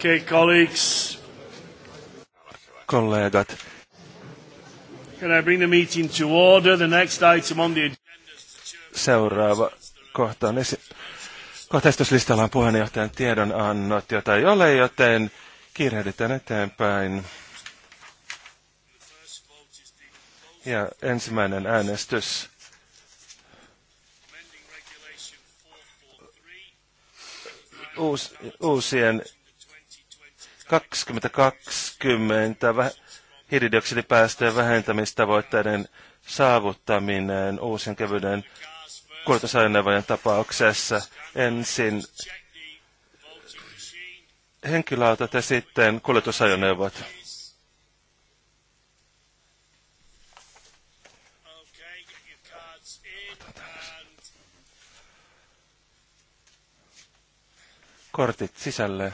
Okay, colleagues. Kollegat. Can I bring the meeting to order? The next item on the agenda. Seuraava kohta on esi- kohtaistuslistalla on puheenjohtajan tiedonannot, jota ei ole, joten kiirehditään eteenpäin. Ja ensimmäinen äänestys. uus, uusien 2020 hiilidioksidipäästöjen vähentämistavoitteiden saavuttaminen uusien kevyyden kuljetusajoneuvojen tapauksessa ensin henkilöautot ja sitten kuljetusajoneuvot. Kortit sisälle.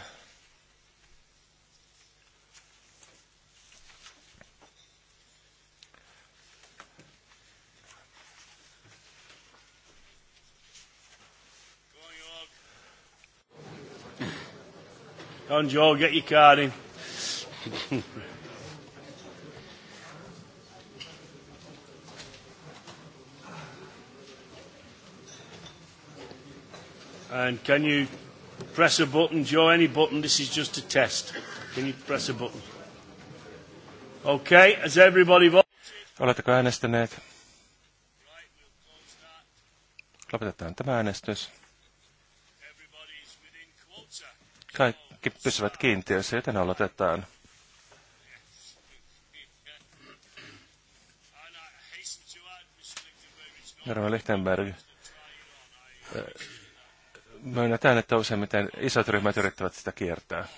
Come on, Joe, get your card in. and can you press a button, Joe? Any button? This is just a test. Can you press a button? Okay, has everybody voted? Oletteko äänestäneet? Lopetetaan tämä äänestys. Kaik- pysyvät kiintiössä, joten aloitetaan. Jarmo Lichtenberg. Äh, Myönnetään, että useimmiten isot ryhmät yrittävät sitä kiertää.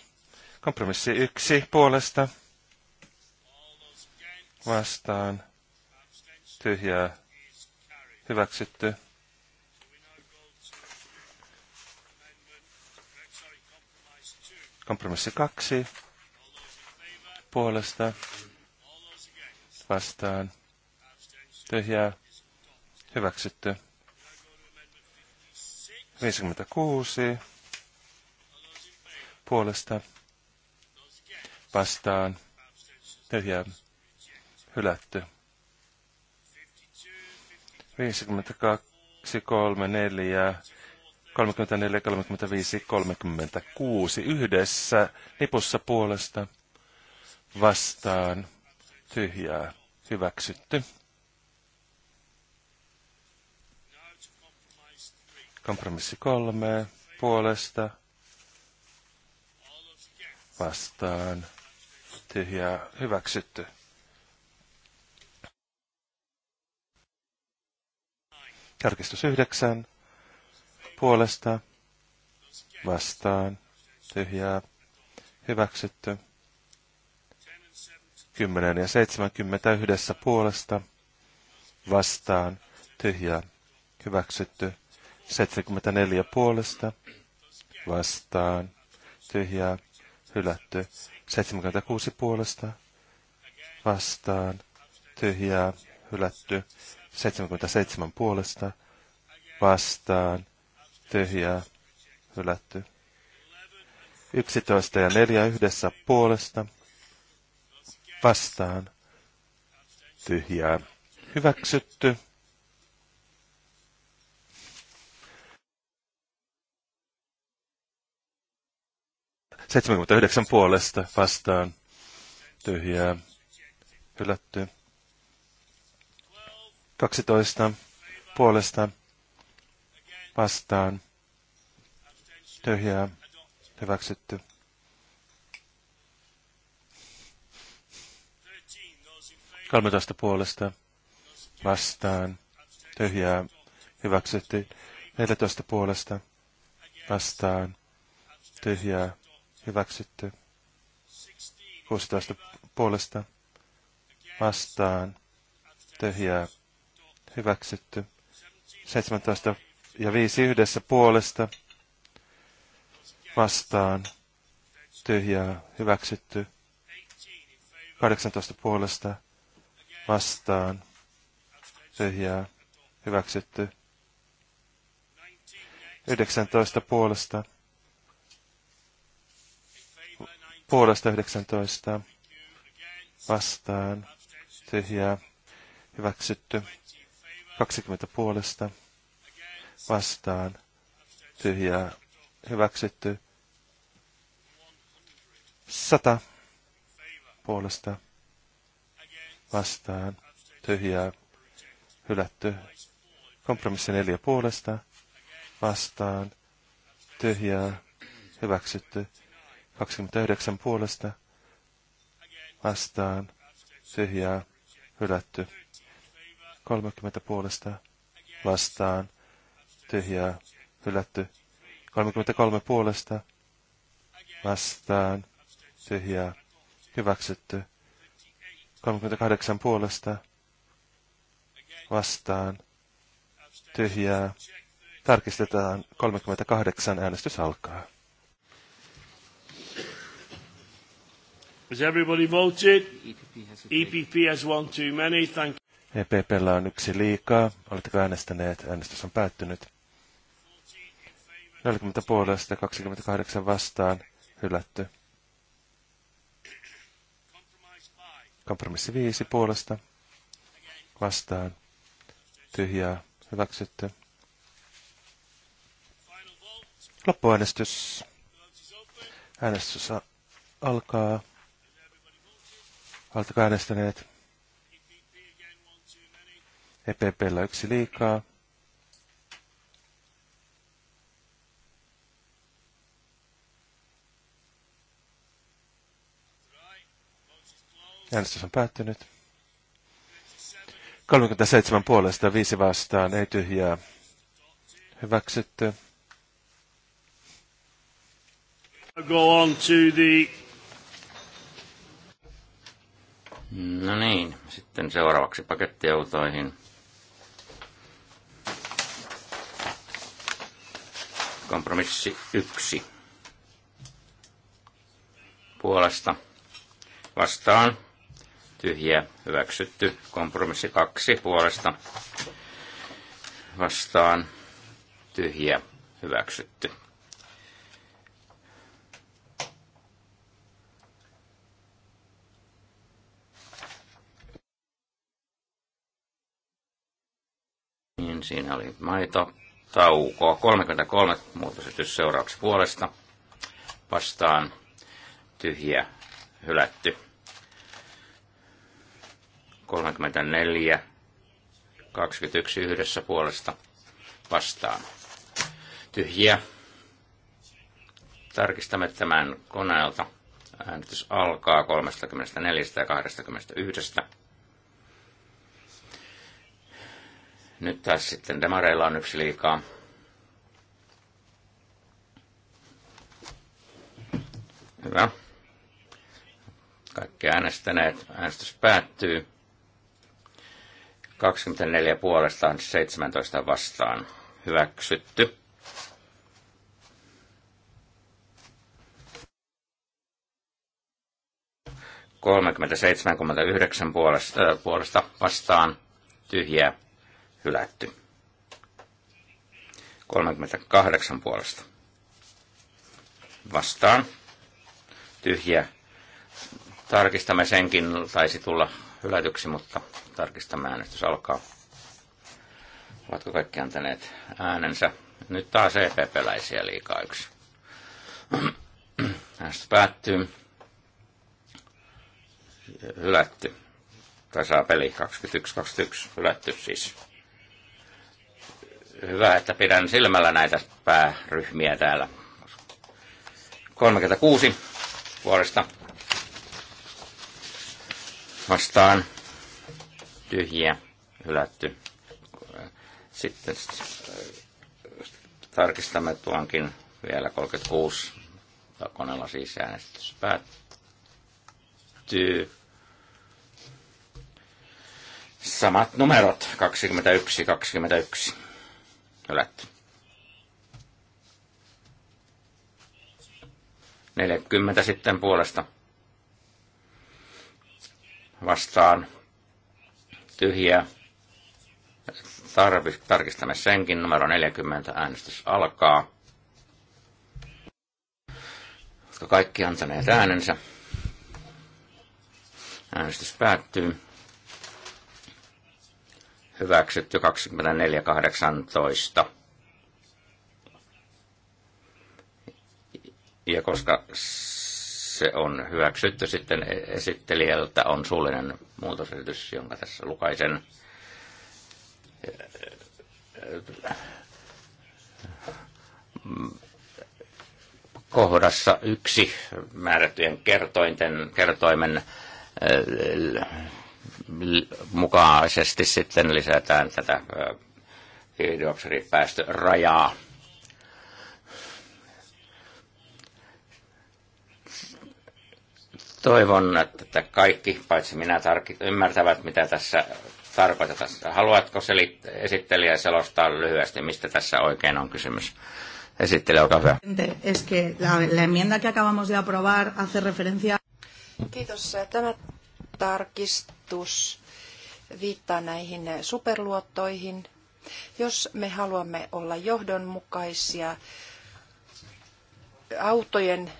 Kompromissi yksi puolesta. Vastaan. Tyhjää. Hyväksytty. Kompromissi kaksi puolesta vastaan tyhjää hyväksytty. 56 puolesta vastaan tyhjää hylätty. 52, 3, 4, 34, 35, 36 yhdessä lipussa puolesta vastaan tyhjää hyväksytty. Kompromissi kolme puolesta vastaan tyhjää hyväksytty. Tarkistus yhdeksän puolesta vastaan tyhjää hyväksytty. 10 ja 70 yhdessä puolesta vastaan tyhjää hyväksytty. 74 puolesta vastaan tyhjää hylätty. 76 puolesta vastaan tyhjää hylätty. 77 puolesta vastaan tyhjää, hylätty. 11 ja 4 yhdessä puolesta, vastaan, tyhjää, hyväksytty. Seitsemänkymmentäyhdeksän puolesta vastaan, tyhjää, hylätty. 12 puolesta vastaan tyhjää hyväksytty. 13 puolesta vastaan tyhjää hyväksytty. 14 puolesta vastaan tyhjää hyväksytty. 16 puolesta vastaan tyhjää hyväksytty. 17 ja viisi yhdessä puolesta vastaan tyhjää hyväksytty. 18 puolesta vastaan tyhjää hyväksytty. 19 puolesta puolesta 19 vastaan tyhjää hyväksytty. 20 puolesta vastaan tyhjää hyväksytty. Sata puolesta vastaan tyhjää hylätty. Kompromissi neljä puolesta vastaan tyhjää hyväksytty. 29 puolesta vastaan tyhjää hylätty. 30 puolesta vastaan tyhjää hylätty. 33 puolesta vastaan tyhjää hyväksytty. 38 puolesta vastaan tyhjää. Tarkistetaan 38 äänestys alkaa. Has everybody voted? EPP e has one too many. Thank you. EPPllä on yksi liikaa. Oletteko äänestäneet? Äänestys on päättynyt. 40 puolesta 28 vastaan hylätty. Kompromissi 5 puolesta vastaan tyhjää hyväksytty. Loppuäänestys. Äänestys alkaa. Oletteko äänestäneet? EPPllä yksi liikaa. Äänestys on päättynyt. 37 puolesta, 5 vastaan, ei tyhjää. Hyväksytty. Go on to the... No niin, sitten seuraavaksi pakettiautoihin. Kompromissi yksi. Puolesta vastaan tyhjä hyväksytty. Kompromissi kaksi puolesta vastaan tyhjä hyväksytty. Niin, siinä oli maito, Tauko 33 muutosesitys seuraavaksi puolesta vastaan tyhjä hylätty. 34, 21 yhdessä puolesta vastaan. Tyhjiä. Tarkistamme tämän koneelta. Äänestys alkaa 34 ja 21. Nyt taas sitten demareilla on yksi liikaa. Hyvä. Kaikki äänestäneet. Äänestys päättyy. 24 puolestaan 17 vastaan. Hyväksytty. Kolmekymmentä seitsemän yhdeksän puolesta, äh, puolesta vastaan tyhjä hylätty. 38 puolesta. Vastaan. Tyhjä. Tarkistamme senkin, taisi tulla hylätyksi, mutta Tarkistamme äänestys alkaa. Ovatko kaikki antaneet äänensä? Nyt taas EPP-läisiä liikaa yksi. Äänestys päättyy. Hylätty. Tasapeli 21-21. Hylätty siis. Hyvä, että pidän silmällä näitä pääryhmiä täällä. 36 vuodesta vastaan tyhjiä, hylätty. Sitten äh, tarkistamme tuonkin vielä 36 koneella siis äänestys päättyy. Samat numerot, 21, 21. Hylätty. 40 sitten puolesta vastaan tyhjää. Tarvi, tarkistamme senkin. Numero 40 äänestys alkaa. Oletko kaikki antaneet äänensä? Äänestys päättyy. Hyväksytty 24.18. Ja koska se on hyväksytty. Sitten esittelijältä on suullinen muutosesitys, jonka tässä lukaisen. Kohdassa yksi määrättyjen kertointen, kertoimen äh, mukaisesti sitten lisätään tätä äh, hiilidioksidipäästörajaa. Toivon, että kaikki, paitsi minä, ymmärtävät, mitä tässä tarkoitetaan. Haluatko selit- esittelijä selostaa lyhyesti, mistä tässä oikein on kysymys? Esittelijä, olkaa hyvä. Es que la, la enmienda que acabamos de aprobar hace referencia... Kiitos. Tämä tarkistus viittaa näihin superluottoihin. Jos me haluamme olla johdonmukaisia autojen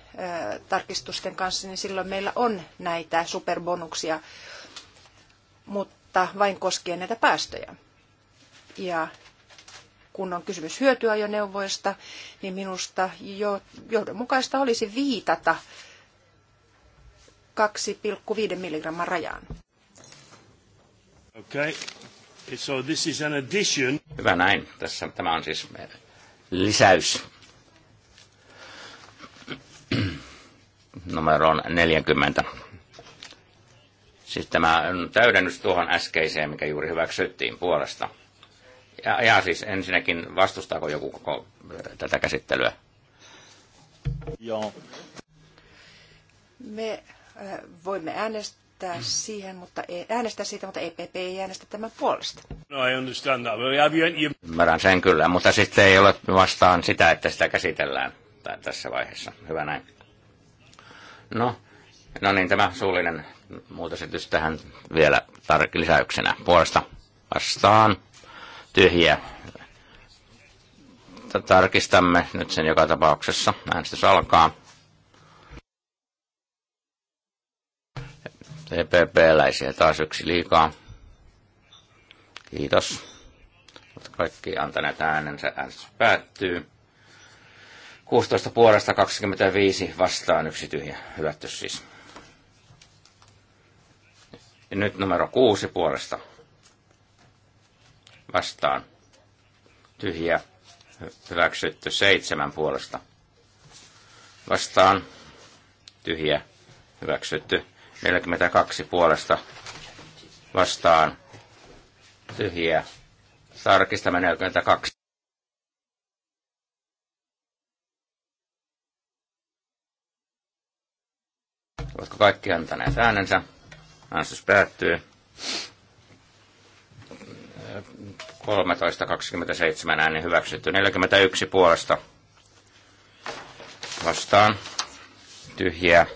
tarkistusten kanssa, niin silloin meillä on näitä superbonuksia, mutta vain koskien näitä päästöjä. Ja kun on kysymys hyötyajoneuvoista, niin minusta jo, johdonmukaista olisi viitata 2,5 milligramman rajaan. Okay. So this is an addition. Hyvä näin. Tässä, tämä on siis lisäys numeroon 40. Siis tämä on täydennys tuohon äskeiseen, mikä juuri hyväksyttiin puolesta. Ja, ja siis ensinnäkin, vastustaako joku koko äh, tätä käsittelyä? Joo. Me äh, voimme äänestää siihen, mutta ei, äänestää siitä, mutta EPP ei äänestä tämän puolesta. No, I understand that. Ymmärrän sen kyllä, mutta sitten ei ole vastaan sitä, että sitä käsitellään aloittaa tässä vaiheessa. Hyvä näin. No, no niin, tämä suullinen muutosetys tähän vielä tar- lisäyksenä. Puolesta vastaan tyhjiä. Tarkistamme nyt sen joka tapauksessa. Äänestys alkaa. TPP-läisiä e taas yksi liikaa. Kiitos. Kaikki antaneet äänensä. Äänestys päättyy. 16 puolesta 25 vastaan yksi tyhjä. Hylätty siis. Ja nyt numero 6 puolesta vastaan tyhjä. Hyväksytty 7 puolesta vastaan tyhjä. Hyväksytty 42 puolesta vastaan tyhjä. Tarkistamme 42. Ovatko kaikki antaneet äänensä? Äänestys päättyy. 13.27 ääni hyväksytty. 41 puolesta vastaan. Tyhjää.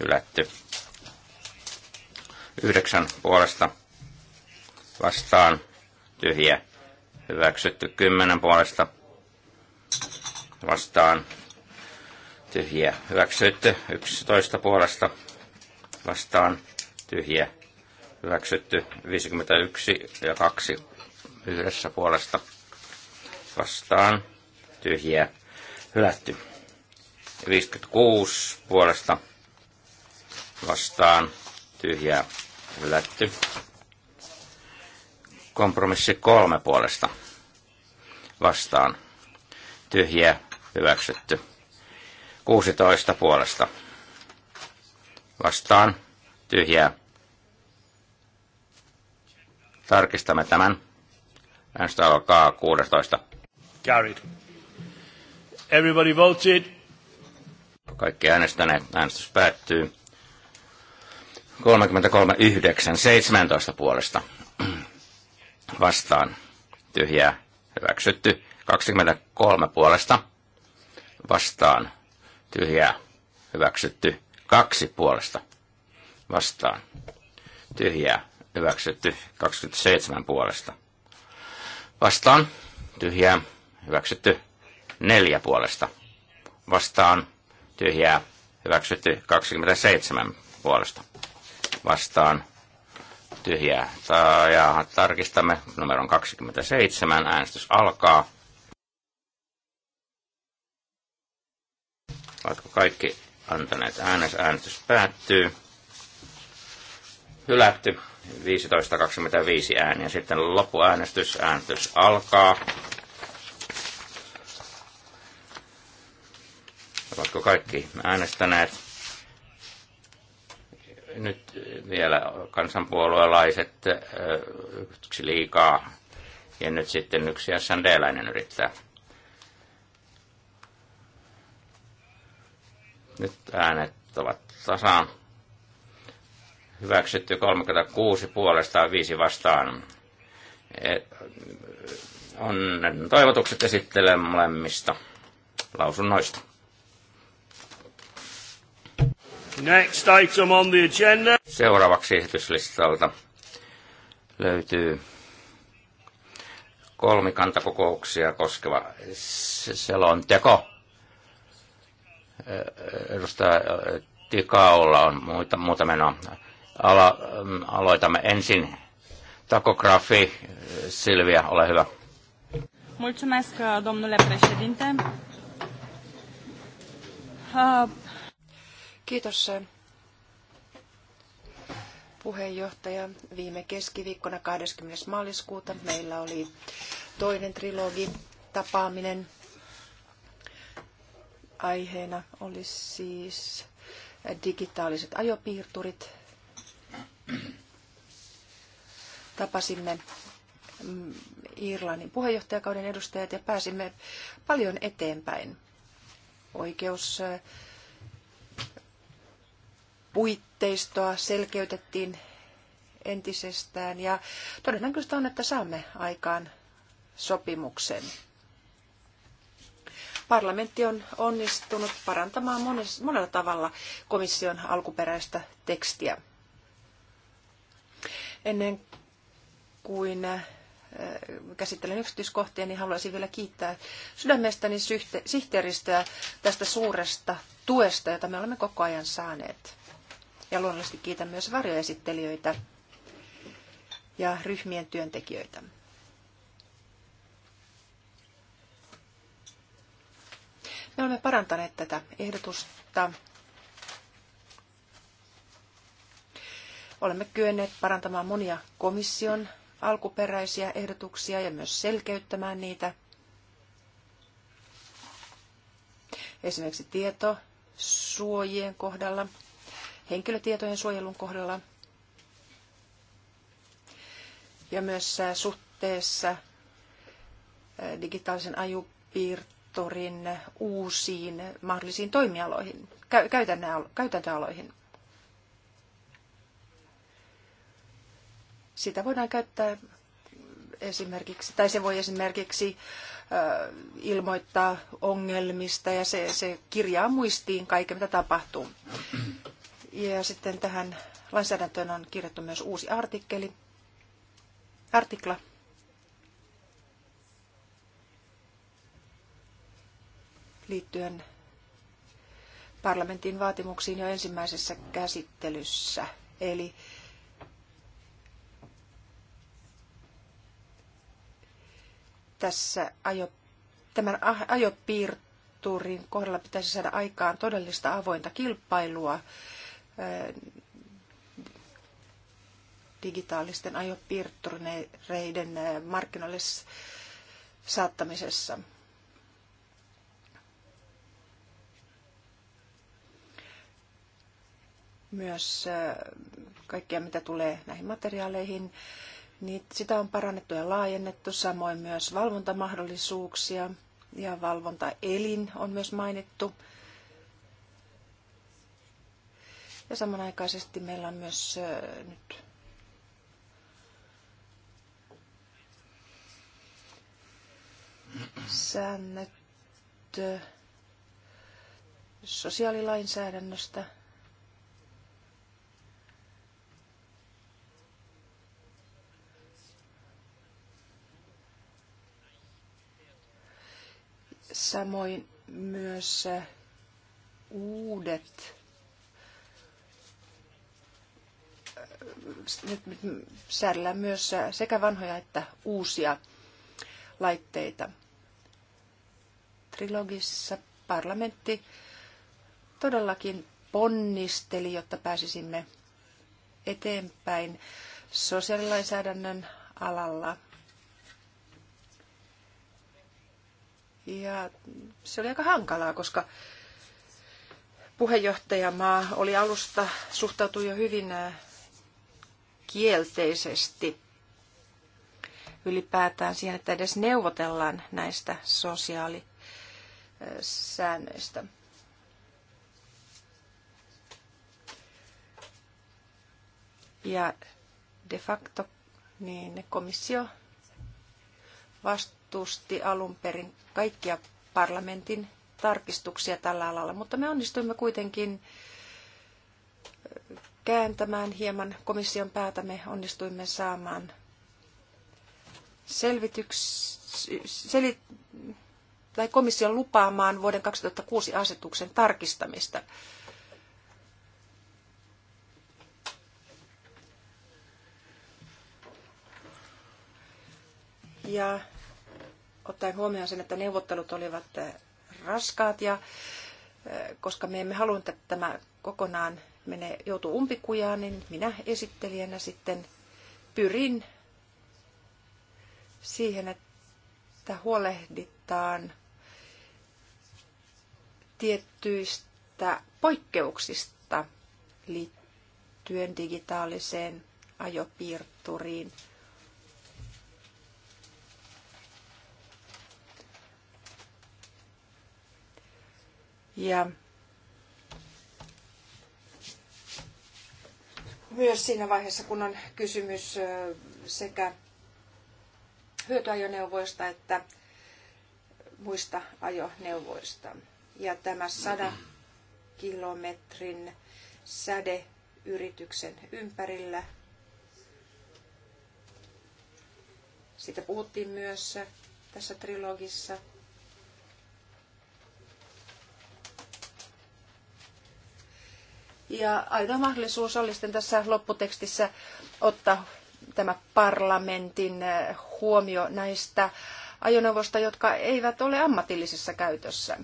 Hylätty. 9 puolesta vastaan. Tyhjä. Hyväksytty. 10 puolesta vastaan tyhjiä. Hyväksytty 11 puolesta vastaan tyhjiä. Hyväksytty 51 ja 2 yhdessä puolesta vastaan tyhjiä. Hylätty 56 puolesta vastaan tyhjiä. hylätty. Kompromissi kolme puolesta vastaan tyhjiä. hyväksytty. 16 puolesta. Vastaan. Tyhjää. Tarkistamme tämän. Äänestä alkaa 16. Carried. Everybody voted. Kaikki äänestäneet. Äänestys päättyy. 33, 9, 17 puolesta. Vastaan. Tyhjää. Hyväksytty. 23 puolesta. Vastaan tyhjää hyväksytty. Kaksi puolesta vastaan tyhjää hyväksytty. 27 puolesta vastaan tyhjää hyväksytty. Neljä puolesta vastaan tyhjää hyväksytty. 27 puolesta vastaan tyhjää. Ja tarkistamme numeron 27. Äänestys alkaa. Ovatko kaikki antaneet äänes? Äänestys päättyy. Hylätty. 15.25 ääniä. Sitten loppuäänestys. Äänestys alkaa. Ovatko kaikki äänestäneet? Nyt vielä kansanpuolueelaiset yksi liikaa. Ja nyt sitten yksi SND-läinen yrittää. Nyt äänet ovat tasaan. Hyväksytty 36 puolesta 5 vastaan. E, on toivotukset esittelen molemmista lausunnoista. Next item on the agenda. Seuraavaksi esityslistalta löytyy kolmikantakokouksia koskeva selonteko edustaja Tikaolla on muita, muuta menoa. Ala, mm, aloitamme ensin. Takografi, Silvia, ole hyvä. Mulțumesc, domnule președinte. Kiitos, eh, puheenjohtaja. Viime keskiviikkona 20. maaliskuuta meillä oli toinen trilogi tapaaminen Aiheena oli siis digitaaliset ajopiirturit. Tapasimme mm, Irlannin puheenjohtajakauden edustajat ja pääsimme paljon eteenpäin. Oikeus puitteistoa selkeytettiin entisestään ja todennäköistä on, että saamme aikaan sopimuksen parlamentti on onnistunut parantamaan mones, monella tavalla komission alkuperäistä tekstiä. Ennen kuin äh, käsittelen yksityiskohtia, niin haluaisin vielä kiittää sydämestäni sihteeristöä tästä suuresta tuesta, jota me olemme koko ajan saaneet. Ja luonnollisesti kiitän myös varjoesittelijöitä ja ryhmien työntekijöitä. Me olemme parantaneet tätä ehdotusta. Olemme kyenneet parantamaan monia komission alkuperäisiä ehdotuksia ja myös selkeyttämään niitä. Esimerkiksi tietosuojien kohdalla, henkilötietojen suojelun kohdalla ja myös suhteessa digitaalisen ajupiirteen sektorin uusiin mahdollisiin toimialoihin, käytäntöaloihin. Sitä voidaan käyttää esimerkiksi, tai se voi esimerkiksi ilmoittaa ongelmista ja se, se kirjaa muistiin kaiken, mitä tapahtuu. Ja sitten tähän lainsäädäntöön on kirjattu myös uusi artikkeli, artikla, liittyen parlamentin vaatimuksiin jo ensimmäisessä käsittelyssä. Eli tässä ajo, tämän ajopiirturin kohdalla pitäisi saada aikaan todellista avointa kilpailua digitaalisten ajopiirtureiden markkinoille saattamisessa. myös äh, kaikkea, mitä tulee näihin materiaaleihin, niin sitä on parannettu ja laajennettu, samoin myös valvontamahdollisuuksia ja valvontaelin on myös mainittu. Ja samanaikaisesti meillä on myös äh, nyt säännöt äh, sosiaalilainsäädännöstä – Samoin myös eh, uudet eh, nyt säädellään myös eh, sekä vanhoja että uusia laitteita. Trilogissa parlamentti todellakin ponnisteli, jotta pääsisimme eteenpäin sosiaalilainsäädännön alalla – Ja se oli aika hankalaa, koska puheenjohtajamaa oli alusta, suhtautui jo hyvin äh, kielteisesti ylipäätään siihen, että edes neuvotellaan näistä sosiaalisäännöistä. Ja de facto niin komissio vast, tutkitusti alun perin kaikkia parlamentin tarkistuksia tällä alalla, mutta me onnistuimme kuitenkin äh, kääntämään hieman komission päätä. Me onnistuimme saamaan selvityks, tai komission lupaamaan vuoden 2006 asetuksen tarkistamista. Ja ottaen huomioon sen, että neuvottelut olivat eh, raskaat ja eh, koska me emme halunneet, että tämä kokonaan menee, joutuu umpikujaan, niin minä esittelijänä sitten pyrin siihen, että huolehditaan tiettyistä poikkeuksista liittyen digitaaliseen ajopiirturiin – Ja myös siinä vaiheessa, kun on kysymys sekä hyötyajoneuvoista että muista ajoneuvoista. Ja tämä 100 kilometrin säde yrityksen ympärillä. Siitä puhuttiin myös tässä trilogissa. Ja aito mahdollisuus oli sitten tässä lopputekstissä ottaa tämä parlamentin eh, huomio näistä ajoneuvoista, jotka eivät ole ammatillisessa käytössä.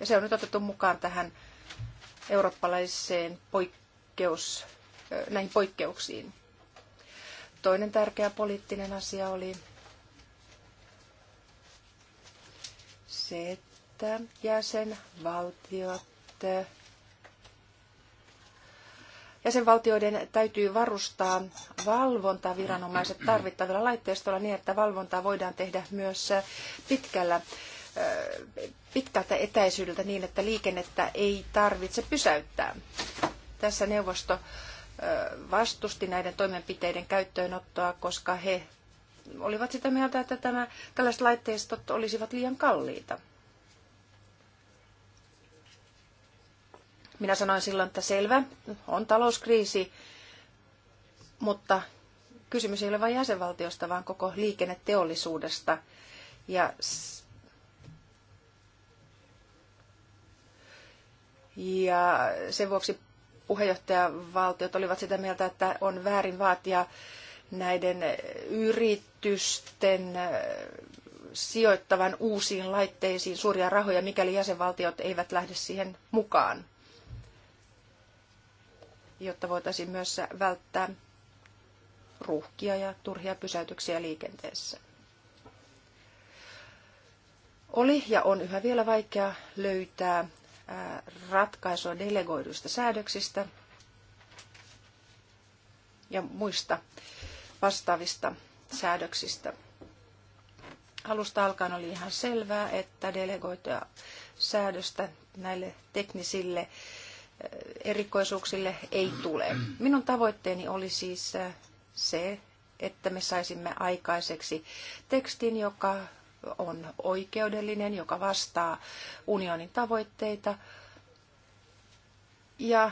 Ja se on nyt otettu mukaan tähän eurooppalaiseen poikkeus, eh, näihin poikkeuksiin. Toinen tärkeä poliittinen asia oli se, että jäsenvaltiot jäsenvaltioiden täytyy varustaa valvontaviranomaiset tarvittavilla laitteistolla niin, että valvontaa voidaan tehdä myös pitkällä, pitkältä etäisyydeltä niin, että liikennettä ei tarvitse pysäyttää. Tässä neuvosto vastusti näiden toimenpiteiden käyttöönottoa, koska he olivat sitä mieltä, että tämä, tällaiset laitteistot olisivat liian kalliita. Minä sanoin silloin, että selvä, on talouskriisi, mutta kysymys ei ole vain jäsenvaltiosta, vaan koko liikenneteollisuudesta. Ja, ja sen vuoksi puheenjohtajavaltiot olivat sitä mieltä, että on väärin vaatia näiden yritysten sijoittavan uusiin laitteisiin suuria rahoja, mikäli jäsenvaltiot eivät lähde siihen mukaan jotta voitaisiin myös välttää ruuhkia ja turhia pysäytyksiä liikenteessä. Oli ja on yhä vielä vaikea löytää ratkaisua delegoiduista säädöksistä ja muista vastaavista säädöksistä. Alusta alkaen oli ihan selvää, että delegoituja säädöstä näille teknisille erikoisuuksille ei tule. Minun tavoitteeni oli siis äh, se, että me saisimme aikaiseksi tekstin, joka on oikeudellinen, joka vastaa unionin tavoitteita ja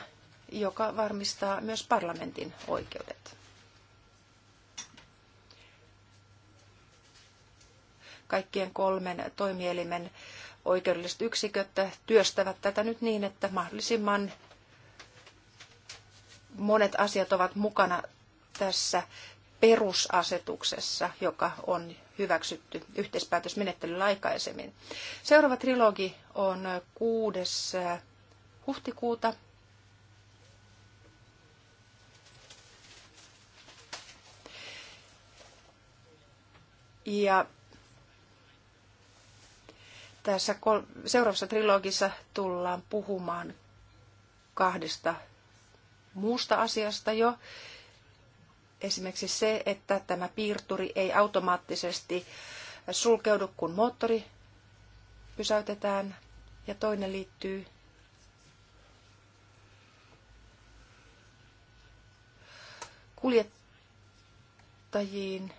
joka varmistaa myös parlamentin oikeudet. Kaikkien kolmen toimielimen oikeudelliset yksiköt työstävät tätä nyt niin, että mahdollisimman monet asiat ovat mukana tässä perusasetuksessa, joka on hyväksytty yhteispäätösmenettelyllä aikaisemmin. Seuraava trilogi on 6. huhtikuuta. Ja tässä kol- seuraavassa trilogissa tullaan puhumaan kahdesta muusta asiasta jo. Esimerkiksi se, että tämä piirturi ei automaattisesti sulkeudu, kun moottori pysäytetään. Ja toinen liittyy kuljettajiin –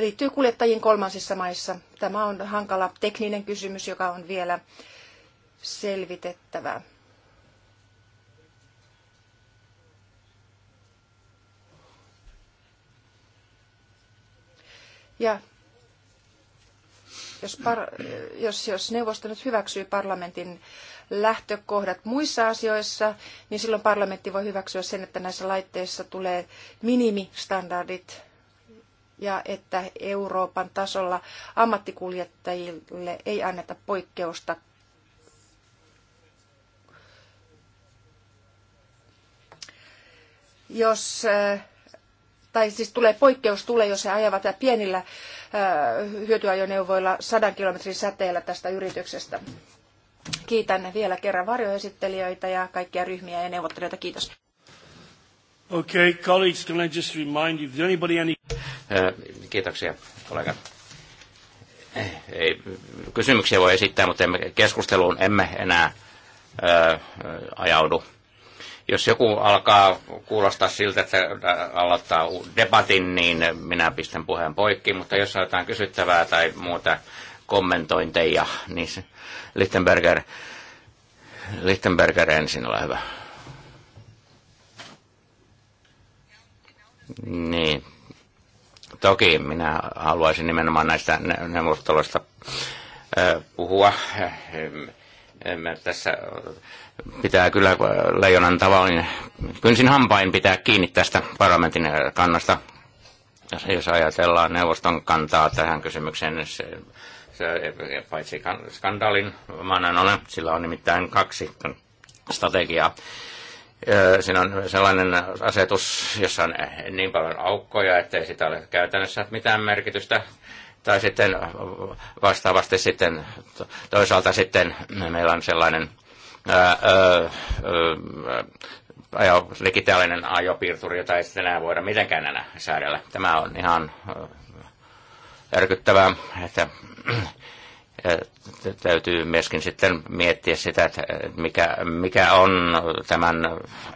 liittyy kuljettajiin kolmansissa maissa. Tämä on hankala tekninen kysymys, joka on vielä selvitettävä. Ja jos, par, jos, jos neuvosto nyt hyväksyy parlamentin lähtökohdat muissa asioissa, niin silloin parlamentti voi hyväksyä sen, että näissä laitteissa tulee minimistandardit ja että Euroopan tasolla ammattikuljettajille ei anneta poikkeusta jos eh, tai siis tulee poikkeus tulee, jos he ajavat pienillä eh, hyötyajoneuvoilla sadan kilometrin säteellä tästä yrityksestä. Kiitän vielä kerran varjoesittelijöitä ja kaikkia ryhmiä ja neuvottelijoita. Kiitos. Okay, colleagues, can I just remind you, if anybody any... Kiitoksia, kollegat. Ei, kysymyksiä voi esittää, mutta emme, keskusteluun emme enää ö, ajaudu. Jos joku alkaa kuulostaa siltä, että aloittaa debatin, niin minä pistän puheen poikki, mutta jos on jotain kysyttävää tai muuta kommentointeja, niin Lichtenberger, Lichtenberger ensin, ole hyvä. Niin, Toki minä haluaisin nimenomaan näistä neuvotteluista puhua. Tässä pitää kyllä leijonan tavallin kynsin hampain pitää kiinni tästä parlamentin kannasta. Jos ajatellaan neuvoston kantaa tähän kysymykseen, niin se, se, paitsi skandaalin, mä olen, sillä on nimittäin kaksi strategiaa Siinä on sellainen asetus, jossa on eh, niin paljon aukkoja, ei sitä ole käytännössä mitään merkitystä. Tai sitten vastaavasti sitten toisaalta sitten meillä on sellainen ää, ajo, digitaalinen ajopiirturi, jota ei sitten enää voida mitenkään enää säädellä. Tämä on ihan järkyttävää, että täytyy myöskin sitten miettiä sitä, että mikä, mikä on tämän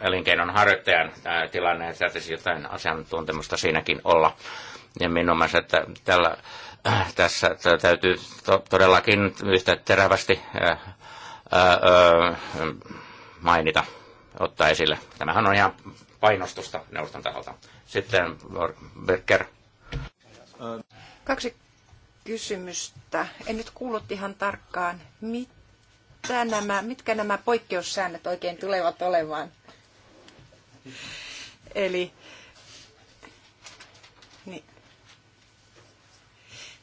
elinkeinon harjoittajan tilanne, että täytyisi jotain asiantuntemusta siinäkin olla. Ja minun mielestä, että tällä, äh, tässä täytyy to, todellakin yhtä terävästi ää, ää, mainita, ottaa esille. Tämähän on ihan painostusta neuvoston taholta. Sitten Berker. Kaksi kysymystä. En nyt kuullut ihan tarkkaan, mitä nämä, mitkä nämä poikkeussäännöt oikein tulevat olemaan. Eli niin,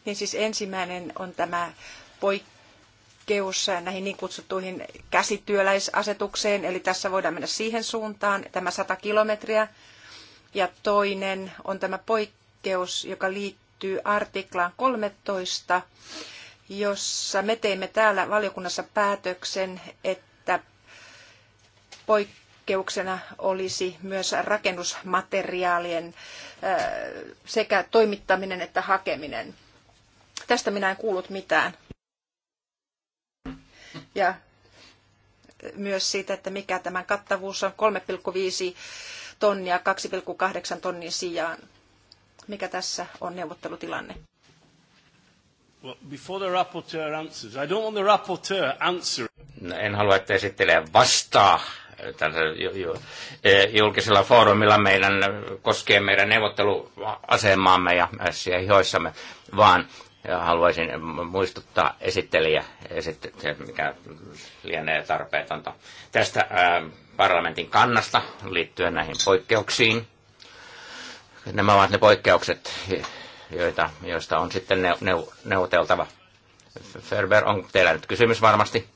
niin siis ensimmäinen on tämä poikkeus näihin niin kutsuttuihin käsityöläisasetukseen, eli tässä voidaan mennä siihen suuntaan, tämä 100 kilometriä. Ja toinen on tämä poikkeus, joka liittyy liittyy artiklaan 13, jossa me teimme täällä valiokunnassa päätöksen, että poikkeuksena olisi myös rakennusmateriaalien äh, sekä toimittaminen että hakeminen. Tästä minä en kuullut mitään. Ja myös siitä, että mikä tämän kattavuus on 3,5 tonnia 2,8 tonnin sijaan mikä tässä on neuvottelutilanne? Well, before the rapporteur answers, I don't want the rapporteur No, en halua, että esittelijä vastaa äh, tällä äh, julkisella foorumilla meidän, äh, koskee meidän neuvotteluasemaamme ja siihen hihoissamme, vaan ja haluaisin muistuttaa esittelijä, esittelijä mikä lienee tarpeetonta, tästä ää, parlamentin kannasta liittyen näihin poikkeuksiin Nämä ovat ne poikkeukset, joita, joista on sitten neu, neu, neuvoteltava. Ferber, on teillä nyt kysymys varmasti?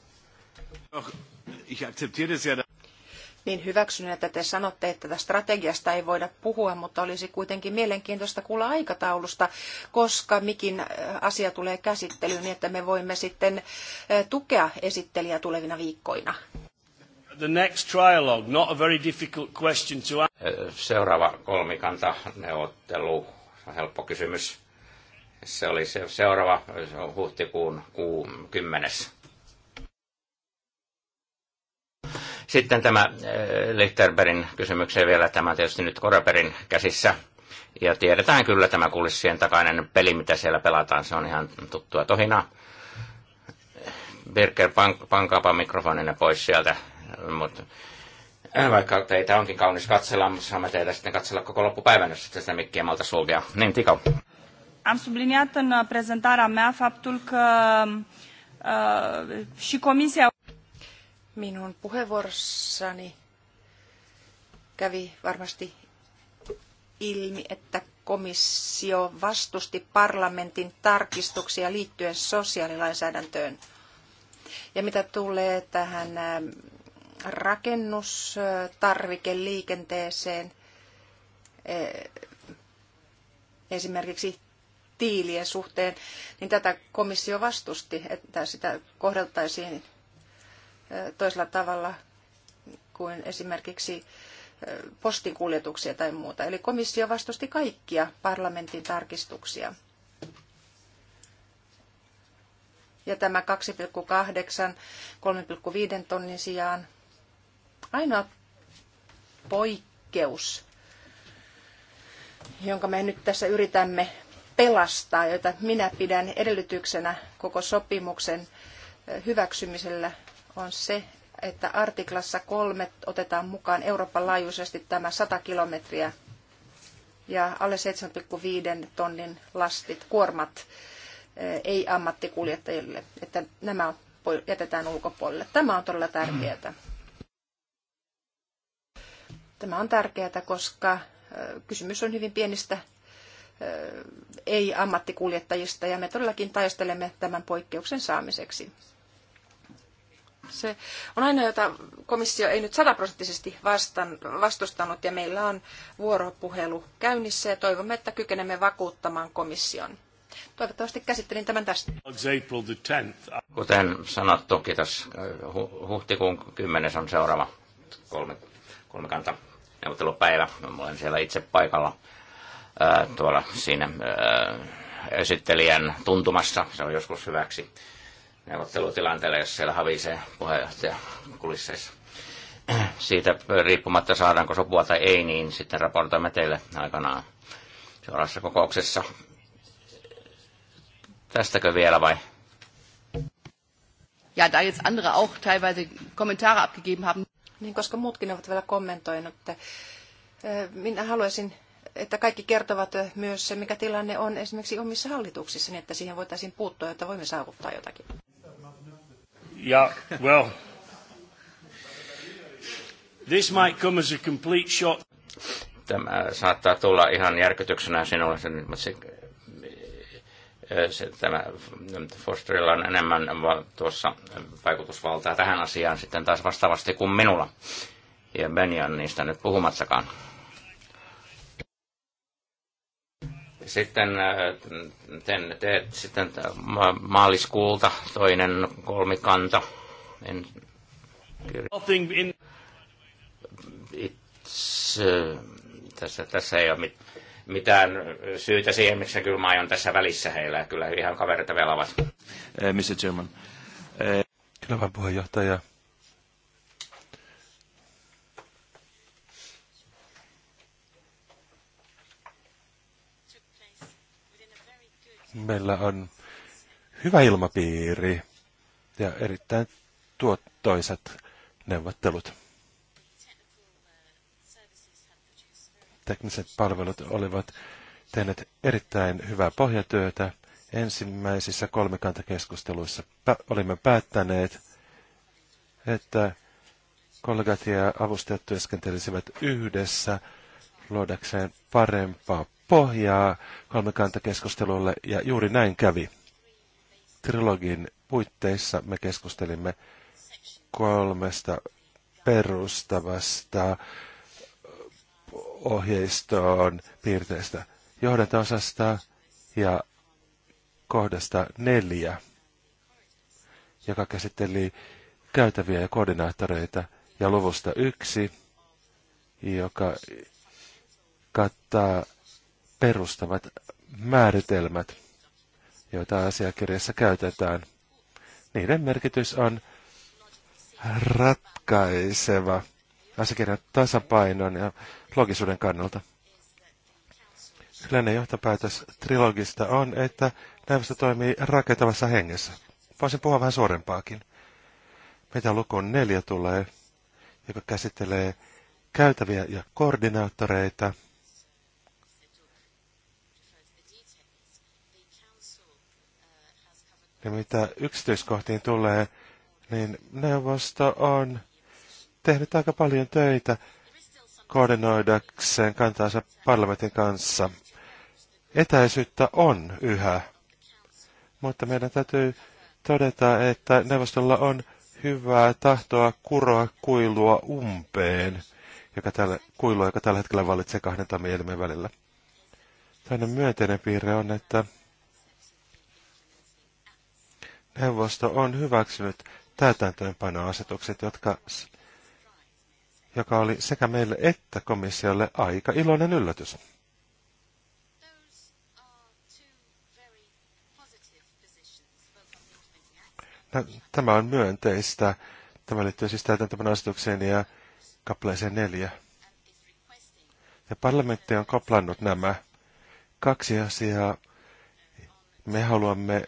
Niin hyväksyn, että te sanotte, että tästä strategiasta ei voida puhua, mutta olisi kuitenkin mielenkiintoista kuulla aikataulusta, koska mikin äh, asia tulee käsittelyyn, niin että me voimme sitten äh, tukea esittelijää tulevina viikkoina the next trialogue, not a very difficult question to ask. Eh, seuraava kolmikanta neuvottelu, helppo kysymys. Se oli se, seuraava se on huhtikuun kuu, kymmenes. Sitten tämä eh, Lichterbergin kysymykseen vielä, tämä tietysti nyt Koreperin käsissä. Ja tiedetään kyllä tämä kulissien takainen peli, mitä siellä pelataan, se on ihan tuttua tohinaa. Birker, pankaapa mikrofonin pois sieltä. Mutta äh, vaikka teitä onkin kaunis katsella, mutta saamme teitä sitten katsella koko loppupäivän, jos sitä mikkiä malta sulkea. Niin, Tiko. Am subliniat în uh, prezentarea mea faptul că uh, și comisia... Minun puheenvuorossani kävi varmasti ilmi, että komissio vastusti parlamentin tarkistuksia liittyen sosiaalilainsäädäntöön. Ja mitä tulee tähän äh, rakennustarvikeliikenteeseen, eh, esimerkiksi tiilien suhteen, niin tätä komissio vastusti, että sitä kohdeltaisiin eh, toisella tavalla kuin esimerkiksi eh, postinkuljetuksia tai muuta. Eli komissio vastusti kaikkia parlamentin tarkistuksia. Ja tämä 2,8 3,5 tonnin sijaan Ainoa poikkeus, jonka me nyt tässä yritämme pelastaa, jota minä pidän edellytyksenä koko sopimuksen hyväksymisellä, on se, että artiklassa kolme otetaan mukaan Euroopan laajuisesti tämä 100 kilometriä ja alle 7,5 tonnin lastit, kuormat ei-ammattikuljettajille, että nämä jätetään ulkopuolelle. Tämä on todella tärkeää. Tämä on tärkeää, koska kysymys on hyvin pienistä ei-ammattikuljettajista ja me todellakin taistelemme tämän poikkeuksen saamiseksi. Se on aina, jota komissio ei nyt sataprosenttisesti vastustanut ja meillä on vuoropuhelu käynnissä ja toivomme, että kykenemme vakuuttamaan komission. Toivottavasti käsittelin tämän tästä. Kuten sanottu, kiitos. Huhtikuun 10. on seuraava kolme kolmikanta neuvottelupäivä. Mä olen siellä itse paikalla ää, tuolla siinä ää, esittelijän tuntumassa. Se on joskus hyväksi neuvottelutilanteella, jos siellä havisee puheenjohtaja kulisseissa. Siitä riippumatta saadaanko sopua tai ei, niin sitten raportoimme teille aikanaan seuraavassa kokouksessa. Tästäkö vielä vai? Ja, da jetzt andere auch teilweise Kommentare abgegeben haben niin koska muutkin ovat vielä kommentoineet, että minä haluaisin, että kaikki kertovat myös se, mikä tilanne on esimerkiksi omissa hallituksissa, niin että siihen voitaisiin puuttua, jotta voimme saavuttaa jotakin. Yeah, well, this might come as a complete shock. Tämä saattaa tulla ihan järkytyksenä sinulle, mutta se se, tämä Forsterilla on enemmän tuossa vaikutusvaltaa tähän asiaan sitten taas vastaavasti kuin minulla. Ja on niistä nyt puhumattakaan. Sitten, ten, te, sitten maaliskuulta toinen kolmikanta. En, Itse, tässä, tässä ei ole mitään mitään syytä siihen, miksi kyllä mä aion tässä välissä heillä. Kyllä ihan kavereita vielä ovat. Eh, Mr. German. Eh. Kyllä vaan puheenjohtaja. Meillä on hyvä ilmapiiri ja erittäin tuottoisat neuvottelut. tekniset palvelut olivat tehneet erittäin hyvää pohjatyötä. Ensimmäisissä kolmikantakeskusteluissa olimme päättäneet, että kollegat ja avustajat työskentelisivät yhdessä luodakseen parempaa pohjaa kolmikantakeskustelulle, ja juuri näin kävi. Trilogin puitteissa me keskustelimme kolmesta perustavasta ohjeistoon piirteistä johdanto ja kohdasta neljä, joka käsitteli käytäviä ja koordinaattoreita, ja luvusta yksi, joka kattaa perustavat määritelmät, joita asiakirjassa käytetään. Niiden merkitys on ratkaiseva asiakirjan tasapainon ja loogisuuden kannalta. Yleinen johtopäätös trilogista on, että neuvosto toimii rakentavassa hengessä. Voisin puhua vähän suorempaakin. Mitä lukuun neljä tulee, joka käsittelee käytäviä ja koordinaattoreita. Ja mitä yksityiskohtiin tulee, niin neuvosto on tehnyt aika paljon töitä koordinoidakseen kantaansa parlamentin kanssa. Etäisyyttä on yhä, mutta meidän täytyy todeta, että neuvostolla on hyvää tahtoa kuroa kuilua umpeen, joka tällä, kuilua, joka tällä hetkellä vallitsee kahden toimielimen välillä. Toinen myönteinen piirre on, että neuvosto on hyväksynyt täytäntöönpanoasetukset, jotka joka oli sekä meille että komissiolle aika iloinen yllätys. Tämä on myönteistä. Tämä liittyy siis täytäntöpän asetukseen ja kappaleeseen neljä. Ja parlamentti on koplannut nämä kaksi asiaa. Me haluamme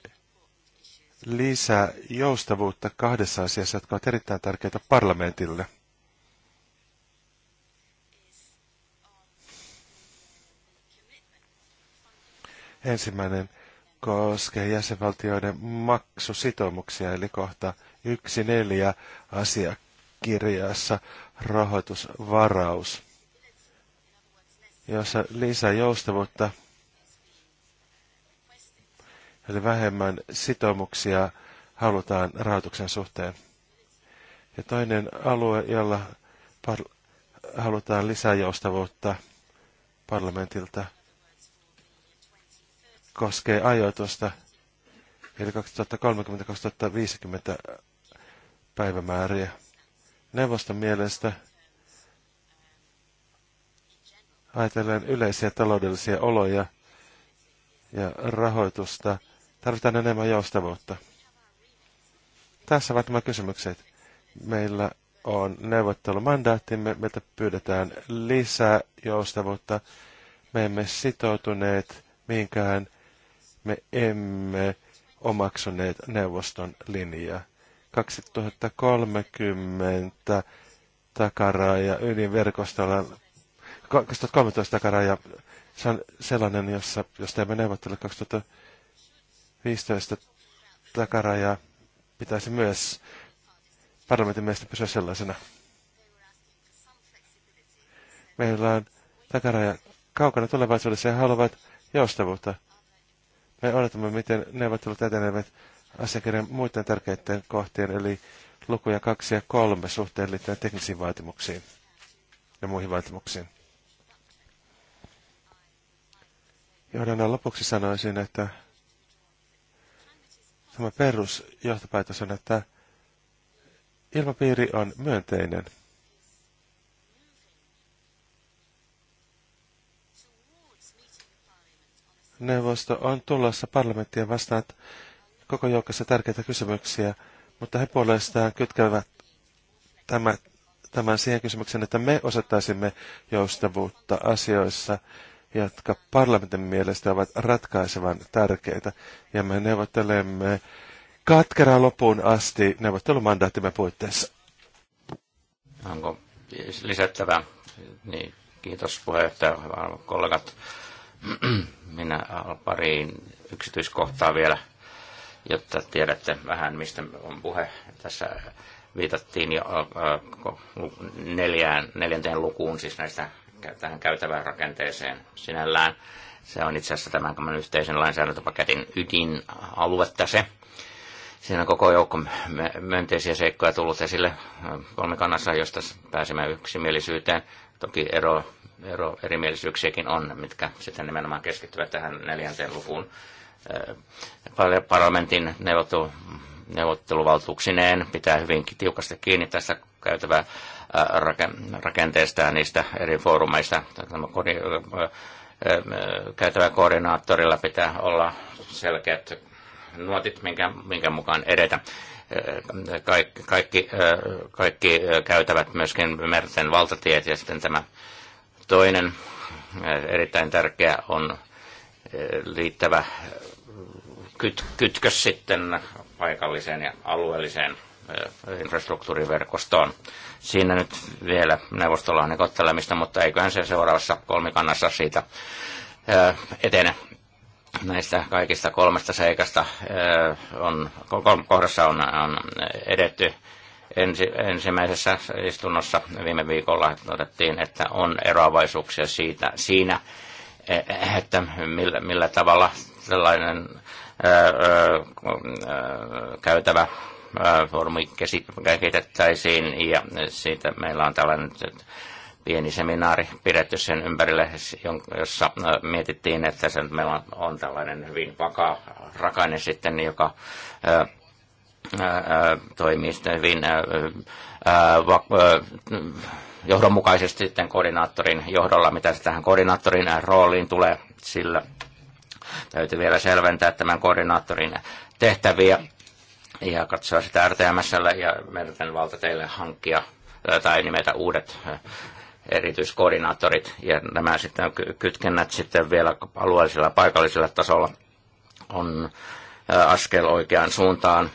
lisää joustavuutta kahdessa asiassa, jotka ovat erittäin tärkeitä parlamentille – Ensimmäinen koskee jäsenvaltioiden maksusitoumuksia, eli kohta 1.4 asiakirjassa rahoitusvaraus, jossa lisää joustavuutta, eli vähemmän sitoumuksia halutaan rahoituksen suhteen. Ja toinen alue, jolla halutaan lisää joustavuutta parlamentilta – koskee ajoitusta, eli 2030-2050 päivämääriä. Neuvoston mielestä ajatellen yleisiä taloudellisia oloja ja rahoitusta, tarvitaan enemmän joustavuutta. Tässä ovat nämä kysymykset. Meillä on neuvottelumandaattimme, meiltä pyydetään lisää joustavuutta. Me emme sitoutuneet mihinkään me emme omaksuneet neuvoston linjaa. 2030 takaraja ydinverkostolla, 2013 takaraja, se on sellainen, jossa, jos emme neuvottele 2015 takaraja, pitäisi myös parlamentin mielestä pysyä sellaisena. Meillä on takaraja kaukana tulevaisuudessa ja haluavat joustavuutta. Me odotamme, miten neuvottelut etenevät asiakirjan muiden tärkeiden kohtien, eli lukuja kaksi ja kolme suhteen liittyen teknisiin vaatimuksiin ja muihin vaatimuksiin. Johdannan lopuksi sanoisin, että tämä perusjohtopäätös on, että ilmapiiri on myönteinen – neuvosto on tulossa parlamenttia vastaan koko joukossa tärkeitä kysymyksiä, mutta he puolestaan kytkevät tämä, tämän siihen kysymykseen, että me osoittaisimme joustavuutta asioissa, jotka parlamentin mielestä ovat ratkaisevan tärkeitä, ja me neuvottelemme katkeraan loppuun asti neuvottelumandaattimme puitteissa. Onko lisättävää? Niin, kiitos puheenjohtaja, kollegat. Minä pariin yksityiskohtaa vielä, jotta tiedätte vähän, mistä on puhe. Tässä viitattiin jo äh, neljään, neljänteen lukuun, siis näistä tähän käytävään rakenteeseen sinällään. Se on itse asiassa tämän, tämän yhteisen lainsäädäntöpaketin ydinaluetta se. Siinä on koko joukko myönteisiä seikkoja tullut esille kolmikannassa, josta pääsimme yksimielisyyteen. Toki ero ero, erimielisyyksiäkin on, mitkä sitten nimenomaan keskittyvät tähän neljänteen lukuun parlamentin neuvottelu, neuvotteluvaltuuksineen pitää hyvin tiukasti kiinni tässä käytävää rakenteesta ja niistä eri foorumeista. Käytävä koordinaattorilla pitää olla selkeät nuotit, minkä, minkä mukaan edetä. Kaikki, kaikki, kaikki käytävät myöskin merten valtatiet ja sitten tämä Toinen erittäin tärkeä on liittävä kyt, kytkös sitten paikalliseen ja alueelliseen infrastruktuuriverkostoon. Siinä nyt vielä neuvostolla on kottelemista, mutta eiköhän se seuraavassa kolmikannassa siitä etene. Näistä kaikista kolmesta seikasta on, kohdassa on, on edetty ensi, ensimmäisessä istunnossa viime viikolla otettiin, että on eroavaisuuksia siitä, siinä, e, e, että millä, millä tavalla tällainen ää, ää, käytävä foorumi kehitettäisiin ja siitä meillä on tällainen pieni seminaari pidetty sen ympärille, jossa mietittiin, että se meillä on, on tällainen hyvin vakaa rakainen sitten, joka toimii sitten hyvin johdonmukaisesti sitten koordinaattorin johdolla, mitä tähän koordinaattorin rooliin tulee, sillä täytyy vielä selventää tämän koordinaattorin tehtäviä ja katsoa sitä RTMSllä ja meidän valta teille hankkia tai nimetä uudet erityiskoordinaattorit ja nämä sitten kytkennät sitten vielä alueellisella paikallisella tasolla on askel oikeaan suuntaan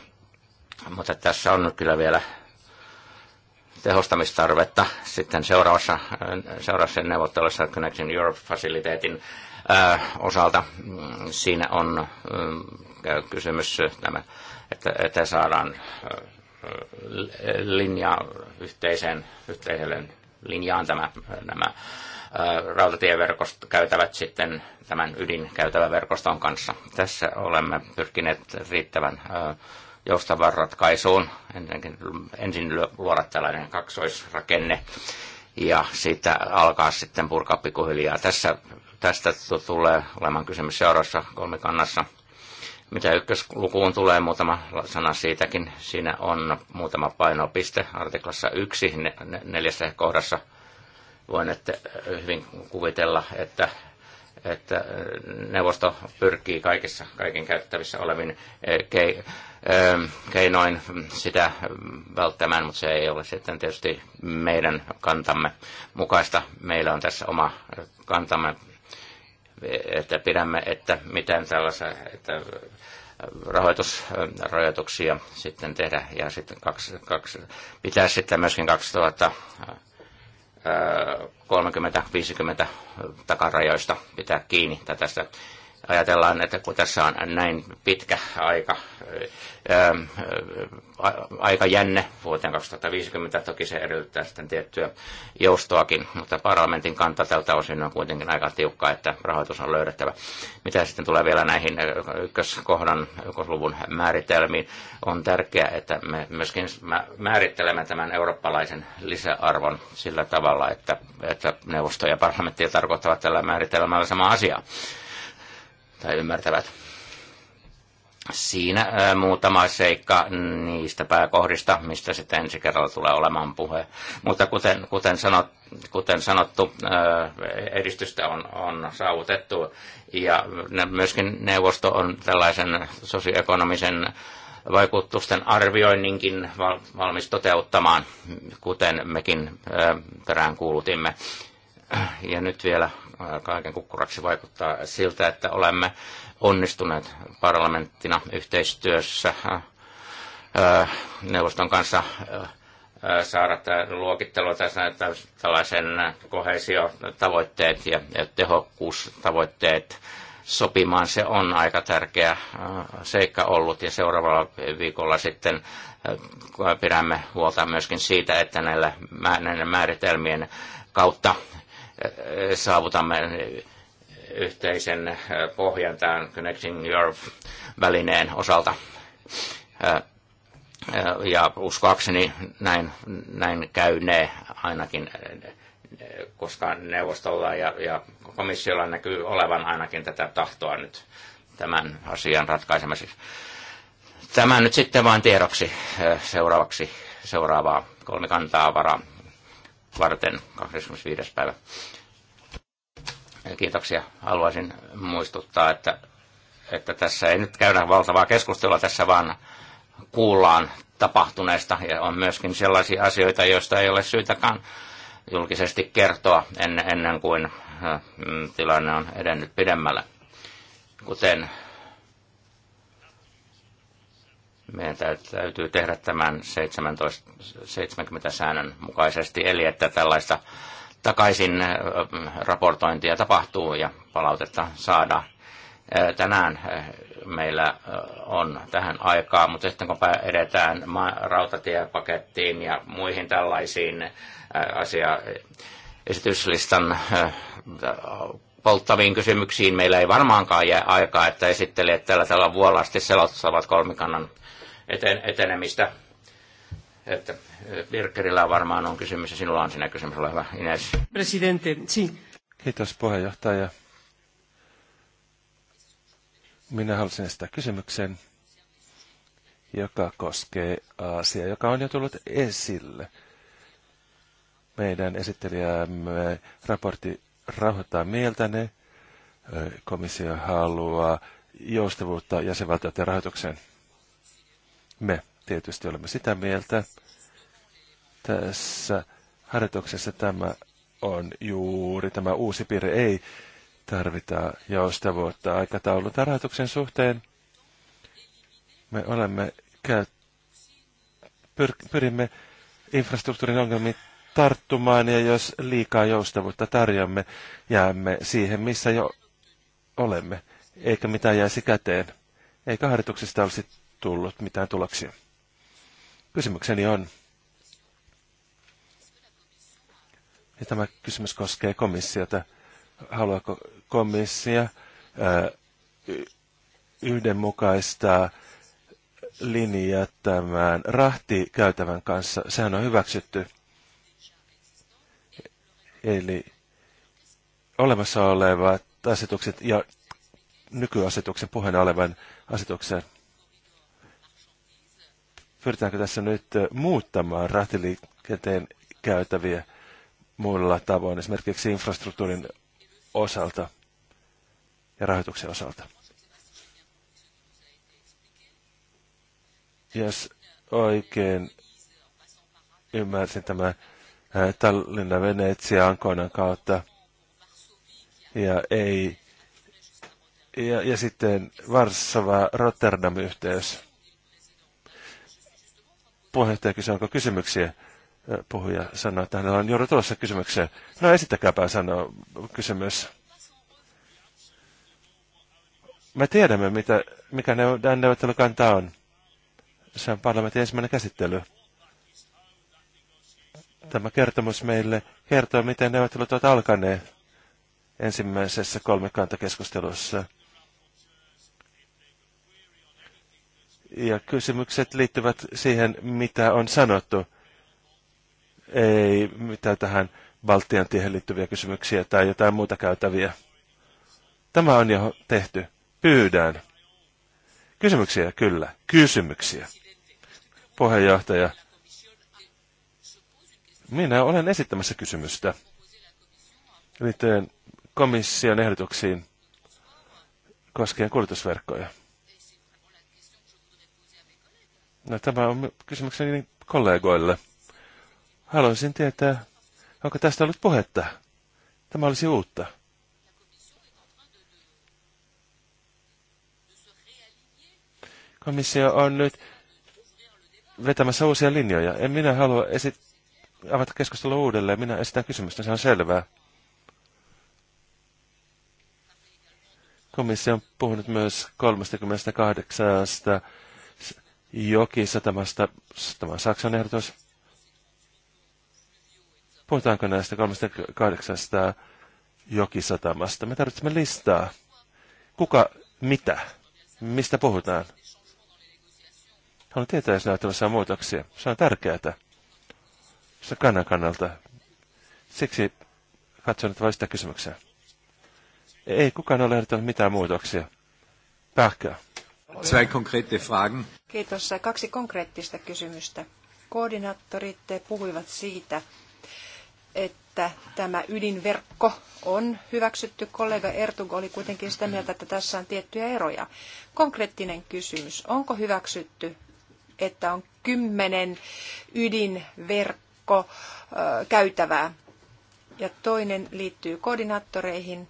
mutta tässä on kyllä vielä tehostamistarvetta sitten seuraavassa, seuraavassa neuvottelussa Connection Europe-fasiliteetin osalta. Siinä on kysymys, tämä, että, että saadaan linja yhteiseen, yhteiselle linjaan tämä, nämä rautatieverkost käytävät sitten tämän ydinkäytäväverkoston kanssa. Tässä olemme pyrkineet riittävän joustavan ratkaisuun. Ennenkin, ensin luoda tällainen kaksoisrakenne ja siitä alkaa sitten purkaa pikkuhiljaa. Tässä, tästä tulee olemaan kysymys seuraavassa kolmikannassa. Mitä ykköslukuun tulee, muutama sana siitäkin. Siinä on muutama painopiste artiklassa yksi ne, ne, neljässä kohdassa. Voin että hyvin kuvitella, että että neuvosto pyrkii kaikissa, kaiken käyttävissä olevin ke, Ähm, keinoin sitä välttämään, mutta se ei ole sitten tietysti meidän kantamme mukaista. Meillä on tässä oma kantamme, että pidämme, että mitään tällaisia että äh, rahoitusrajoituksia sitten tehdä. Ja sitten kaksi, kaksi, pitää sitten myöskin 2000 30-50 äh, takarajoista pitää kiinni tästä ajatellaan, että kun tässä on näin pitkä aika, ää, ähm, äh, aika jänne vuoteen 2050, toki se edellyttää sitten tiettyä joustoakin, mutta parlamentin kanta tältä osin on kuitenkin aika tiukka, että rahoitus on löydettävä. Mitä sitten tulee vielä näihin äh, ykköskohdan, ykkösluvun määritelmiin, on tärkeää, että me myöskin määrittelemme tämän eurooppalaisen lisäarvon sillä tavalla, että, että neuvosto ja parlamentti tarkoittavat tällä määritelmällä samaa asiaa tai ymmärtävät. Siinä muutama seikka niistä pääkohdista, mistä sitten ensi kerralla tulee olemaan puhe. Mutta kuten, kuten, sanot, kuten sanottu, edistystä on, on saavutettu ja myöskin neuvosto on tällaisen sosioekonomisen vaikutusten arvioinninkin valmis toteuttamaan, kuten mekin perään kuulutimme. Ja nyt vielä Äh, kaiken kukkuraksi vaikuttaa siltä, että olemme onnistuneet parlamenttina yhteistyössä äh, äh, neuvoston kanssa saada luokittelua tässä tällaisen kohesiotavoitteet ja tehokkuustavoitteet sopimaan. Se on aika tärkeä seikka ollut ja seuraavalla viikolla sitten pidämme huolta myöskin siitä, että näillä, näiden määritelmien kautta saavutamme yhteisen äh, pohjan tämän Connecting Europe-välineen osalta. Äh, äh, ja uskoakseni näin, näin käynee ainakin, koska neuvostolla ja, ja komissiolla näkyy olevan ainakin tätä tahtoa nyt tämän asian ratkaisemiseksi. Tämä nyt sitten vain tiedoksi seuraavaksi seuraavaa kolmikantaa varaa varten 25. päivä. Kiitoksia. Haluaisin muistuttaa, että, että tässä ei nyt käydä valtavaa keskustelua, tässä vaan kuullaan tapahtuneesta ja on myöskin sellaisia asioita, joista ei ole syytäkään julkisesti kertoa ennen, kuin äh, mm, tilanne on edennyt pidemmälle. Kuten meidän täytyy tehdä tämän 17, 70 säännön mukaisesti, eli että tällaista takaisin raportointia tapahtuu ja palautetta saadaan. Tänään meillä on tähän aikaa, mutta sitten kun edetään rautatiepakettiin ja muihin tällaisiin asia esityslistan polttaviin kysymyksiin meillä ei varmaankaan jää aikaa, että esittelijät tällä tavalla vuolasti selottavat kolmikannan eten, etenemistä. Että Birkkerillä varmaan on kysymys ja sinulla on siinä kysymys. Ole hyvä, Ines. Presidente, si. Kiitos puheenjohtaja. Minä halusin esittää kysymyksen, joka koskee asiaa, joka on jo tullut esille. Meidän esittelijämme raportti rauhoittaa mieltäne. Komissio haluaa joustavuutta jäsenvaltioiden rahoitukseen. Me tietysti olemme sitä mieltä. Tässä harjoituksessa tämä on juuri tämä uusi piirre. Ei tarvita jaosta vuotta aikataulun tai suhteen. Me olemme käy, pyr- pyrimme infrastruktuurin ongelmiin tarttumaan ja jos liikaa joustavuutta tarjoamme, jäämme siihen, missä jo olemme, eikä mitään jäisi käteen. Eikä harjoituksista olisi tullut mitään tuloksia. Kysymykseni on, ja tämä kysymys koskee komissiota, haluaako komissio yhdenmukaistaa linja tämän rahtikäytävän kanssa. Sehän on hyväksytty. Eli olemassa olevat asetukset ja nykyasetuksen puheen olevan asetuksen pyritäänkö tässä nyt muuttamaan ratiliikenteen käytäviä muilla tavoin, esimerkiksi infrastruktuurin osalta ja rahoituksen osalta. Jos oikein ymmärsin tämä Tallinna, Venetsia, Ankoinan kautta ja ei ja, ja sitten Varsava Rotterdam yhteys puheenjohtaja kysyi, onko kysymyksiä. Puhuja sanoi, että hänellä on juuri tulossa kysymyksiä. No esittäkääpä sanoa kysymys. Me tiedämme, mitä, mikä ne neuvottelukanta on. Se on parlamentin ensimmäinen käsittely. Tämä kertomus meille kertoo, miten neuvottelut ovat alkaneet ensimmäisessä kolmikantakeskustelussa. keskustelussa Ja kysymykset liittyvät siihen, mitä on sanottu. Ei mitään tähän Baltian tiehen liittyviä kysymyksiä tai jotain muuta käytäviä. Tämä on jo tehty. Pyydän. Kysymyksiä, kyllä. Kysymyksiä. Puheenjohtaja. Minä olen esittämässä kysymystä liittyen komission ehdotuksiin koskien kuljetusverkkoja. No, tämä on kysymykseni kollegoille. Haluaisin tietää, onko tästä ollut puhetta? Tämä olisi uutta. Komissio on nyt vetämässä uusia linjoja. En minä halua esit- avata keskustelua uudelleen. Minä esitän kysymystä, se on selvää. Komissio on puhunut myös 38 jokisatamasta. Tämä Saksan ehdotus. Puhutaanko näistä 3800 jokisatamasta? Me tarvitsemme listaa. Kuka, mitä, mistä puhutaan? Haluan tietää, jos näyttämässä on muutoksia. Se on tärkeää. Se kannan kannalta. Siksi katson nyt vain sitä kysymyksiä. Ei kukaan ole ehdottanut mitään muutoksia. Pähkää. Zwei konkrete Fragen. Kiitos. Kaksi konkreettista kysymystä. Koordinaattorit puhuivat siitä, että tämä ydinverkko on hyväksytty. Kollega Ertug oli kuitenkin sitä mieltä, että tässä on tiettyjä eroja. Konkreettinen kysymys. Onko hyväksytty, että on kymmenen ydinverkko käytävää? Ja toinen liittyy koordinaattoreihin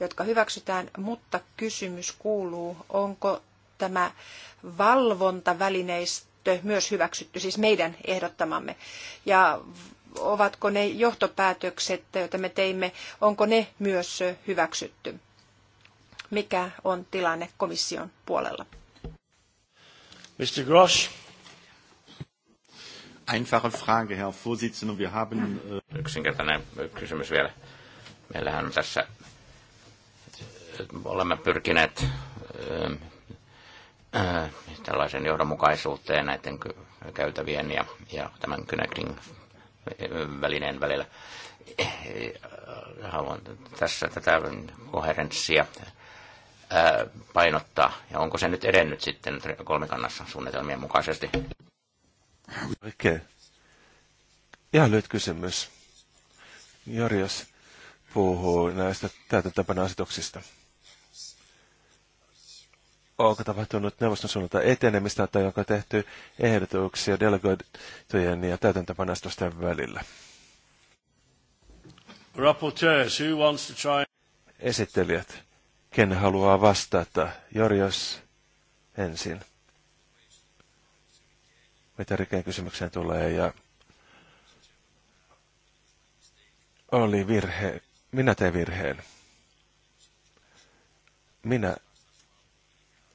jotka hyväksytään, mutta kysymys kuuluu, onko tämä valvontavälineistö myös hyväksytty, siis meidän ehdottamamme. Ja ovatko ne johtopäätökset, joita me teimme, onko ne myös hyväksytty? Mikä on tilanne komission puolella? Mr. Grosch. Einfache Frage, Herr Vorsitzender. Wir haben... Äh, Yksinkertainen kysymys vielä. Meillähän on tässä olemme pyrkineet ähm, äh, tällaisen johdonmukaisuuteen näiden käytävien ja, ja tämän Connecting äh, välineen välillä. Äh, haluan tässä tätä koherenssia painottaa. Ja onko se nyt edennyt sitten kolmikannassa suunnitelmien mukaisesti? Oikein. Ihan lyhyt kysymys. Jari, jos puhuu näistä täytäntäpänä asetuksista onko tapahtunut neuvoston suunnalta etenemistä tai onko tehty ehdotuksia delegoitujen ja täytäntöpanastusten välillä? Rapporteurs, who wants to try... Esittelijät, ken haluaa vastata? Jorjos ensin. Mitä rikkeen kysymykseen tulee ja oli virhe. Minä tein virheen. Minä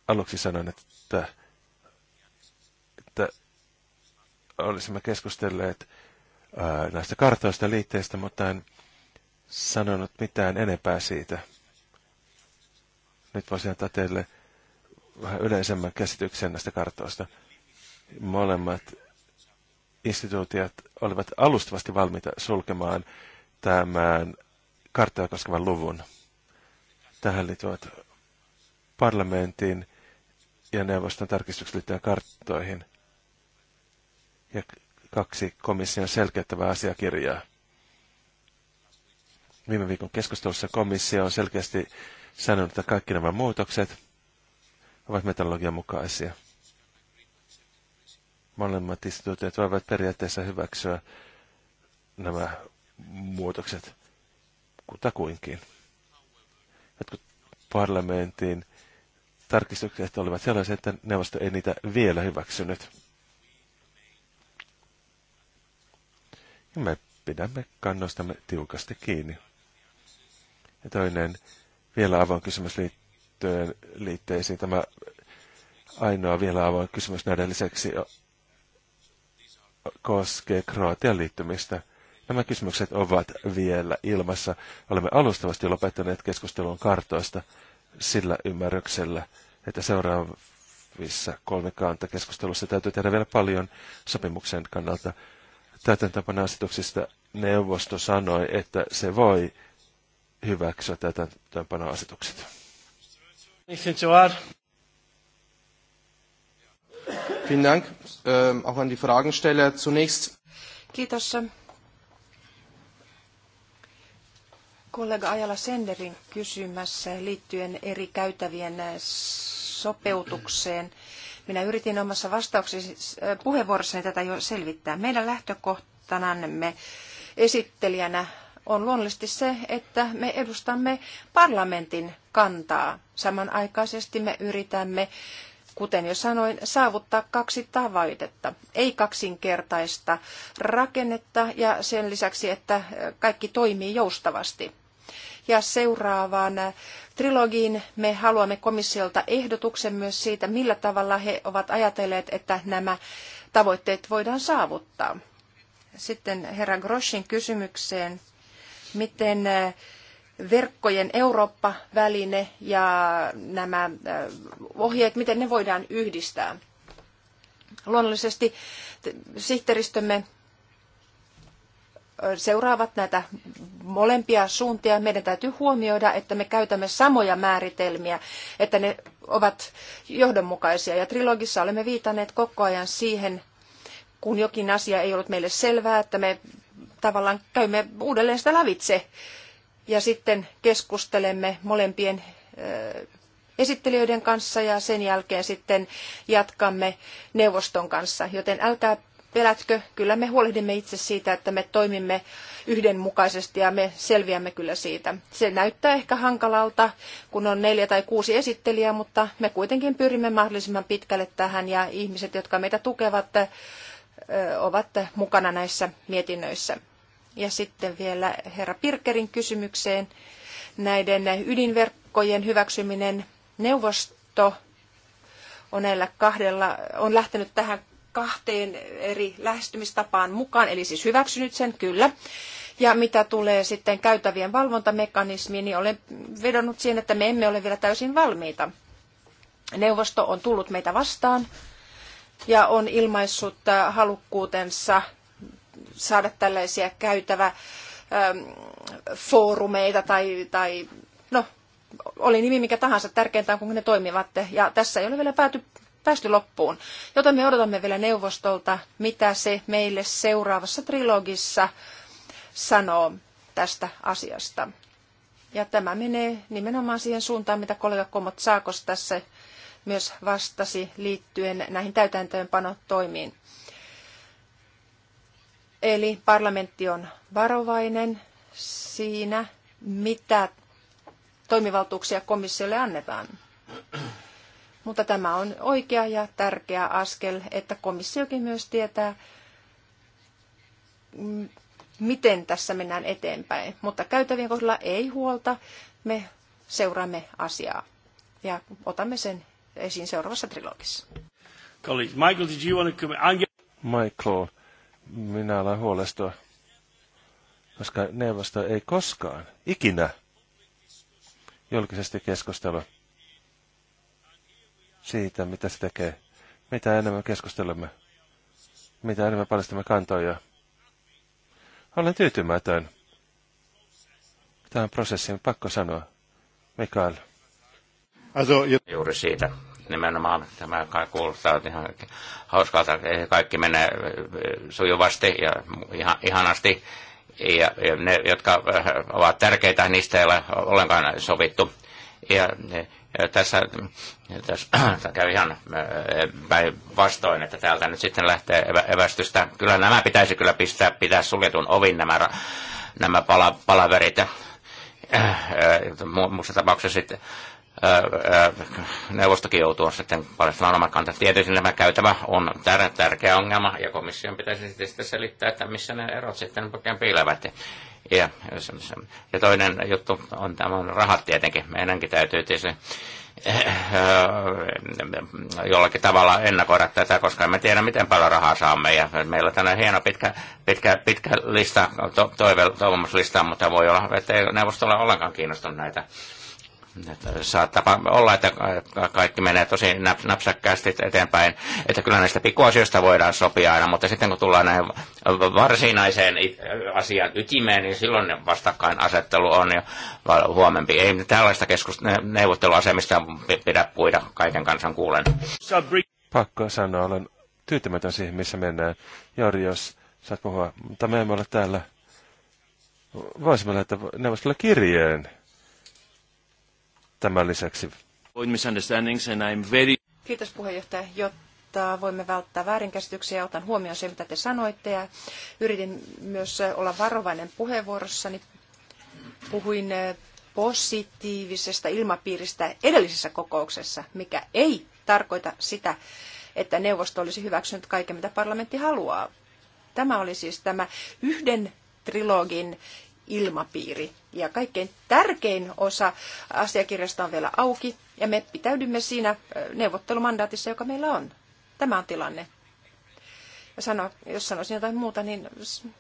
aluksi sanoin, että, että olisimme keskustelleet ää, näistä kartoista liitteistä, mutta en sanonut mitään enempää siitä. Nyt voisin antaa teille vähän yleisemmän käsityksen näistä kartoista. Molemmat instituutiot olivat alustavasti valmiita sulkemaan tämän karttaa koskevan luvun. Tähän liittyvät parlamentin ja neuvoston tarkistukset liittyen karttoihin ja kaksi komission selkeyttävää asiakirjaa. Viime viikon keskustelussa komissio on selkeästi sanonut, että kaikki nämä muutokset ovat metallogian mukaisia. Molemmat instituutiot voivat periaatteessa hyväksyä nämä muutokset kutakuinkin. Jotkut parlamentin tarkistukset olivat sellaisia, että neuvosto ei niitä vielä hyväksynyt. Ja me pidämme kannostamme tiukasti kiinni. Ja toinen vielä avoin kysymys liittyen liitteisiin. Tämä ainoa vielä avoin kysymys näiden lisäksi koskee Kroatian liittymistä. Nämä kysymykset ovat vielä ilmassa. Olemme alustavasti lopettaneet keskustelun kartoista sillä ymmärryksellä, että seuraavissa kanta-keskustelussa täytyy tehdä vielä paljon sopimuksen kannalta. Täytäntöpana asetuksista neuvosto sanoi, että se voi hyväksyä täytäntöpana asetukset. Vielen Dank, ähm, auch an die Fragensteller. Zunächst. Kiitos kollega Ajala Senderin kysymässä liittyen eri käytävien äh, sopeutukseen. Minä yritin omassa vastauksessani äh, puheenvuorossani tätä jo selvittää. Meidän lähtökohtanamme esittelijänä on luonnollisesti se, että me edustamme parlamentin kantaa. Samanaikaisesti me yritämme, kuten jo sanoin, saavuttaa kaksi tavoitetta. Ei kaksinkertaista rakennetta ja sen lisäksi, että äh, kaikki toimii joustavasti ja seuraavaan trilogiin me haluamme komissiolta ehdotuksen myös siitä, millä tavalla he ovat ajatelleet, että nämä tavoitteet voidaan saavuttaa. Sitten herra Groschin kysymykseen, miten äh, verkkojen Eurooppa-väline ja nämä äh, ohjeet, miten ne voidaan yhdistää. Luonnollisesti sihteeristömme seuraavat näitä molempia suuntia, meidän täytyy huomioida, että me käytämme samoja määritelmiä, että ne ovat johdonmukaisia. Ja trilogissa olemme viitanneet koko ajan siihen, kun jokin asia ei ollut meille selvää, että me tavallaan käymme uudelleen sitä lävitse ja sitten keskustelemme molempien esittelijöiden kanssa ja sen jälkeen sitten jatkamme neuvoston kanssa. Joten älkää pelätkö, kyllä me huolehdimme itse siitä, että me toimimme yhdenmukaisesti ja me selviämme kyllä siitä. Se näyttää ehkä hankalalta, kun on neljä tai kuusi esittelijää, mutta me kuitenkin pyrimme mahdollisimman pitkälle tähän ja ihmiset, jotka meitä tukevat, ovat mukana näissä mietinnöissä. Ja sitten vielä herra Pirkerin kysymykseen näiden ydinverkkojen hyväksyminen neuvosto on näillä kahdella, on lähtenyt tähän kahteen eri lähestymistapaan mukaan, eli siis hyväksynyt sen kyllä. Ja mitä tulee sitten käytävien valvontamekanismiin, niin olen vedonnut siihen, että me emme ole vielä täysin valmiita. Neuvosto on tullut meitä vastaan ja on ilmaissut äh, halukkuutensa saada tällaisia käytävä ähm, foorumeita tai, tai no, oli nimi mikä tahansa, tärkeintä on kun ne toimivat. Ja tässä ei ole vielä pääty päästy loppuun. Joten me odotamme vielä neuvostolta, mitä se meille seuraavassa trilogissa sanoo tästä asiasta. Ja tämä menee nimenomaan siihen suuntaan, mitä kollega Komot Saakos tässä myös vastasi liittyen näihin täytäntöönpanotoimiin. Eli parlamentti on varovainen siinä, mitä toimivaltuuksia komissiolle annetaan. Mutta tämä on oikea ja tärkeä askel, että komissiokin myös tietää, mm, miten tässä mennään eteenpäin. Mutta käytävien kohdalla ei huolta. Me seuraamme asiaa ja otamme sen esiin seuraavassa trilogissa. Michael, did you want to come? Michael, minä olen huolestua, koska neuvosto ei koskaan, ikinä, julkisesti keskustella siitä, mitä se tekee. Mitä enemmän keskustelemme, mitä enemmän paljastamme kantoja. Olen tyytymätön. Tähän prosessiin pakko sanoa. Mikael. Juuri siitä nimenomaan tämä kai kuulostaa ihan hauskalta. Kaikki menee äh, sujuvasti ja ihan, ihanasti. Ja, ja ne, jotka äh, ovat tärkeitä, niistä ei ole ollenkaan sovittu. Ja, tässä, tässä kävi ihan vastoin, että täältä nyt sitten lähtee evästystä. Kyllä nämä pitäisi kyllä pistää, pitää suljetun ovin nämä, nämä pala, palaverit. Ja, äh, äh, muussa tapauksessa sitten neuvostokin joutuu sitten paljastamaan oman kantansa. Tietysti nämä käytävä on tär- tärkeä ongelma, ja komission pitäisi sitten selittää, että missä ne erot sitten oikein piilevät. Ja, ja toinen juttu on tämä on rahat tietenkin. Meidänkin täytyy tietysti eh, eh, jollakin tavalla ennakoida tätä, koska emme tiedä, miten paljon rahaa saamme. Ja meillä on tänään hieno pitkä, pitkä, pitkä lista, to, toivomuslista, mutta voi olla, että ei neuvostolla ollenkaan kiinnostunut näitä saattaa olla, että kaikki menee tosi napsakkaasti eteenpäin, että kyllä näistä pikkuasioista voidaan sopia aina, mutta sitten kun tullaan näihin varsinaiseen asian ytimeen, niin silloin vastakkainasettelu on jo huomempi. Ei tällaista keskust- neuvotteluasemista pidä puida kaiken kansan kuulen. Pakko sanoa, olen tyytymätön siihen, missä mennään. Jori, jos saat puhua, mutta me emme ole täällä. Voisimme lähettää neuvostolle kirjeen tämän lisäksi. Kiitos puheenjohtaja. Jotta voimme välttää väärinkäsityksiä, otan huomioon sen, mitä te sanoitte. Ja yritin myös olla varovainen puheenvuorossani. Puhuin eh, positiivisesta ilmapiiristä edellisessä kokouksessa, mikä ei tarkoita sitä, että neuvosto olisi hyväksynyt kaiken, mitä parlamentti haluaa. Tämä oli siis tämä yhden trilogin ilmapiiri. Ja kaikkein tärkein osa asiakirjasta on vielä auki, ja me pitäydymme siinä neuvottelumandaatissa, joka meillä on. Tämä on tilanne. Ja sano, jos sanoisin jotain muuta, niin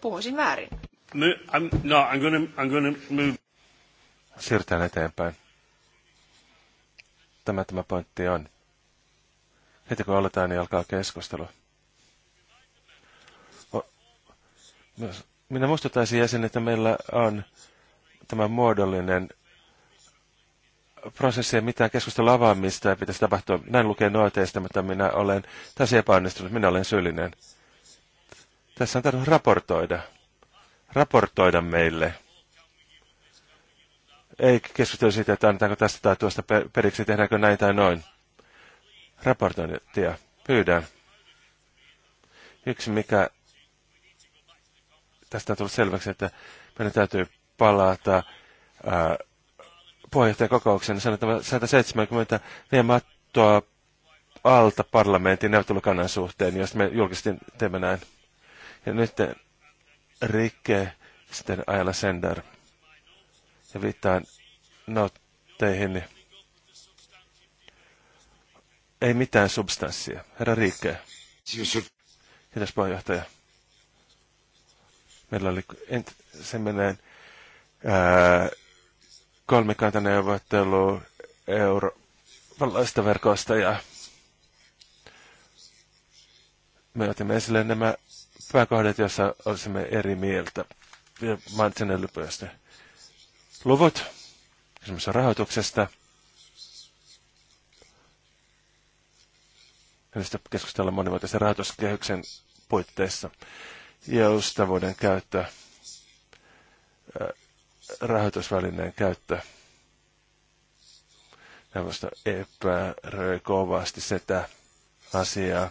puhuisin väärin. No, I'm, no, I'm gonna, I'm gonna move. Siirrytään eteenpäin. Tämä tämä pointti on. Heti kun aletaan, niin alkaa keskustelu. O- minä muistuttaisin jäsen, että meillä on tämä muodollinen prosessi ja mitään keskustelua avaamista ei pitäisi tapahtua. Näin lukee nooteista, mutta minä olen tässä epäonnistunut. Minä olen syyllinen. Tässä on tarvinnut raportoida. Raportoida meille. Ei keskustelu siitä, että annetaanko tästä tai tuosta periksi, tehdäänkö näin tai noin. Raportointia. Pyydän. Yksi, mikä tästä on tullut selväksi, että meidän täytyy palata ää, puheenjohtajakokoukseen sanotaan 170 vie mattoa alta parlamentin neuvottelukannan suhteen, jos me julkisesti teemme näin. Ja nyt Rikke sitten Ayala Sender. Ja viittaan notteihin. Ei mitään substanssia. Herra Rikke. Siis Kiitos puheenjohtaja. Meillä oli semmoinen kolmikantaneuvottelu eurovalloista verkosta ja me otimme esille nämä pääkohdat, joissa olisimme eri mieltä. Ja mainitsen ne lyhyesti. Luvut, kysymys on rahoituksesta. Niistä keskustellaan monivuotisen rahoituskehyksen puitteissa joustavuuden käyttö, äh, rahoitusvälineen käyttö. Neuvosto epäröi kovasti sitä asiaa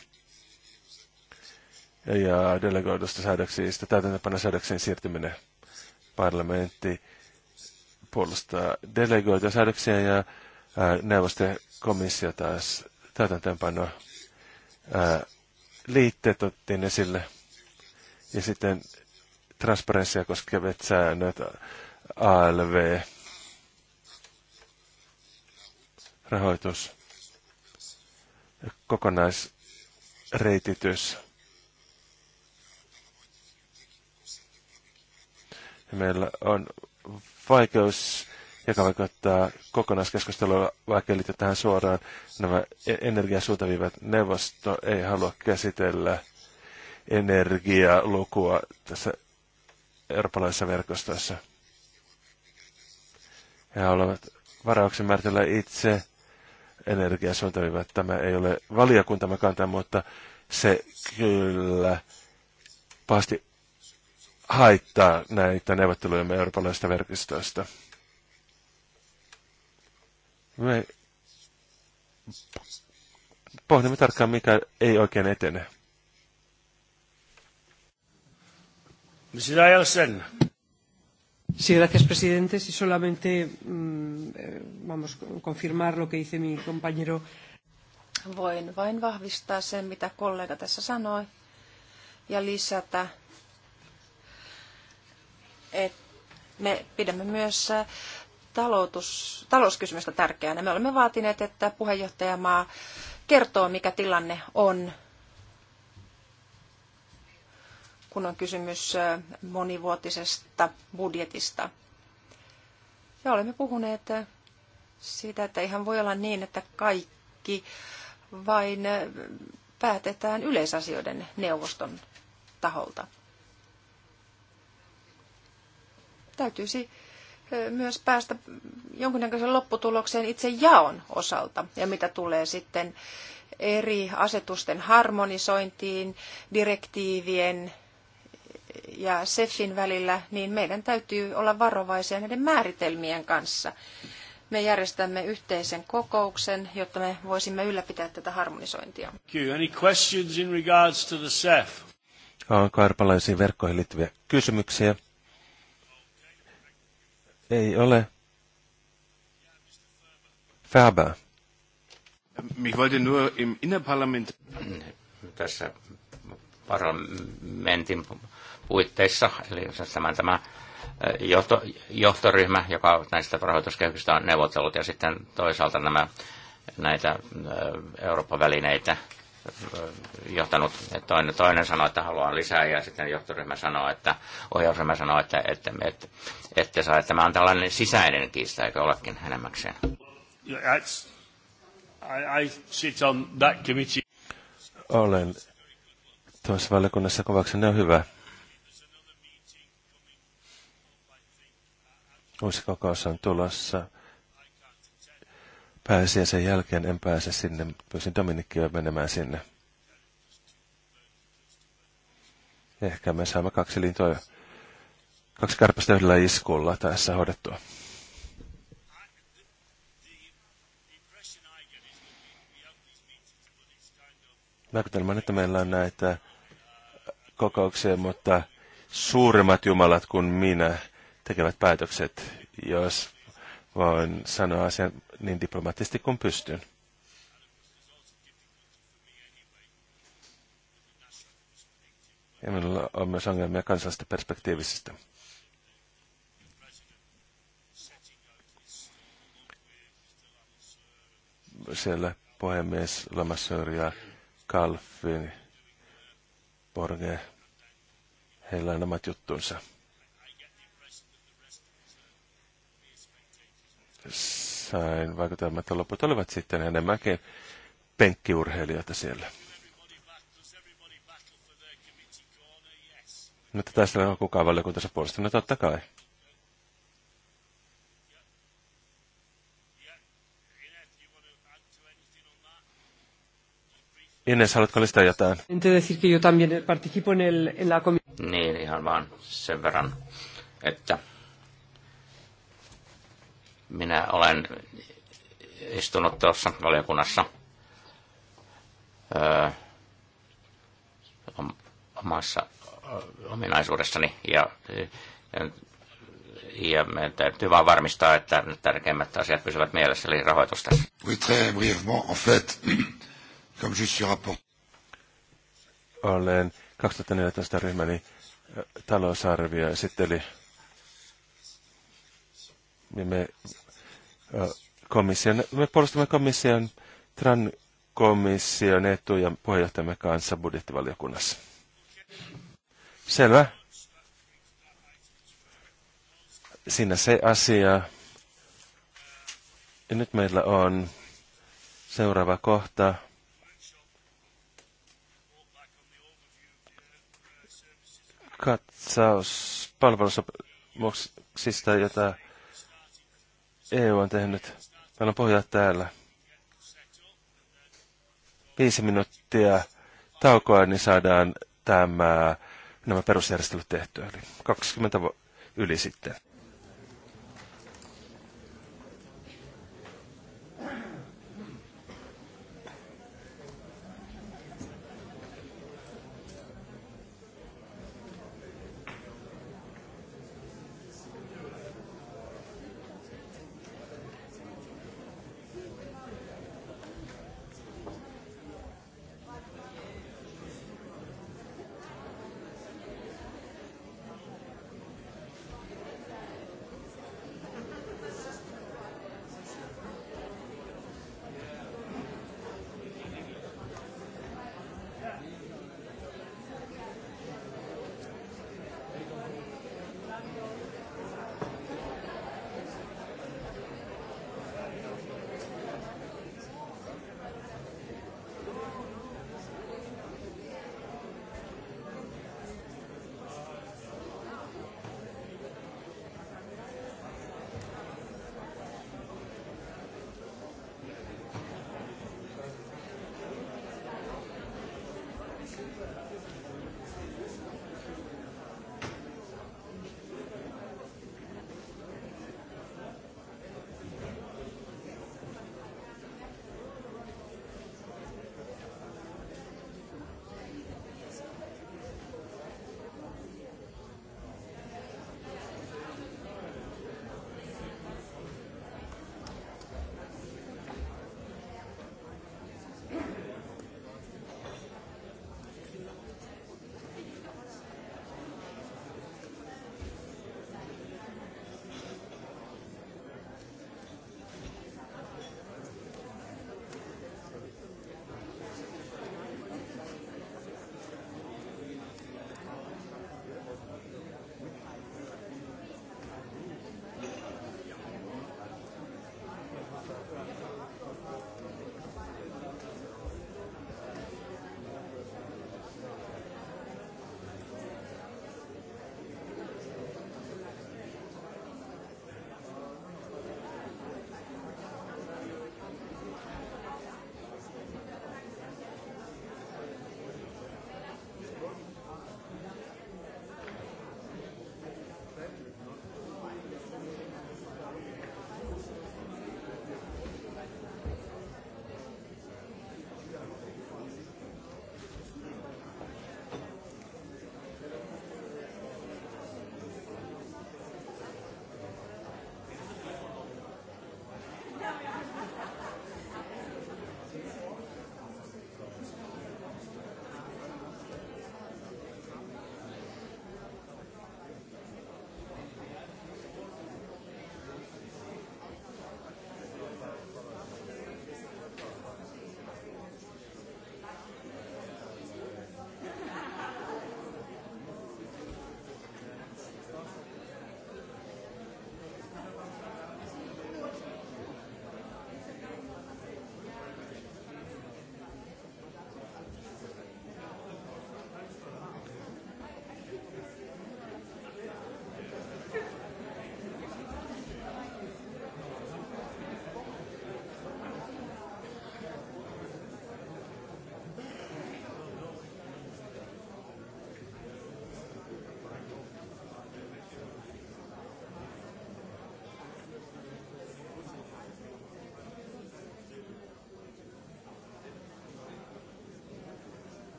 ja delegoidusta säädöksistä, täytäntöpäin säädöksiin siirtyminen parlamentti puolustaa delegoidusta säädöksiä ja äh, neuvosten komissio taas täytäntöönpanoa. Äh, liitteet otettiin esille ja sitten transparenssia koskevat säännöt, ALV, rahoitus, kokonaisreititys. Ja meillä on vaikeus, joka vaikuttaa kokonaiskeskustelua, vaikka liittyy tähän suoraan. Nämä e-, energiasuuntaviivat neuvosto ei halua käsitellä – energialukua tässä eurooppalaisessa verkostossa. He haluavat varauksen määritellä itse että Tämä ei ole valiokuntamme kantaa, mutta se kyllä pahasti haittaa näitä neuvotteluja eurooppalaisista verkostoista. Me pohdimme tarkkaan, mikä ei oikein etene. Señora Elsen. Sí, gracias, presidente. Si solamente mm, eh, vamos confirmar lo que dice mi compañero. Voin vain vahvistaa sen, mitä kollega tässä sanoi, ja lisätä, että me pidämme myös äh, taloutus, talouskysymystä tärkeänä. Me olemme vaatineet, että puheenjohtajamaa kertoo, mikä tilanne on kun on kysymys monivuotisesta budjetista. Ja olemme puhuneet siitä, että ihan voi olla niin, että kaikki vain päätetään yleisasioiden neuvoston taholta. Täytyisi myös päästä jonkinnäköisen lopputulokseen itse jaon osalta ja mitä tulee sitten eri asetusten harmonisointiin, direktiivien ja SEFin välillä, niin meidän täytyy olla varovaisia näiden määritelmien kanssa. Me järjestämme yhteisen kokouksen, jotta me voisimme ylläpitää tätä harmonisointia. Any questions in regards to the SEF? Onko arpalaisiin verkkoihin liittyviä kysymyksiä? Ei ole. Faber. Ich wollte nur im Innerparlament... Tässä parlamentin puitteissa, eli tämä, tämä johto, johtoryhmä, joka näistä rahoituskehyksistä on neuvotellut, ja sitten toisaalta nämä näitä Euroopan välineitä johtanut, että toinen, toinen sanoo, että haluaa lisää, ja sitten johtoryhmä sanoo, että ohjausryhmä sanoo, että ette, että että saa, että tämä on tällainen sisäinen kiista, eikö olekin enemmäkseen. on Olen tuossa valiokunnassa kovaksi, ne on hyvä. Uusi kokous on tulossa. Pääsiäisen jälkeen en pääse sinne. Pyysin Dominikkiä menemään sinne. Ehkä me saamme kaksi lintua, kaksi kärpästä yhdellä iskulla tässä hoidettua. Vaikutelma on, että meillä on näitä kokouksia, mutta suuremmat jumalat kuin minä tekevät päätökset, jos voin sanoa asian niin diplomaattisesti kuin pystyn. Ja minulla on myös ongelmia kansallisesta perspektiivisestä. Siellä puhemies Lamassur ja Kalfin, Borge, heillä on omat juttunsa. sain vaikutelma, että loput olivat sitten enemmänkin penkkiurheilijoita siellä. Mutta tässä on kukaan valiokuntansa puolesta, no totta kai. Ines, haluatko listaa jotain? Niin, ihan vaan sen verran, että minä olen istunut tuossa valiokunnassa öö, omassa ominaisuudessani ja, ja, ja meidän täytyy vain varmistaa, että tärkeimmät asiat pysyvät mielessä, eli rahoitus tässä. Oui, très brièvement, en fait, comme je suis rapport... Olen 2014 ryhmäni talousarvio esitteli ja me komission. Me puolustamme komission, TRAN komission etuja puheenjohtajamme kanssa budjettivaliokunnassa. Selvä. Siinä se asia. Ja nyt meillä on seuraava kohta. Katsaus palvelusopimuksista, jota EU on tehnyt. Meillä on pohjat täällä. Viisi minuuttia taukoa, niin saadaan tämä, nämä perusjärjestelyt tehtyä. Eli 20 yli sitten.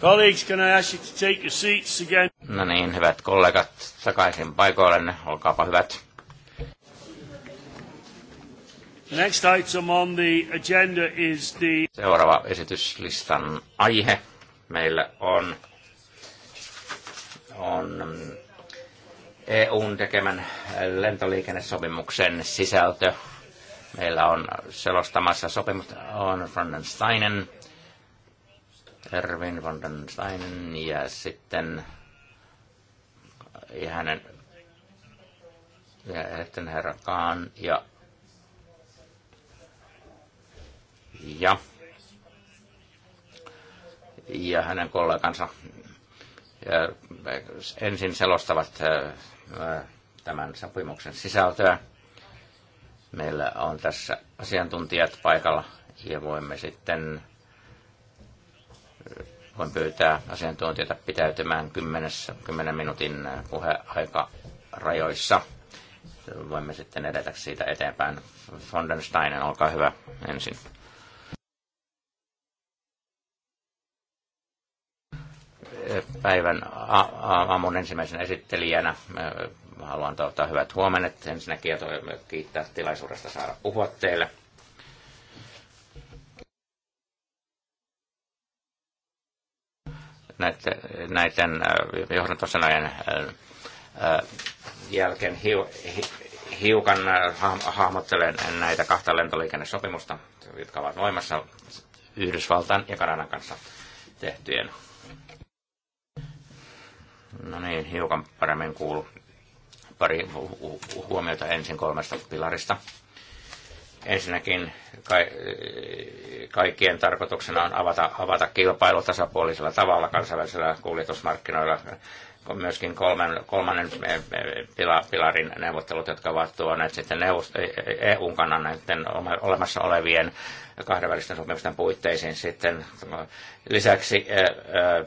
Colleagues, can I ask you to take your seats again? No niin, hyvät kollegat, takaisin paikoillenne, olkaapa hyvät. Next item on the agenda is the... Seuraava esityslistan aihe meillä on, on EUn tekemän lentoliikennesopimuksen sisältö Meillä on selostamassa sopimus on von den Steinen, Erwin von den Steinen ja sitten ja hänen ja sitten herra Kaan ja ja ja hänen kollegansa ja ensin selostavat äh, tämän sopimuksen sisältöä. Meillä on tässä asiantuntijat paikalla ja voimme sitten äh, voin pyytää asiantuntijoita pitäytymään 10, 10 minuutin äh, rajoissa, Voimme sitten edetä siitä eteenpäin. Fondensteinen, olkaa hyvä ensin. Päivän aamun ensimmäisen esittelijänä äh, haluan toivottaa hyvät huomenet ensinnäkin ja kiittää tilaisuudesta saada puhua teille. Näiden, näiden äh, johdantosanojen äh, äh, jälkeen hiukan hahmottelen näitä kahta lentoliikennesopimusta, jotka ovat voimassa Yhdysvaltain ja Kanadan kanssa tehtyjen. No niin, hiukan paremmin kuuluu pari huomiota ensin kolmesta pilarista. Ensinnäkin kaikkien tarkoituksena on avata, avata kilpailu tasapuolisella tavalla kansainvälisellä kuljetusmarkkinoilla myöskin kolmen, kolmannen eh, eh, pilarin neuvottelut, jotka ovat tuoneet sitten neuvos, EUn eh, e kannan näiden olemassa olevien kahdenvälisten sopimusten puitteisiin sitten lisäksi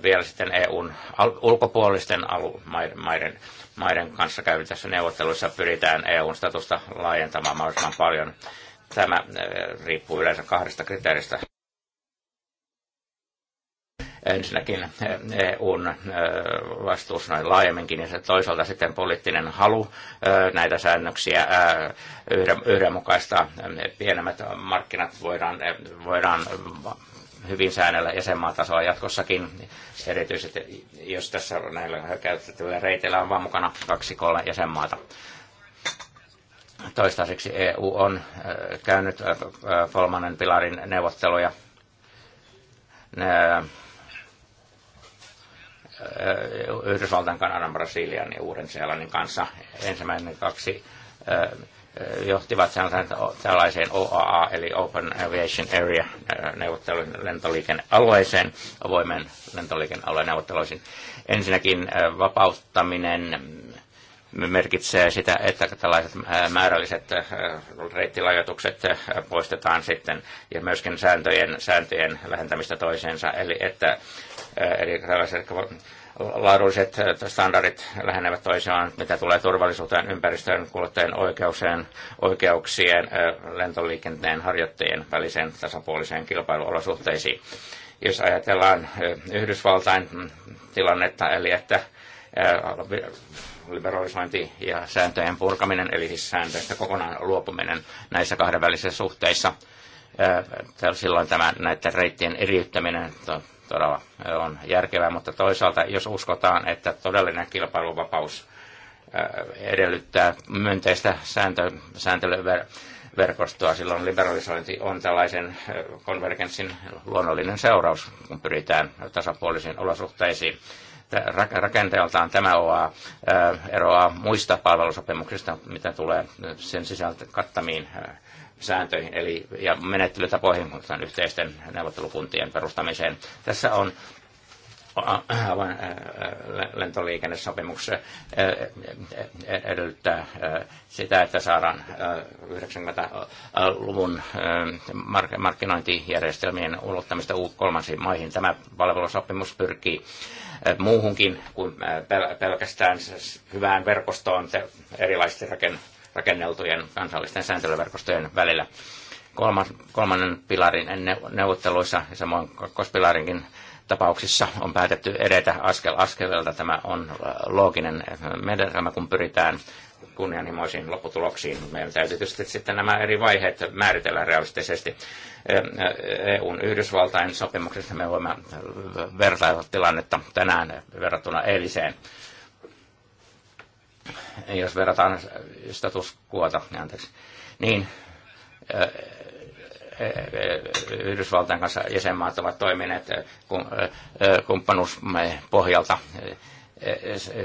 vielä sitten EUn ulkopuolisten maiden, maiden maiden kanssa käytävissä neuvotteluissa pyritään EUn statusta laajentamaan mahdollisimman paljon. Tämä eh, riippuu yleensä kahdesta kriteeristä. Ensinnäkin EUn eh, e eh, vastuus noin laajemminkin ja se toisaalta sitten poliittinen halu näitä säännöksiä yhdenmukaista. Pienemmät markkinat voidaan, voidaan hyvin säännellä jäsenmaatasolla jatkossakin. Erityisesti jos tässä näillä käytettävillä reiteillä on vain mukana kaksi kolme jäsenmaata. Toistaiseksi EU on äh, käynyt äh, kolmannen pilarin neuvotteluja äh, Yhdysvaltain, Kanadan, Brasilian ja Uuden-Seelannin kanssa. Ensimmäinen kaksi Eh, johtivat tällaiseen OAA, eli Open Aviation Area eh, neuvottelujen lentoliikennealueeseen, avoimen lentoliikennealueen neuvotteluihin. Ensinnäkin eh, vapauttaminen mm, merkitsee sitä, että tällaiset määrälliset reittilajoitukset poistetaan sitten ja myöskin sääntöjen, sääntöjen lähentämistä toiseensa, eli että eli tällaiset laadulliset eh, standardit lähenevät toisiaan, mitä tulee turvallisuuteen, ympäristöön, kuluttajien oikeuksien, oikeuksien eh, lentoliikenteen harjoittajien väliseen tasapuoliseen kilpailuolosuhteisiin. Jos ajatellaan eh, Yhdysvaltain mm, tilannetta, eli että liberalisointi ja sääntöjen purkaminen, eli siis sääntöistä kokonaan luopuminen näissä kahdenvälisissä suhteissa, silloin tämä näiden reittien eriyttäminen todella on järkevää, mutta toisaalta jos uskotaan, että todellinen kilpailuvapaus edellyttää myönteistä sääntö, sääntelyverkostoa, silloin liberalisointi on tällaisen konvergenssin luonnollinen seuraus, kun pyritään tasapuolisiin olosuhteisiin rakenteeltaan tämä OA eroaa muista palvelusopimuksista, mitä tulee sen sisältä kattamiin sääntöihin eli, ja menettelytapoihin yhteisten neuvottelukuntien perustamiseen. Tässä on avain lentoliikennesopimuksessa edellyttää sitä, että saadaan 90-luvun markkinointijärjestelmien ulottamista kolmansiin maihin. Tämä palvelusopimus pyrkii muuhunkin kuin pelkästään hyvään verkostoon erilaisten rakenneltujen kansallisten sääntelyverkostojen välillä. Kolmas, kolmannen pilarin neuvotteluissa ja samoin kakkospilarinkin tapauksissa on päätetty edetä askel askeleelta. Tämä on looginen menetelmä, kun pyritään kunnianhimoisiin lopputuloksiin. meidän täytyy tietysti sitten nämä eri vaiheet määritellä realistisesti. EUn Yhdysvaltain sopimuksessa me voimme vertailla tilannetta tänään verrattuna eiliseen jos verrataan quota, niin anteeksi, niin Yhdysvaltain kanssa jäsenmaat ovat toimineet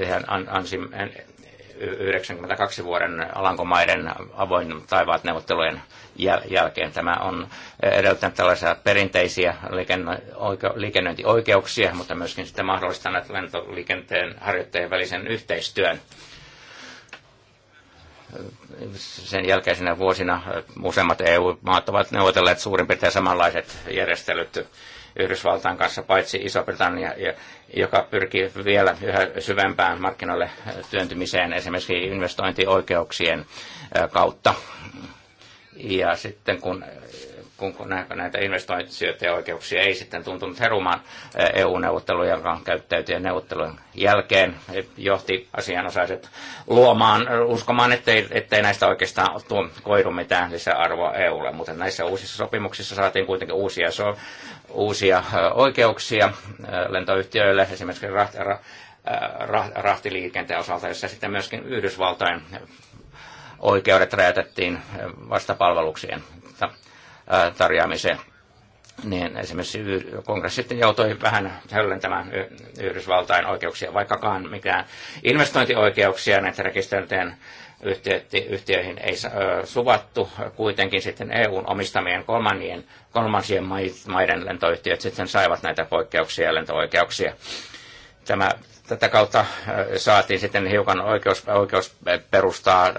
ihan ansin 92 vuoden Alankomaiden avoin taivaat neuvottelujen jälkeen. Tämä on edellyttänyt tällaisia perinteisiä liikennöintioikeuksia, mutta myöskin sitten mahdollistanut lentoliikenteen harjoittajien välisen yhteistyön sen jälkeisenä vuosina useimmat EU-maat ovat neuvotelleet suurin piirtein samanlaiset järjestelyt Yhdysvaltain kanssa, paitsi Iso-Britannia, joka pyrkii vielä yhä syvempään markkinoille työntymiseen esimerkiksi investointioikeuksien kautta. Ja sitten kun kun näitä investointisijoittajaoikeuksia ei sitten tuntunut herumaan eh, EU-neuvottelujen käyttäytyjen neuvottelujen jälkeen, johti asianosaiset luomaan, uskomaan, ettei, ettei näistä oikeastaan tuo, koidu mitään lisäarvoa EUlle, mutta näissä uusissa sopimuksissa saatiin kuitenkin uusia, so, uusia eh, oikeuksia eh, lentoyhtiöille, esimerkiksi raht, ra, ra, rahtiliikenteen osalta, jossa sitten myöskin Yhdysvaltain oikeudet räjätettiin vastapalveluksien tarjoamiseen. Niin esimerkiksi kongressi joutui vähän höllentämään Yhdysvaltain oikeuksia, vaikkakaan mikään investointioikeuksia näitä rekisteröityjen yhtiöihin ei suvattu. Kuitenkin sitten EUn omistamien kolmansien, kolmansien maiden lentoyhtiöt sitten saivat näitä poikkeuksia ja lentooikeuksia. Tämä tätä kautta äh, saatiin sitten hiukan oikeus, oikeus perustaa äh,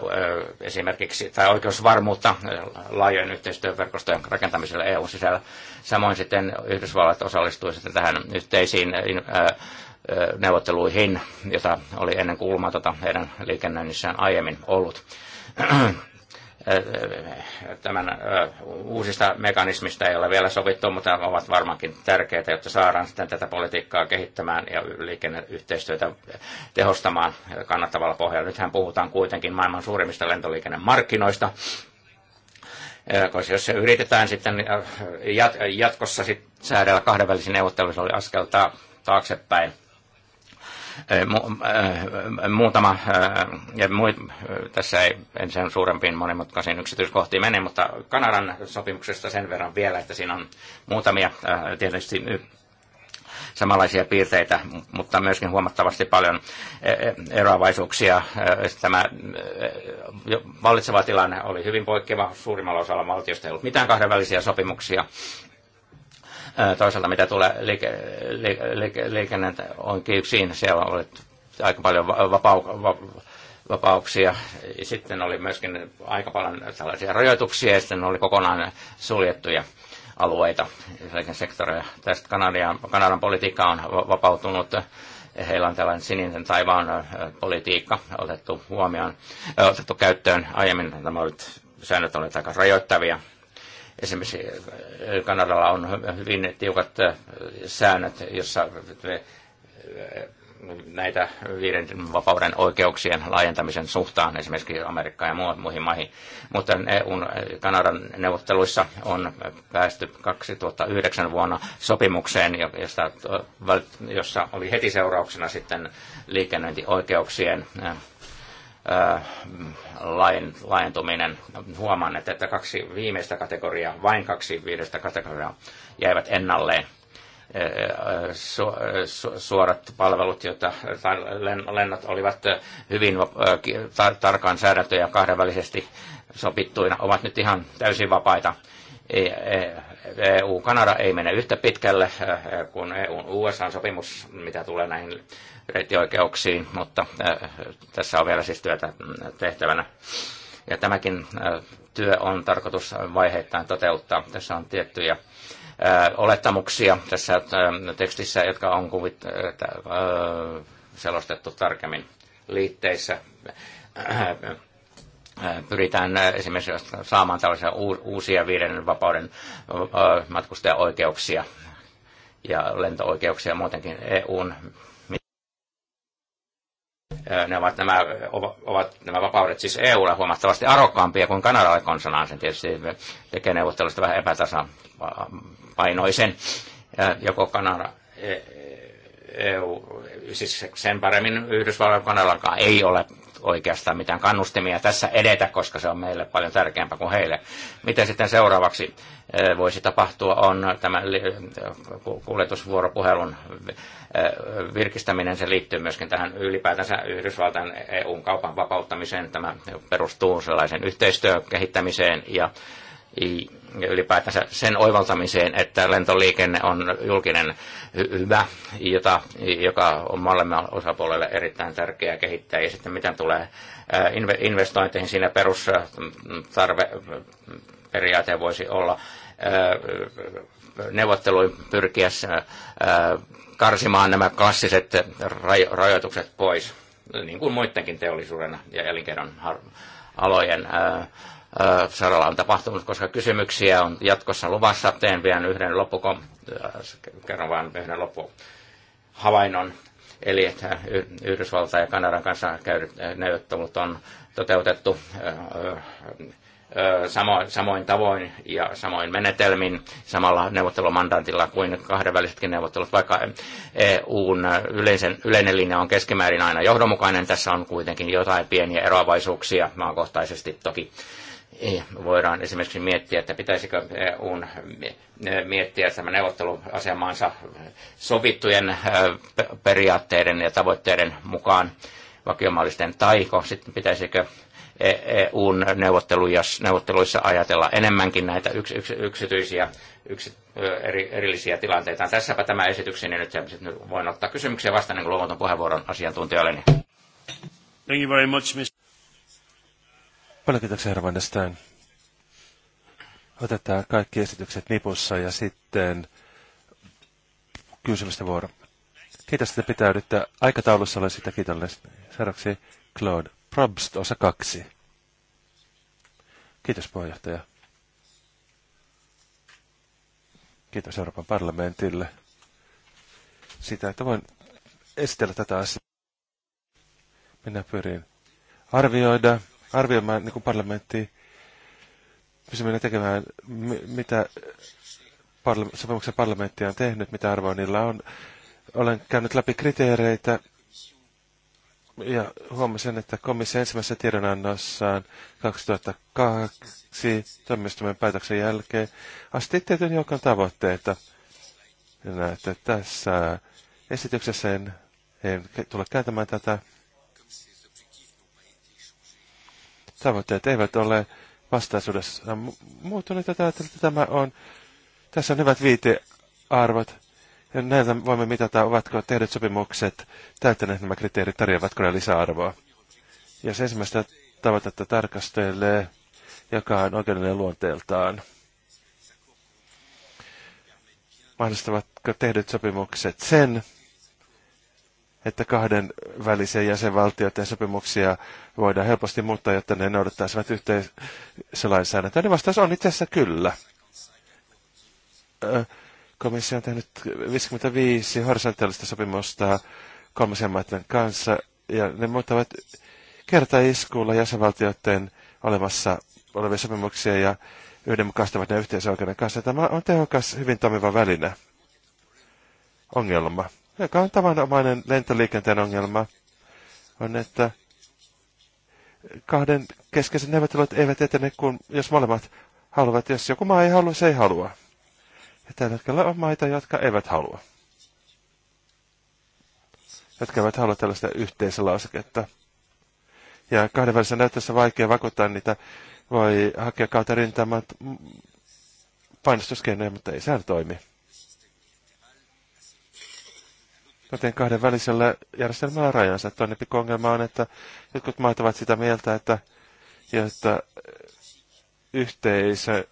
esimerkiksi, tai oikeusvarmuutta äh, laajojen yhteistyöverkostojen rakentamiselle EUn sisällä. Samoin sitten Yhdysvallat osallistui sitten tähän yhteisiin neuvotteluihin, jota oli ennen kuulumatonta heidän liikennöinnissään aiemmin ollut tämän uusista mekanismista ei ole vielä sovittu, mutta ovat varmaankin tärkeitä, jotta saadaan sitten tätä politiikkaa kehittämään ja liikenneyhteistyötä tehostamaan kannattavalla pohjalla. Nythän puhutaan kuitenkin maailman suurimmista lentoliikennemarkkinoista, koska jos se yritetään sitten jatkossa sit säädellä kahdenvälisiin neuvotteluissa, oli askel taaksepäin muutama, ja muut, tässä ei en sen suurempiin monimutkaisiin yksityiskohtiin mene, mutta Kanadan sopimuksesta sen verran vielä, että siinä on muutamia tietysti samanlaisia piirteitä, mutta myöskin huomattavasti paljon eroavaisuuksia. Tämä vallitseva tilanne oli hyvin poikkeava. Suurimmalla osalla valtiosta ei ollut mitään kahdenvälisiä sopimuksia Toisaalta mitä tulee liike, liike, liike, kiyksiin, siellä oli aika paljon vapau, vapauksia. Sitten oli myöskin aika paljon tällaisia rajoituksia ja sitten oli kokonaan suljettuja alueita, sektoreja. Tästä Kanadian, Kanadan politiikka on vapautunut heillä on tällainen sininen taivaan politiikka otettu huomioon, otettu käyttöön aiemmin. Nämä olivat, säännöt olivat aika rajoittavia Esimerkiksi eh, Kanadalla on hyvin tiukat eh, säännöt, jossa eh, näitä viiden vapauden oikeuksien laajentamisen suhtaan esimerkiksi Amerikkaan ja muihin, maihin. Mutta EUn Kanadan neuvotteluissa on päästy 2009 vuonna sopimukseen, josta, jossa oli heti seurauksena sitten liikennöintioikeuksien Mm, laajentuminen. Huomaan, että kaksi viimeistä kategoriaa, vain kaksi viidestä kategoriaa jäivät ennalleen. Suorat palvelut, joita lennot olivat hyvin tarkan säädäntöjä kahdenvälisesti sopittuina, ovat nyt ihan täysin vapaita EU-Kanada e ei mene yhtä pitkälle eh, kuin EU-USA-sopimus, mitä tulee näihin reittioikeuksiin, mutta eh, tässä on vielä siis työtä mm, tehtävänä. Ja tämäkin eh, työ on tarkoitus vaiheittain toteuttaa. Tässä on tiettyjä olettamuksia tässä tekstissä, jotka on kuvit, selostettu tarkemmin liitteissä Äh, pyritään äh, esimerkiksi saamaan tällaisia uusia viiden vapauden matkustajaoikeuksia ja lentooikeuksia muutenkin EUn äh, ne ovat nämä, ovat nämä vapaudet siis EUlla huomattavasti arvokkaampia kuin Kanadalle konsanaan. Sen tietysti tekee neuvottelusta vähän epätasapainoisen. Joko Kanada, EU, e- e siis sen paremmin Yhdysvallan Kanadallakaan ei ole oikeastaan mitään kannustimia tässä edetä, koska se on meille paljon tärkeämpää kuin heille. Mitä sitten seuraavaksi eh, voisi tapahtua on tämä eh, kuljetusvuoropuhelun eh, virkistäminen, se liittyy myöskin tähän ylipäätänsä Yhdysvaltain EUn kaupan vapauttamiseen. Tämä perustuu sellaisen yhteistyön kehittämiseen ja ylipäätänsä sen oivaltamiseen, että lentoliikenne on julkinen hyvä, jota, joka on molemmat osapuolelle erittäin tärkeää kehittää. Ja sitten mitä tulee investointeihin, siinä perustarveperiaate voisi olla neuvotteluin pyrkiä karsimaan nämä klassiset rajoitukset pois, niin kuin muidenkin teollisuuden ja elinkeinon alojen Äh, saralla on tapahtunut, koska kysymyksiä on jatkossa luvassa. Teen vielä yhden loppukom, äh, kerron vain yhden loppuhavainnon. Eli että Yhdysvaltain ja Kanadan kanssa käydyt äh, neuvottelut on toteutettu samoin, samoin tavoin ja samoin menetelmin, samalla neuvottelumandaatilla kuin kahdenvälisetkin neuvottelut, vaikka EUn yleisen, yleinen linja on keskimäärin aina johdonmukainen, tässä on kuitenkin jotain pieniä eroavaisuuksia maakohtaisesti toki voidaan esimerkiksi miettiä, että pitäisikö EUn miettiä tämä neuvotteluasemaansa sovittujen äh, periaatteiden ja tavoitteiden mukaan vakiomallisten taiko, sitten pitäisikö e- EUn neuvotteluissa ajatella enemmänkin näitä yks, yks, yksityisiä yks, eri, erillisiä tilanteita. Tässäpä tämä esitykseni nyt, ja nyt voin ottaa kysymyksiä vastaan, niin kun luovutan puheenvuoron asiantuntijoille. Thank you very much, Mr. Paljon kiitoksia herra Vandestään. Otetaan kaikki esitykset nipussa ja sitten kysymysten vuoro. Kiitos, että pitäydytte. Aikataulussa olen sitä kiitollinen. Seuraavaksi Claude Probst, osa kaksi. Kiitos puheenjohtaja. Kiitos Euroopan parlamentille sitä, että voin esitellä tätä asiaa. Minä pyrin arvioida arvioimaan, niin kuin parlamentti, mennään tekemään, mitä parla- sopimuksen parlamentti on tehnyt, mitä arvoa niillä on. Olen käynyt läpi kriteereitä ja huomasin, että komissio ensimmäisessä tiedonannossaan 2002 toimistumien päätöksen jälkeen asti tietyn joukon tavoitteita. näette tässä esityksessä en, en tule kääntämään tätä. tavoitteet eivät ole vastaisuudessa no, muuttuneet. Tätä, että tämä on, tässä on hyvät viitearvot. Ja näillä voimme mitata, ovatko tehdyt sopimukset täyttäneet nämä kriteerit, tarjoavatko ne lisäarvoa. se ensimmäistä tavoitetta tarkastelee, joka on oikeudellinen luonteeltaan, mahdollistavatko tehdyt sopimukset sen, että kahden välisiä jäsenvaltioiden sopimuksia voidaan helposti muuttaa, jotta ne noudattaisivat yhteisölainsäädäntöä, niin vastaus on itse asiassa kyllä. Komissio on tehnyt 55 horisontaalista sopimusta kolmansien maiden kanssa, ja ne muuttavat kertaiskuulla jäsenvaltioiden olemassa olevia sopimuksia ja yhdenmukaistavat ne yhteisoikeuden kanssa. Tämä on tehokas, hyvin toimiva väline. Ongelma joka on tavanomainen lentoliikenteen ongelma, on, että kahden keskeisen neuvottelut eivät etene, kun jos molemmat haluavat. Jos joku maa ei halua, se ei halua. Ja tällä hetkellä on maita, jotka eivät halua. Jotka eivät halua tällaista yhteisölauseketta. Ja kahdenvälisessä näyttössä vaikea vakuuttaa niitä. Voi hakea kautta rintamat mm, painostuskeinoja, mutta ei sehän toimi. Joten kahden välisellä järjestelmällä rajansa. Toinen pikku ongelma on, että jotkut maat ovat sitä mieltä, että jotta yhteisö,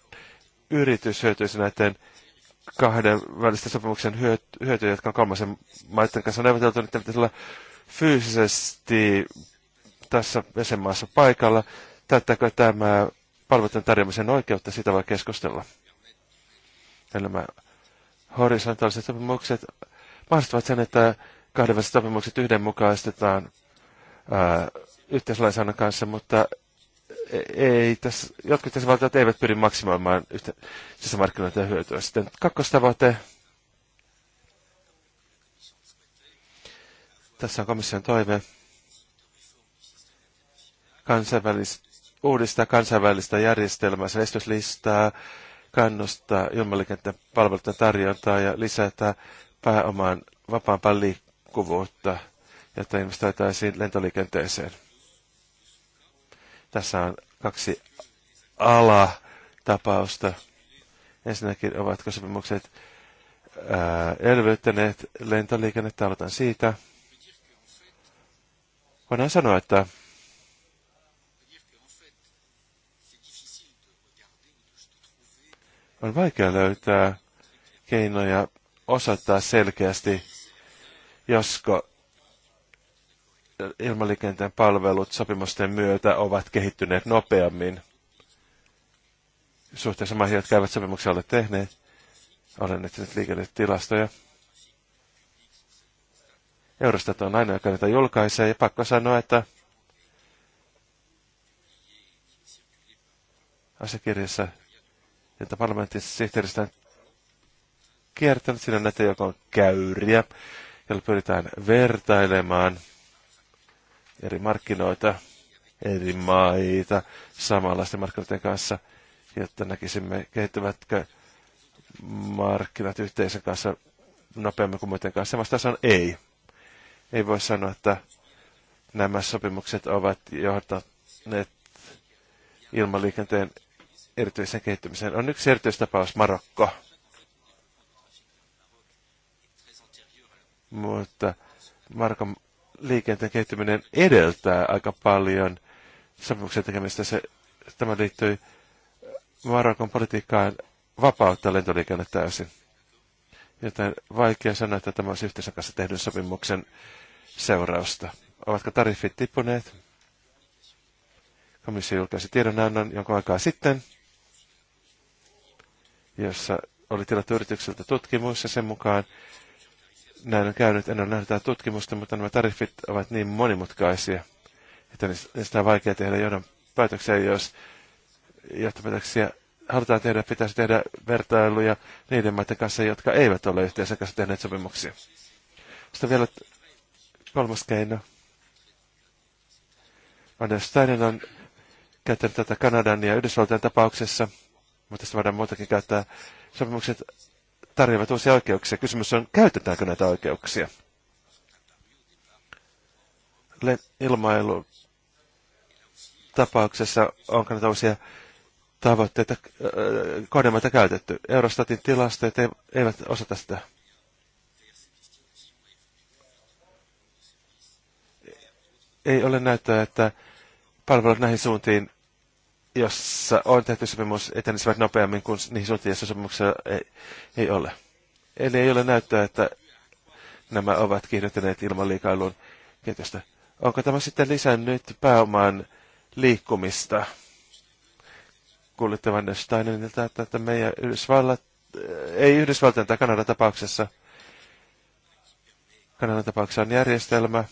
yritys hyötyisi näiden kahden välisten sopimuksen hyötyjä, jotka on kolmasen maiden kanssa neuvoteltu, niin pitäisi olla fyysisesti tässä jäsenmaassa paikalla. Täyttääkö tämä palveluiden tarjoamisen oikeutta, sitä voi keskustella. Ja nämä horisontaaliset sopimukset mahdollistavat sen, että kahdenväliset sopimukset yhdenmukaistetaan yhteislainsäädännön kanssa, mutta ei tässä, jotkut jäsenvaltiot eivät pyri maksimoimaan yhte, sisämarkkinoita hyötyä. Sitten kakkostavoite. Tässä on komission toive kansainvälis, uudistaa kansainvälistä järjestelmää, sen estyslistaa, kannustaa ilmaliikenteen palveluiden tarjontaa ja lisätä pääomaan vapaampaa liikkuvuutta, jotta investoitaisiin lentoliikenteeseen. Tässä on kaksi alatapausta. Ensinnäkin, ovatko sopimukset ää, elvyttäneet lentoliikennettä, aloitan siitä. Voidaan sanoa, että on vaikea löytää keinoja osoittaa selkeästi, josko ilmaliikenteen palvelut sopimusten myötä ovat kehittyneet nopeammin suhteessa maihin, jotka eivät sopimuksia ole tehneet. Olen etsinyt liikennetilastoja. Eurostat on aina, joka niitä julkaisee, ja pakko sanoa, että asiakirjassa, että parlamentin sihteeristä kiertänyt. Siinä näitä on käyriä, joilla pyritään vertailemaan eri markkinoita, eri maita samanlaisten markkinoiden kanssa, jotta näkisimme, kehittyvätkö markkinat yhteisen kanssa nopeammin kuin muiden kanssa. Vastaus on ei. Ei voi sanoa, että nämä sopimukset ovat johtaneet ilmaliikenteen erityisen kehittymiseen. On yksi erityistapaus Marokko. mutta Markan liikenteen kehittyminen edeltää aika paljon sopimuksen tekemistä. Se, tämä liittyy Marokon politiikkaan vapauttaa lentoliikenne täysin. Joten vaikea sanoa, että tämä olisi yhteisön kanssa tehdyn sopimuksen seurausta. Ovatko tariffit tippuneet? Komissio julkaisi tiedonannon jonkun aikaa sitten, jossa oli tilattu yritykseltä tutkimus ja sen mukaan näin on käynyt, en ole nähnyt tutkimusta, mutta nämä tariffit ovat niin monimutkaisia, että niistä on vaikea tehdä johdon päätöksiä, jos johtopäätöksiä halutaan tehdä, pitäisi tehdä vertailuja niiden maiden kanssa, jotka eivät ole yhteensä kanssa tehneet sopimuksia. Sitten vielä kolmas keino. Anders Steinen on käyttänyt tätä Kanadan ja Yhdysvaltain tapauksessa, mutta sitä voidaan muutakin käyttää. Sopimukset tarjoavat uusia oikeuksia. Kysymys on, käytetäänkö näitä oikeuksia? Ilmailu tapauksessa onko näitä uusia tavoitteita, äh, kohdemaita käytetty. Eurostatin tilastot eivät osata sitä. Ei ole näyttöä, että palvelut näihin suuntiin jossa on tehty sopimus, etenisivät nopeammin kuin niihin suuntiin, sopimuksessa ei, ei ole. Eli ei ole näyttöä, että nämä ovat kiihdyttäneet ilmanliikailun kehitystä. Onko tämä sitten lisännyt pääoman liikkumista? Kuulitte Van Steinilta, että, että meidän Yhdysvallat, eh, ei Yhdysvaltain tai Kanadan tapauksessa, Kanadan tapauksessa on järjestelmä,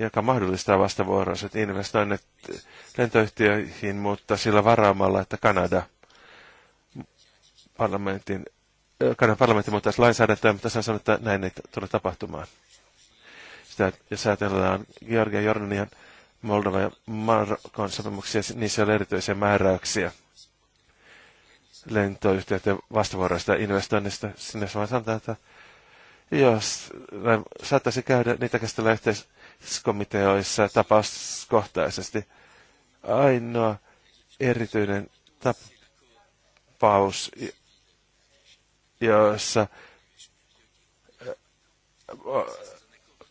joka mahdollistaa vastavuoroiset investoinnit lentoyhtiöihin, mutta sillä varaamalla, että Kanada parlamentin, Kanadan parlamentti muuttaisi lainsäädäntöä, mutta se on sanonut, että näin ei tule tapahtumaan. Sitä, jos ajatellaan Georgia, Jordanian, Moldova ja Marokon sopimuksia, niissä on erityisiä määräyksiä lentoyhtiöiden vastavuoroista investoinnista. Sinne vaan sanotaan, että jos saattaisi käydä, niitä käsitellään yhteis- komiteoissa tapauskohtaisesti. Ainoa erityinen tapaus, jossa eh,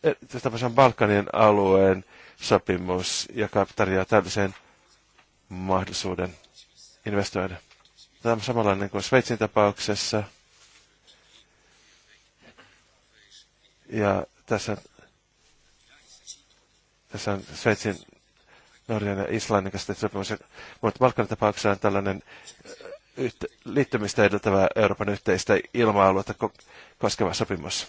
eh, tapaus on Balkanien alueen sopimus, joka tarjoaa tällaisen mahdollisuuden investoida. Tämä on samanlainen kuin Sveitsin tapauksessa. Ja tässä tässä on Sveitsin, Norjan ja Islannin kanssa sopimus, mutta Balkanin tapauksessa on tällainen liittymistä edeltävä Euroopan yhteistä ilma-aluetta koskeva sopimus.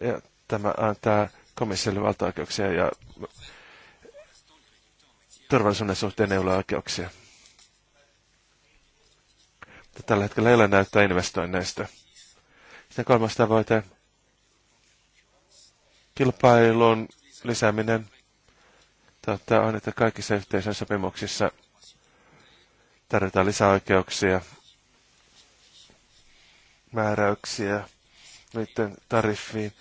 Ja tämä antaa komissiolle valtaoikeuksia ja turvallisuuden suhteen ei oikeuksia. Tällä hetkellä ei ole näyttää investoinneista. Sitten kolmas tavoite kilpailun lisääminen tätä on, että kaikissa yhteisön sopimuksissa tarvitaan lisäoikeuksia, määräyksiä niiden tariffiin,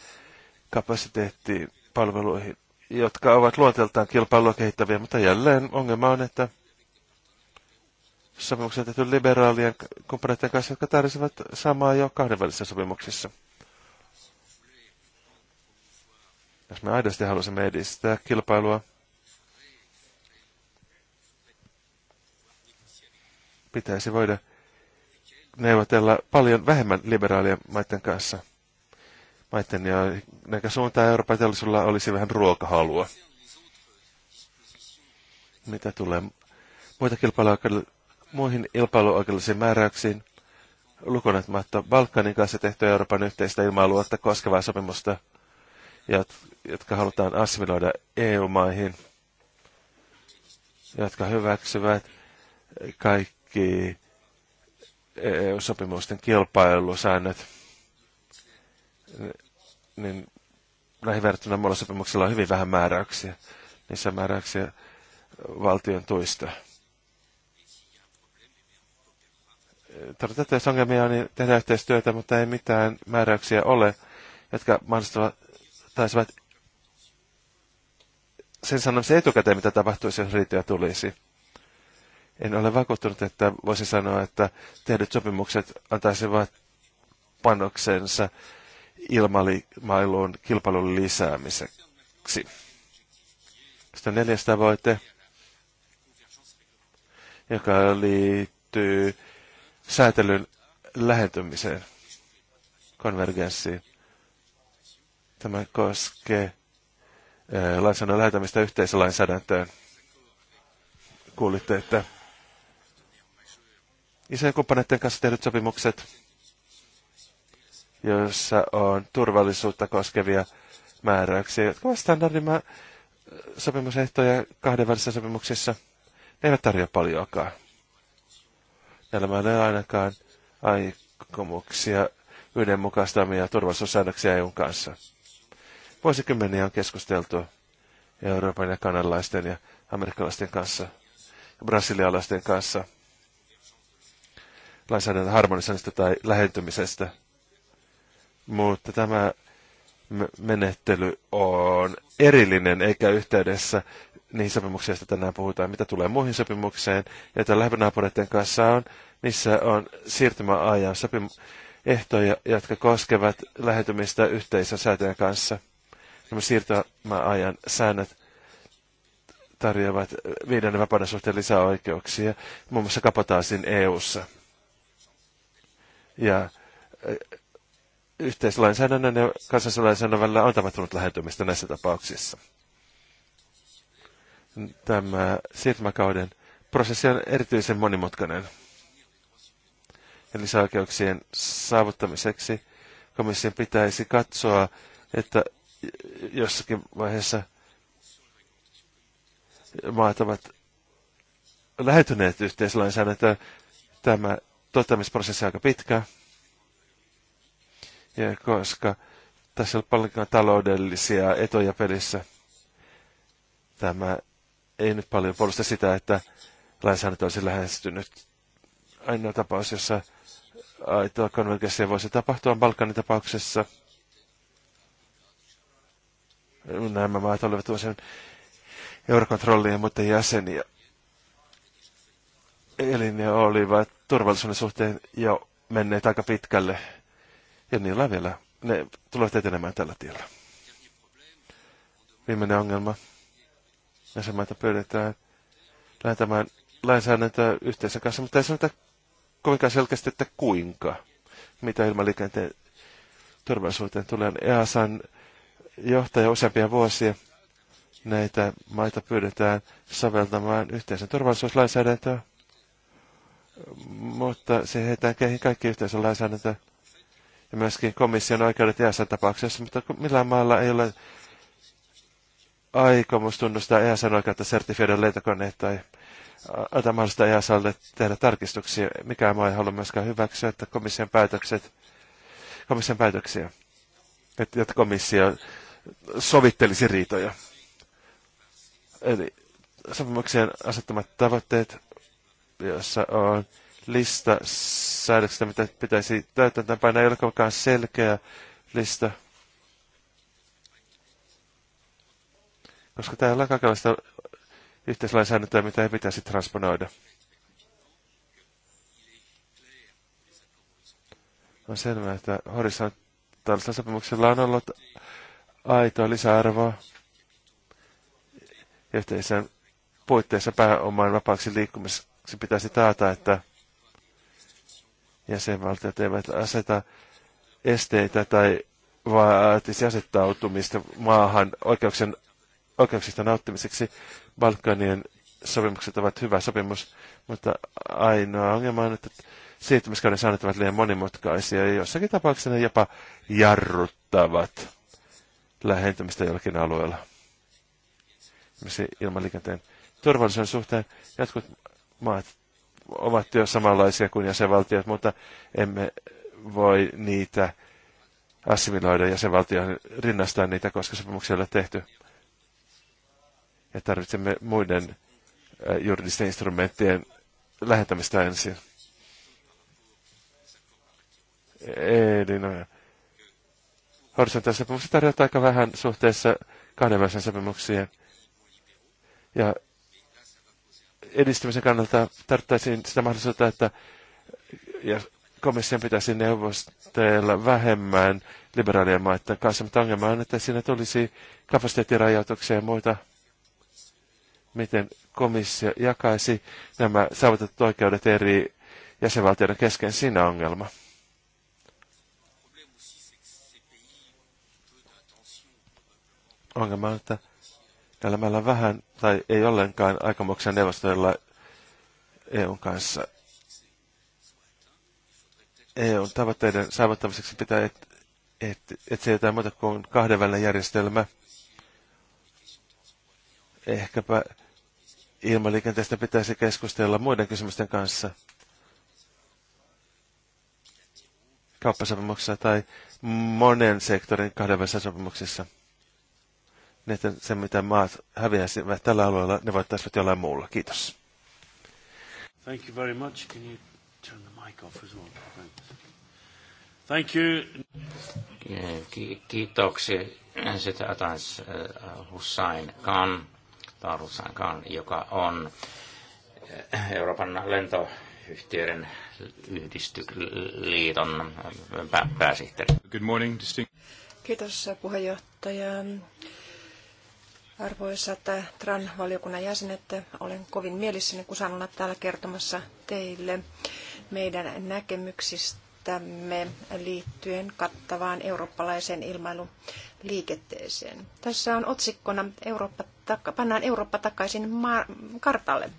kapasiteettiin, palveluihin, jotka ovat luonteeltaan kilpailua kehittäviä, mutta jälleen ongelma on, että sopimukset on tehty liberaalien kumppaneiden kanssa, jotka tarvitsevat samaa jo kahdenvälisissä sopimuksissa. Jos me aidosti halusimme edistää kilpailua, pitäisi voida neuvotella paljon vähemmän liberaalien maiden kanssa. Maiden, ja näkä suuntaan Euroopan teollisuudella olisi vähän ruokahalua. Mitä tulee muita muihin ilpailuoikeudellisiin määräyksiin, lukunottamatta Balkanin kanssa tehtyä Euroopan yhteistä ilmailuotta koskevaa sopimusta – jotka halutaan assimiloida EU-maihin, jotka hyväksyvät kaikki EU-sopimusten kilpailusäännöt, niin näihin verrattuna muilla sopimuksilla on hyvin vähän määräyksiä. Niissä on määräyksiä valtion tuista. Tarvitaan, että jos ongelmia on, niin tehdään yhteistyötä, mutta ei mitään määräyksiä ole, jotka mahdollistavat taisivat sen sanomisen etukäteen, mitä tapahtuisi, jos riitoja tulisi. En ole vakuuttunut, että voisi sanoa, että tehdyt sopimukset antaisivat panoksensa ilmailuun kilpailun lisäämiseksi. Sitten neljäs tavoite, joka liittyy säätelyn lähentymiseen, konvergenssiin. Tämä koskee eh, lainsäädännön lähetämistä yhteisölainsäädäntöön. Kuulitte, että isojen kumppaneiden kanssa tehdyt sopimukset, joissa on turvallisuutta koskevia määräyksiä, jotka ovat standardimaa eh, sopimusehtoja kahdenvälisissä sopimuksissa, ne eivät tarjoa paljoakaan. Näillä ei ole ainakaan aikomuksia yhdenmukaistamia turvallisuussäännöksiä EUn kanssa. Vuosikymmeniä on keskusteltu Euroopan ja kanalaisten ja amerikkalaisten kanssa ja brasilialaisten kanssa lainsäädännön harmonisoinnista tai lähentymisestä. Mutta tämä menettely on erillinen eikä yhteydessä niihin sopimuksiin, joista tänään puhutaan, mitä tulee muihin sopimukseen, joita lähinaapureiden kanssa on. Niissä on siirtymäajan sopim- ehtoja, jotka koskevat lähetymistä yhteisön säätöjen kanssa – Nämä siirtymäajan säännöt tarjoavat viiden vapauden suhteen lisäoikeuksia, oikeuksia, muun muassa kapotaasin EU-ssa. Ja yhteislainsäädännön ja kansallisen välillä on tapahtunut lähentymistä näissä tapauksissa. Tämä siirtymäkauden prosessi on erityisen monimutkainen. Ja lisäoikeuksien saavuttamiseksi komission pitäisi katsoa, että jossakin vaiheessa maat ovat lähetyneet yhteislainsäädäntöön. Tämä toteuttamisprosessi on aika pitkä. Ja koska tässä on paljon taloudellisia etuja pelissä, tämä ei nyt paljon puolusta sitä, että lainsäädäntö olisi lähestynyt. Ainoa tapaus, jossa aitoa konvergenssia voisi tapahtua Balkanin tapauksessa – nämä maat olivat usein eurokontrollien muiden jäseniä. Eli ne olivat turvallisuuden suhteen jo menneet aika pitkälle. Ja niillä vielä, ne tulevat etenemään tällä tiellä. Viimeinen ongelma. Jäsenmaita pyydetään lähentämään lainsäädäntöä yhteisön kanssa, mutta ei sanota kovinkaan selkeästi, että kuinka. Mitä ilmaliikenteen turvallisuuteen tulee. Niin EASan johtaja useampia vuosia. Näitä maita pyydetään soveltamaan yhteisen turvallisuuslainsäädäntöä, mutta se heitään keihin kaikki yhteisön lainsäädäntöä ja myöskin komission oikeudet EASan tapauksessa, mutta millään maalla ei ole aikomus tunnustaa EASan oikeutta sertifioida lentokoneet tai antaa mahdollista EASalle tehdä tarkistuksia. Mikään maa ei halua myöskään hyväksyä, että komission päätökset, komission päätöksiä, että komissio sovittelisi riitoja. Eli sopimuksien asettamat tavoitteet, jossa on lista säädöksistä, mitä pitäisi täyttää täytäntöönpäin, ei ole kovinkaan selkeä lista. Koska täällä on kaikenlaista yhteislainsäädäntöä, mitä ei pitäisi transponoida. On selvää, että horisontaalisella sopimuksella on ollut aitoa lisäarvoa yhteisön puitteissa pääomaan vapaaksi liikkumiseksi pitäisi taata, että jäsenvaltiot eivät aseta esteitä tai vaatisi asettautumista maahan oikeuksien, oikeuksista nauttimiseksi. Balkanien sopimukset ovat hyvä sopimus, mutta ainoa ongelma on, että siirtymiskauden säännöt ovat liian monimutkaisia ja jossakin tapauksessa ne jopa jarruttavat lähentämistä jollakin alueella. Esimerkiksi ilmaliikenteen turvallisuuden suhteen jotkut maat ovat jo samanlaisia kuin jäsenvaltiot, mutta emme voi niitä assimiloida jäsenvaltioon, rinnastaa niitä, koska sopimuksia ei ole tehty. Ja tarvitsemme muiden juridisten instrumenttien lähentämistä ensin. Eli no, niin, horisontaalinen sopimus tarjotaan aika vähän suhteessa kahdenvälisen sopimuksiin. Ja edistymisen kannalta tarvittaisiin sitä mahdollisuutta, että ja komission pitäisi neuvostella vähemmän liberaalien maiden kanssa, mutta ongelma on, että siinä tulisi kapasiteettirajoituksia ja muita, miten komissio jakaisi nämä saavutetut oikeudet eri jäsenvaltioiden kesken. Siinä ongelma. ongelma on, että tällä meillä on vähän tai ei ollenkaan aikomuksia neuvostoilla EUn kanssa. EUn tavoitteiden saavuttamiseksi pitää et, et, etsiä jotain muuta kuin kahdenvälinen järjestelmä. Ehkäpä ilmaliikenteestä pitäisi keskustella muiden kysymysten kanssa kauppasopimuksessa tai monen sektorin kahdenvälisissä sopimuksissa niin että se mitä maat häviäisivät tällä alueella, ne voittaisivat jollain muulla. Kiitos. Thank you very much. Can you turn the mic off as well? Thanks. Thank you. Ki- kiitoksia. sitten Atans äh, Hussain Khan, tai Hussain Khan, joka on äh, Euroopan lentoyhtiöiden yhdistyliiton äh, pääsihteeri. Good morning, distinct. Kiitos puheenjohtaja. Arvoisat äh, TRAN-valiokunnan jäsenet, olen kovin mielissäni, kun saan olla täällä kertomassa teille meidän näkemyksistämme liittyen kattavaan eurooppalaiseen ilmailuliikenteeseen. Tässä on otsikkona Eurooppa, pannaan Eurooppa takaisin kartalle.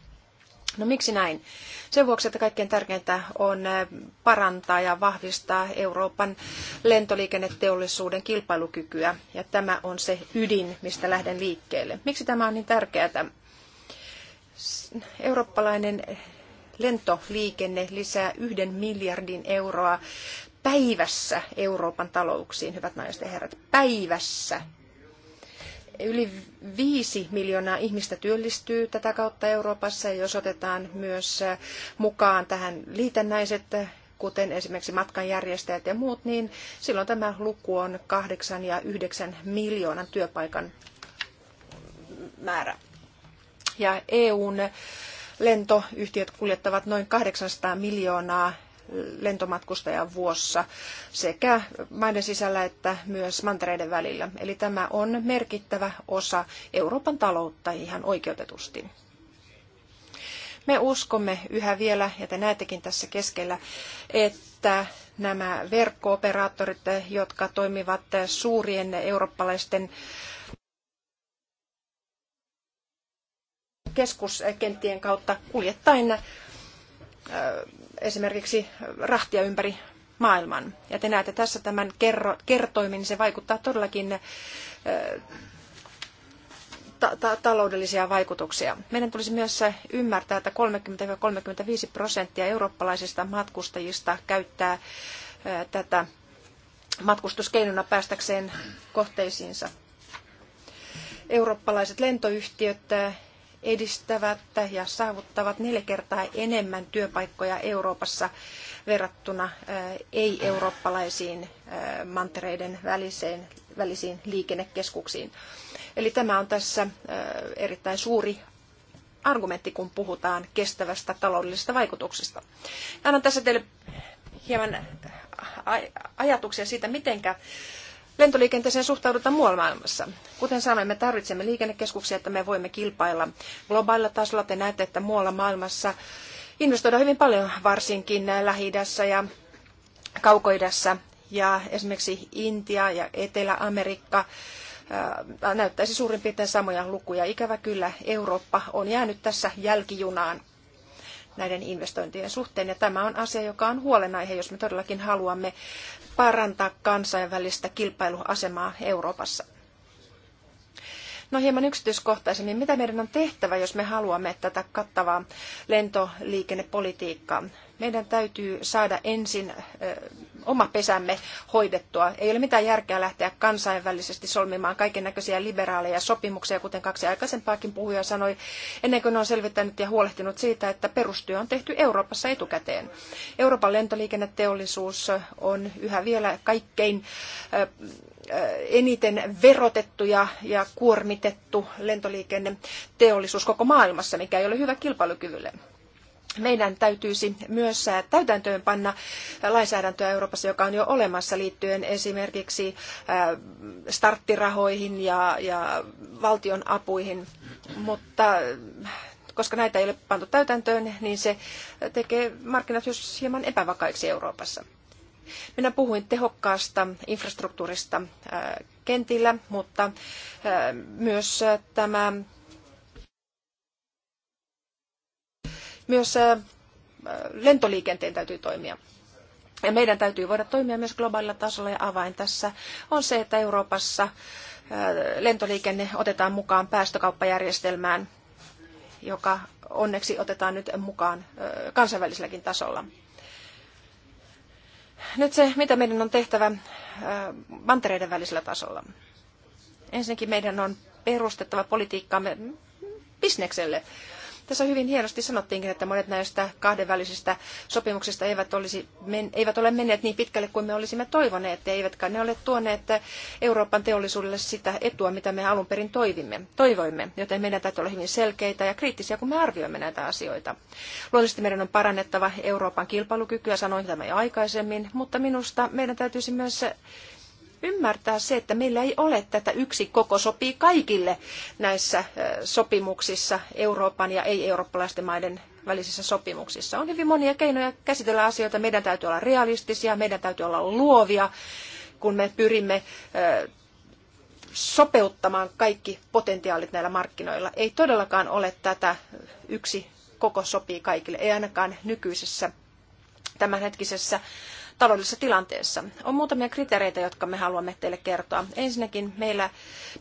No miksi näin? Sen vuoksi, että kaikkein tärkeintä on eh, parantaa ja vahvistaa Euroopan lentoliikenneteollisuuden kilpailukykyä. Ja tämä on se ydin, mistä lähden liikkeelle. Miksi tämä on niin tärkeää? Eurooppalainen lentoliikenne lisää yhden miljardin euroa päivässä Euroopan talouksiin, hyvät naiset ja herrat, päivässä Yli viisi miljoonaa ihmistä työllistyy tätä kautta Euroopassa, ja jos otetaan myös mukaan tähän liitännäiset, kuten esimerkiksi matkanjärjestäjät ja muut, niin silloin tämä luku on kahdeksan ja yhdeksän miljoonan työpaikan määrä. Ja EUn lentoyhtiöt kuljettavat noin 800 miljoonaa lentomatkustajaa vuossa sekä maiden sisällä että myös mantereiden välillä. Eli tämä on merkittävä osa Euroopan taloutta ihan oikeutetusti. Me uskomme yhä vielä, ja te näettekin tässä keskellä, että nämä verkkooperaattorit, jotka toimivat suurien eurooppalaisten keskuskenttien kautta kuljettaen Äh, esimerkiksi rahtia ympäri maailman. Ja te näette tässä tämän kerro, kertoimin, niin se vaikuttaa todellakin äh, ta- ta- taloudellisia vaikutuksia. Meidän tulisi myös ymmärtää, että 30-35 prosenttia eurooppalaisista matkustajista käyttää äh, tätä matkustuskeinona päästäkseen kohteisiinsa. Eurooppalaiset lentoyhtiöt edistävät ja saavuttavat neljä kertaa enemmän työpaikkoja Euroopassa verrattuna eh, ei-eurooppalaisiin eh, mantereiden väliseen, välisiin liikennekeskuksiin. Eli tämä on tässä eh, erittäin suuri argumentti, kun puhutaan kestävästä taloudellisesta vaikutuksesta. Annan tässä teille hieman ajatuksia siitä, mitenkä lentoliikenteeseen suhtaudutaan muualla maailmassa. Kuten sanoin, me tarvitsemme liikennekeskuksia, että me voimme kilpailla globaalilla tasolla. Te näette, että muualla maailmassa investoidaan hyvin paljon, varsinkin lähi ja kaukoidässä. Ja esimerkiksi Intia ja Etelä-Amerikka näyttäisi suurin piirtein samoja lukuja. Ikävä kyllä Eurooppa on jäänyt tässä jälkijunaan näiden investointien suhteen. Ja tämä on asia, joka on huolenaihe, jos me todellakin haluamme parantaa kansainvälistä kilpailuasemaa Euroopassa. No hieman yksityiskohtaisemmin, mitä meidän on tehtävä, jos me haluamme tätä kattavaa lentoliikennepolitiikkaa? Meidän täytyy saada ensin oma pesämme hoidettua. Ei ole mitään järkeä lähteä kansainvälisesti solmimaan kaiken näköisiä liberaaleja sopimuksia, kuten kaksi aikaisempaakin puhuja sanoi, ennen kuin ne on selvittänyt ja huolehtinut siitä, että perustyö on tehty Euroopassa etukäteen. Euroopan lentoliikenneteollisuus on yhä vielä kaikkein eniten verotettu ja, ja kuormitettu lentoliikenneteollisuus koko maailmassa, mikä ei ole hyvä kilpailukyvylle meidän täytyisi myös täytäntöönpanna lainsäädäntöä Euroopassa, joka on jo olemassa liittyen esimerkiksi starttirahoihin ja, ja valtion apuihin, mutta koska näitä ei ole pantu täytäntöön, niin se tekee markkinat hieman epävakaiksi Euroopassa. Minä puhuin tehokkaasta infrastruktuurista kentillä, mutta myös tämä Myös äh, lentoliikenteen täytyy toimia. Ja meidän täytyy voida toimia myös globaalilla tasolla ja avain tässä on se, että Euroopassa äh, lentoliikenne otetaan mukaan päästökauppajärjestelmään, joka onneksi otetaan nyt mukaan äh, kansainväliselläkin tasolla. Nyt se, mitä meidän on tehtävä mantereiden välisellä tasolla. Ensinnäkin meidän on perustettava politiikkaamme bisnekselle. Tässä hyvin hienosti sanottiinkin, että monet näistä kahdenvälisistä sopimuksista eivät, olisi, eivät ole menneet niin pitkälle kuin me olisimme toivoneet, eivätkä ne ole tuoneet Euroopan teollisuudelle sitä etua, mitä me alun perin toivimme, toivoimme. Joten meidän täytyy olla hyvin selkeitä ja kriittisiä, kun me arvioimme näitä asioita. Luonnollisesti meidän on parannettava Euroopan kilpailukykyä, sanoin tämä jo aikaisemmin, mutta minusta meidän täytyisi myös ymmärtää se, että meillä ei ole tätä yksi koko sopii kaikille näissä sopimuksissa Euroopan ja ei-eurooppalaisten maiden välisissä sopimuksissa. On hyvin monia keinoja käsitellä asioita. Meidän täytyy olla realistisia, meidän täytyy olla luovia, kun me pyrimme sopeuttamaan kaikki potentiaalit näillä markkinoilla. Ei todellakaan ole tätä yksi koko sopii kaikille, ei ainakaan nykyisessä tämänhetkisessä taloudellisessa tilanteessa. On muutamia kriteereitä, jotka me haluamme teille kertoa. Ensinnäkin meillä,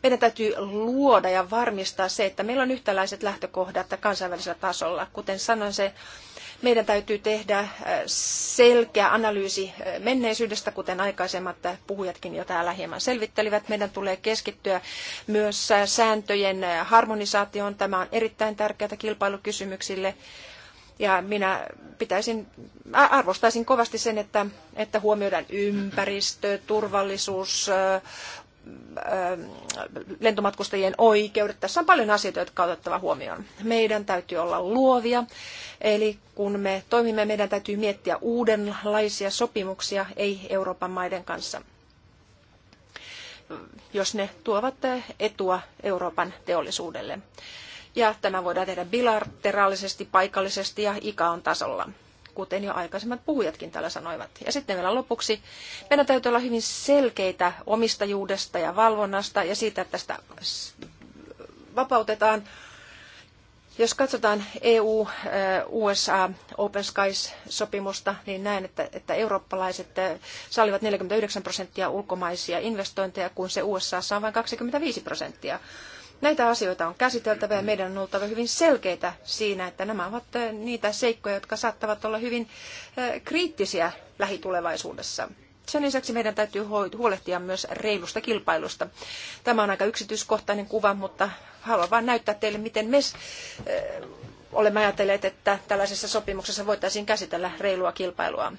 meidän täytyy luoda ja varmistaa se, että meillä on yhtäläiset lähtökohdat kansainvälisellä tasolla. Kuten sanoin, se meidän täytyy tehdä äh, selkeä analyysi äh, menneisyydestä, kuten aikaisemmat puhujatkin jo täällä hieman selvittelivät. Meidän tulee keskittyä myös sääntöjen äh, harmonisaatioon. Tämä on erittäin tärkeää kilpailukysymyksille ja minä pitäisin, arvostaisin kovasti sen, että, että huomioidaan ympäristö, turvallisuus, lentomatkustajien oikeudet. Tässä on paljon asioita, jotka on otettava huomioon. Meidän täytyy olla luovia, eli kun me toimimme, meidän täytyy miettiä uudenlaisia sopimuksia ei-Euroopan maiden kanssa, jos ne tuovat etua Euroopan teollisuudelle ja tämä voidaan tehdä bilateraalisesti, paikallisesti ja ICAon tasolla kuten jo aikaisemmat puhujatkin täällä sanoivat. Ja sitten vielä lopuksi, meidän täytyy olla hyvin selkeitä omistajuudesta ja valvonnasta ja siitä, että tästä vapautetaan. Jos katsotaan EU-USA-Open eh, Skies-sopimusta, niin näen, että, että eurooppalaiset eh, sallivat 49 prosenttia ulkomaisia investointeja, kun se USAssa on vain 25 prosenttia. Näitä asioita on käsiteltävä ja meidän on oltava hyvin selkeitä siinä, että nämä ovat niitä seikkoja, jotka saattavat olla hyvin kriittisiä lähitulevaisuudessa. Sen lisäksi meidän täytyy huolehtia myös reilusta kilpailusta. Tämä on aika yksityiskohtainen kuva, mutta haluan vain näyttää teille, miten me olemme ajatelleet, että tällaisessa sopimuksessa voitaisiin käsitellä reilua kilpailua.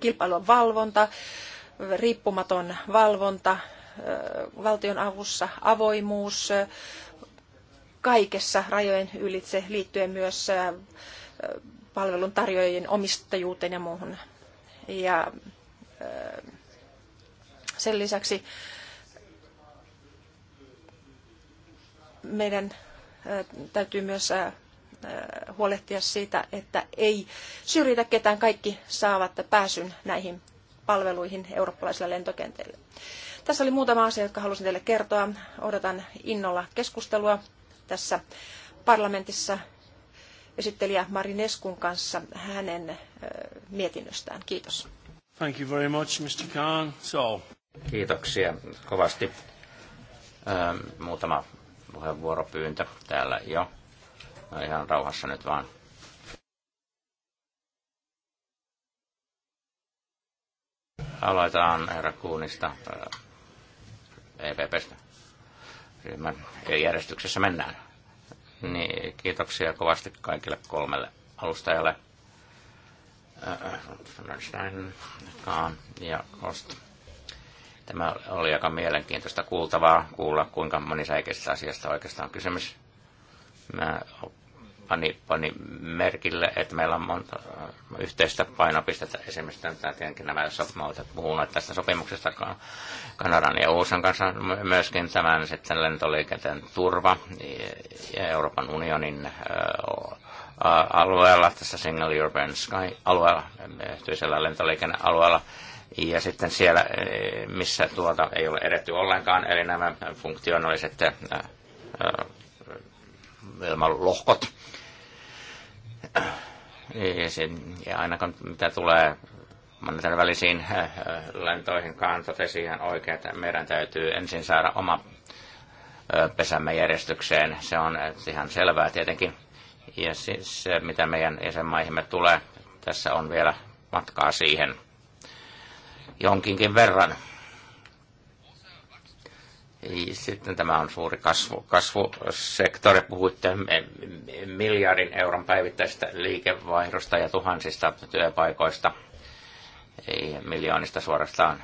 Kilpailun valvonta, riippumaton valvonta, valtion avussa, avoimuus kaikessa rajojen ylitse liittyen myös palvelun tarjoajien omistajuuteen ja muuhun. Ja sen lisäksi meidän täytyy myös huolehtia siitä, että ei syrjitä ketään. Kaikki saavat pääsyn näihin palveluihin eurooppalaisilla lentokentillä. Tässä oli muutama asia, jotka halusin teille kertoa. Odotan innolla keskustelua tässä parlamentissa esittelijä Marineskun kanssa hänen mietinnöstään. Kiitos. Thank you very much, Mr. Khan. So. Kiitoksia kovasti. Ähm, muutama puheenvuoropyyntö täällä jo. No, ihan rauhassa nyt vaan. Aloitetaan herra Kuunista. EPPstä ryhmän järjestyksessä mennään. Niin, kiitoksia kovasti kaikille kolmelle alustajalle. Stein, äh, äh, ja Kosta. Tämä oli aika mielenkiintoista kuultavaa, kuulla kuinka monisäikeistä asiasta oikeastaan on kysymys. Mä pani, pani merkille, että meillä on monta äh, yhteistä painopistettä. Esimerkiksi tämä tietenkin nämä, jos olette puhuneet tästä sopimuksesta Kanadan ja USAn kanssa, myöskin tämän sitten lentoliikenteen turva ja Euroopan unionin äh, alueella, tässä Single European Sky-alueella, yhteisellä lentoliikennealueella, ja sitten siellä, äh, missä tuota ei ole edetty ollenkaan, eli nämä funktionaaliset ilman lohkot ja ainakaan mitä tulee monen välisiin äh, äh, lentoihinkaan totesi ihan oikein, että meidän täytyy ensin saada oma pesämme järjestykseen. Se on äh, ihan selvää tietenkin. Ja siis se, mitä meidän jäsenmaihimme tulee, tässä on vielä matkaa siihen jonkinkin verran. Sitten tämä on suuri kasvu, kasvusektori. Puhuitte miljardin euron päivittäisestä liikevaihdosta ja tuhansista työpaikoista, ei miljoonista suorastaan.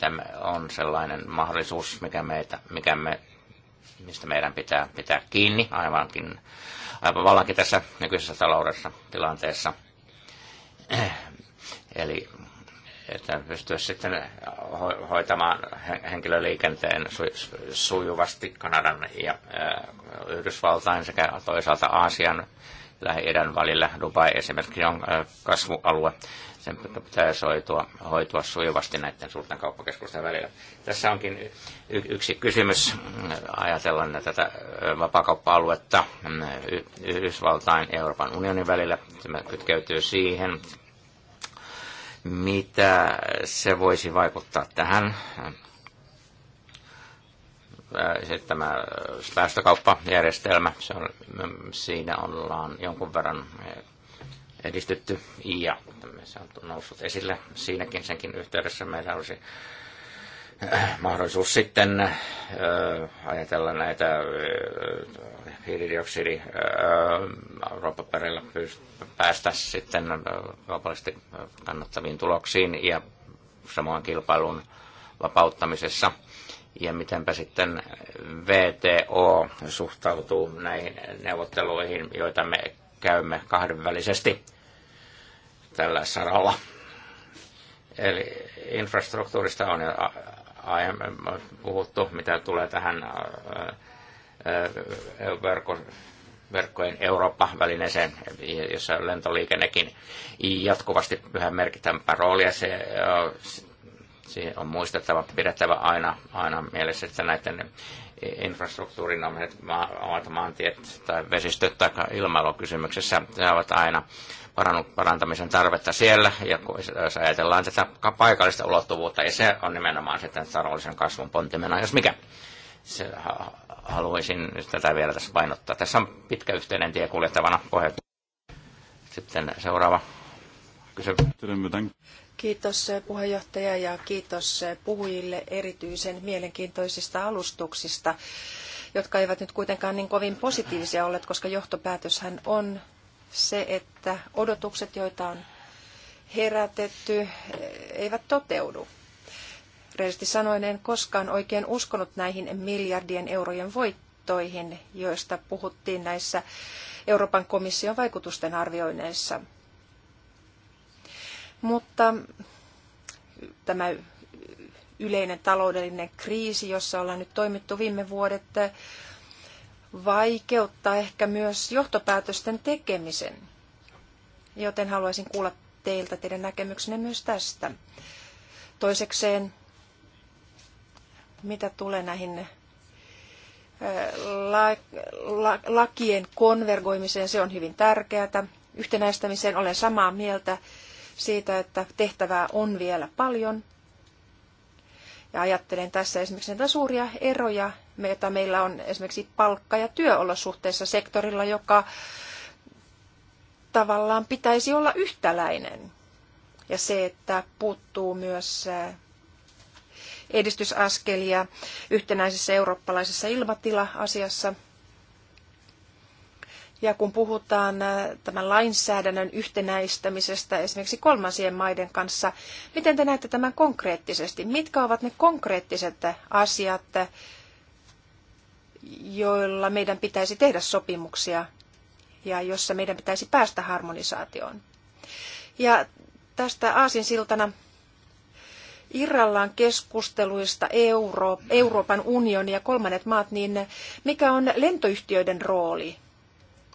Tämä on sellainen mahdollisuus, mikä, meitä, mikä me, mistä meidän pitää pitää kiinni aivankin, aivan vallankin tässä nykyisessä taloudessa tilanteessa. Eli että pystyä sitten hoitamaan henkilöliikenteen sujuvasti Kanadan ja äh, Yhdysvaltain sekä toisaalta Aasian Lähi-idän välillä. Dubai esimerkiksi on äh, kasvualue. Sen pitäisi hoitua, hoitua sujuvasti näiden suurten kauppakeskusten välillä. Tässä onkin yksi kysymys äh, ajatellen tätä vapakauppa aluetta mm, Yhdysvaltain ja Euroopan unionin välillä. Tämä kytkeytyy siihen mitä se voisi vaikuttaa tähän. Äh, Sitten tämä äh, päästökauppajärjestelmä, se on, mm, siinä ollaan jonkun verran äh, edistytty ja se on noussut esille siinäkin senkin yhteydessä. Meillä olisi mahdollisuus sitten äh, ajatella näitä äh, hiilidioksidi Euroopan äh, päästä sitten kaupallisesti kannattaviin tuloksiin ja samoin kilpailun vapauttamisessa. Ja mitenpä sitten VTO suhtautuu näihin neuvotteluihin, joita me käymme kahdenvälisesti tällä saralla. Eli infrastruktuurista on jo aiemmin puhuttu, mitä tulee tähän äh, äh, verkko, verkkojen Eurooppa-välineeseen, jossa lentoliikennekin jatkuvasti yhä merkittävämpää roolia. Se, äh, se on muistettava, pidettävä aina, aina mielessä, että näiden infrastruktuurin omat maantiet tai vesistöt tai ilmailukysymyksessä. Ne ovat aina parantamisen tarvetta siellä, ja jos ajatellaan tätä paikallista ulottuvuutta, ja se on nimenomaan sitten taloudellisen kasvun pontimena, jos mikä. Se, haluaisin tätä vielä tässä painottaa. Tässä on pitkä yhteinen tie kuljettavana pohjat. Sitten seuraava kysymys. Kiitos eh, puheenjohtaja ja kiitos eh, puhujille erityisen mielenkiintoisista alustuksista, jotka eivät nyt kuitenkaan niin kovin positiivisia olleet, koska johtopäätöshän on se, että odotukset, joita on herätetty, eh, eivät toteudu. Reisesti sanoen, en koskaan oikein uskonut näihin miljardien eurojen voittoihin, joista puhuttiin näissä Euroopan komission vaikutusten arvioinneissa – mutta tämä yleinen taloudellinen kriisi, jossa ollaan nyt toimittu viime vuodet, vaikeuttaa ehkä myös johtopäätösten tekemisen. Joten haluaisin kuulla teiltä teidän näkemyksenne myös tästä. Toisekseen, mitä tulee näihin lakien konvergoimiseen, se on hyvin tärkeää. Yhtenäistämiseen olen samaa mieltä siitä, että tehtävää on vielä paljon. Ja ajattelen tässä esimerkiksi näitä suuria eroja, joita meillä on esimerkiksi palkka- ja työolosuhteissa sektorilla, joka tavallaan pitäisi olla yhtäläinen. Ja se, että puuttuu myös edistysaskelia yhtenäisessä eurooppalaisessa ilmatila-asiassa – ja kun puhutaan äh, tämän lainsäädännön yhtenäistämisestä esimerkiksi kolmansien maiden kanssa, miten te näette tämän konkreettisesti? Mitkä ovat ne konkreettiset asiat, joilla meidän pitäisi tehdä sopimuksia ja jossa meidän pitäisi päästä harmonisaatioon? Ja tästä aasinsiltana irrallaan keskusteluista Euro, Euroopan unioni ja kolmannet maat, niin mikä on lentoyhtiöiden rooli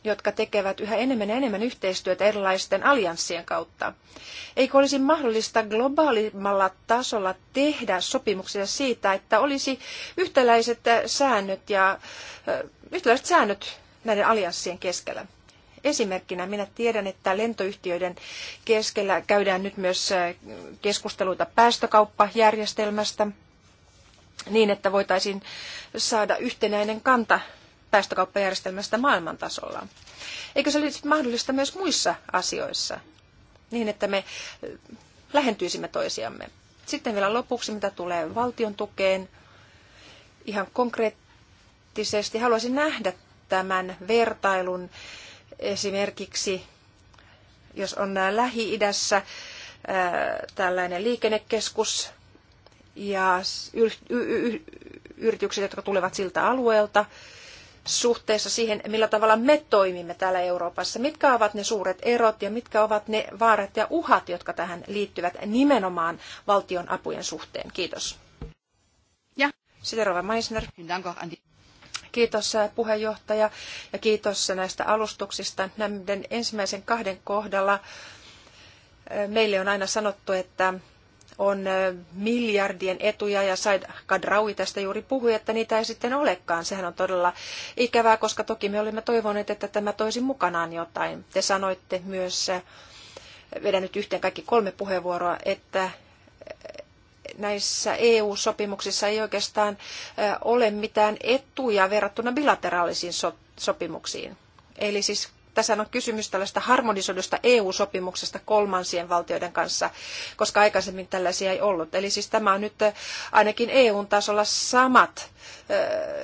jotka tekevät yhä enemmän ja enemmän yhteistyötä erilaisten allianssien kautta. Eikö olisi mahdollista globaalimmalla tasolla tehdä sopimuksia siitä, että olisi yhtäläiset säännöt ja yhtäläiset säännöt näiden allianssien keskellä? Esimerkkinä minä tiedän, että lentoyhtiöiden keskellä käydään nyt myös keskusteluita päästökauppajärjestelmästä niin, että voitaisiin saada yhtenäinen kanta päästökauppajärjestelmästä maailman tasolla. Eikö se olisi mahdollista myös muissa asioissa, niin että me eh, lähentyisimme toisiamme? Sitten vielä lopuksi, mitä tulee valtion tukeen, ihan konkreettisesti haluaisin nähdä tämän vertailun esimerkiksi, jos on Lähi-idässä eh, tällainen liikennekeskus ja yritykset, jotka tulevat siltä alueelta, suhteessa siihen, millä tavalla me toimimme täällä Euroopassa. Mitkä ovat ne suuret erot ja mitkä ovat ne vaarat ja uhat, jotka tähän liittyvät nimenomaan valtion apujen suhteen. Kiitos. Ja. Siderova Meisner. Kiitos äh, puheenjohtaja ja kiitos näistä alustuksista. Näiden ensimmäisen kahden kohdalla äh, meille on aina sanottu, että on miljardien etuja ja Said Kadraui tästä juuri puhui, että niitä ei sitten olekaan. Sehän on todella ikävää, koska toki me olimme toivoneet, että tämä toisi mukanaan jotain. Te sanoitte myös, vedän nyt yhteen kaikki kolme puheenvuoroa, että näissä EU-sopimuksissa ei oikeastaan ole mitään etuja verrattuna bilateraalisiin sopimuksiin. Eli siis tässä on kysymys tällaista harmonisoidusta EU-sopimuksesta kolmansien valtioiden kanssa, koska aikaisemmin tällaisia ei ollut. Eli siis tämä on nyt äh, ainakin EU-tasolla samat äh,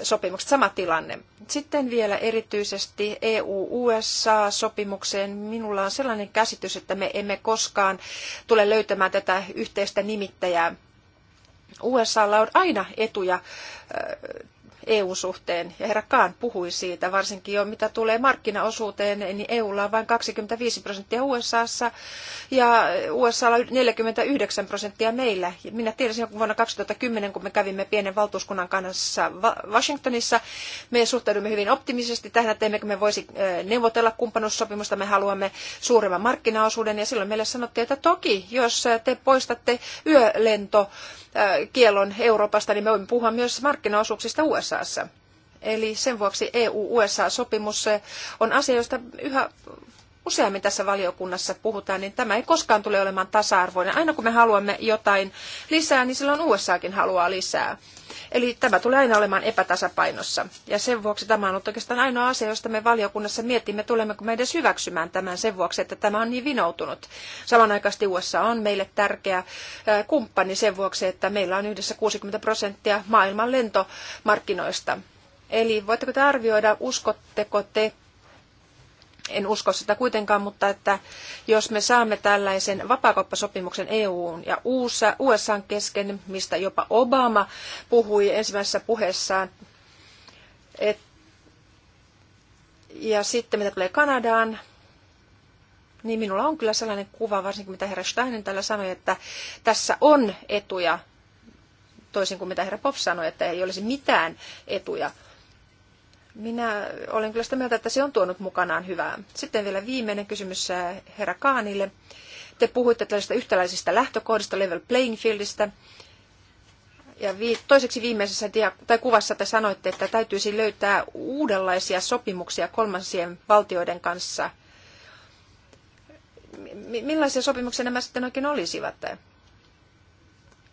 sopimukset, sama tilanne. Sitten vielä erityisesti EU-USA-sopimukseen. Minulla on sellainen käsitys, että me emme koskaan tule löytämään tätä yhteistä nimittäjää. USAlla on aina etuja äh, EU-suhteen, ja herra Kaan puhui siitä, varsinkin jo mitä tulee markkinaosuuteen, niin EUlla on vain 25 prosenttia USAssa, ja USAlla 49 prosenttia meillä. Minä tiedän kun vuonna 2010, kun me kävimme pienen valtuuskunnan kanssa Washingtonissa, me suhtaudumme hyvin optimisesti tähän, että emmekö me voisi neuvotella kumppanuussopimusta, me haluamme suuremman markkinaosuuden, ja silloin meille sanottiin, että toki, jos te poistatte yölento, Äh, kielon Euroopasta, niin me voimme puhua myös markkinaosuuksista USAssa. Eli sen vuoksi EU-USA-sopimus äh, on asia, josta yhä useammin tässä valiokunnassa puhutaan, niin tämä ei koskaan tule olemaan tasa-arvoinen. Aina kun me haluamme jotain lisää, niin silloin USAkin haluaa lisää. Eli tämä tulee aina olemaan epätasapainossa. Ja sen vuoksi tämä on ollut oikeastaan ainoa asia, josta me valiokunnassa mietimme, tulemmeko me edes hyväksymään tämän sen vuoksi, että tämä on niin vinoutunut. Samanaikaisesti USA on meille tärkeä kumppani sen vuoksi, että meillä on yhdessä 60 prosenttia maailman lentomarkkinoista. Eli voitteko te arvioida, uskotteko te en usko sitä kuitenkaan, mutta että jos me saamme tällaisen vapaakauppasopimuksen EUn ja USA, USAn kesken, mistä jopa Obama puhui ensimmäisessä puheessaan, et, ja sitten mitä tulee Kanadaan, niin minulla on kyllä sellainen kuva, varsinkin mitä herra Steinen täällä sanoi, että tässä on etuja, toisin kuin mitä herra Poff sanoi, että ei olisi mitään etuja minä olen kyllä sitä mieltä, että se on tuonut mukanaan hyvää. Sitten vielä viimeinen kysymys äh, herra Kaanille. Te puhuitte tällaisista yhtäläisistä lähtökohdista, level playing fieldistä. Ja toiseksi viimeisessä dia- tai kuvassa te sanoitte, että täytyisi löytää uudenlaisia sopimuksia kolmansien valtioiden kanssa. M- millaisia sopimuksia nämä sitten oikein olisivat?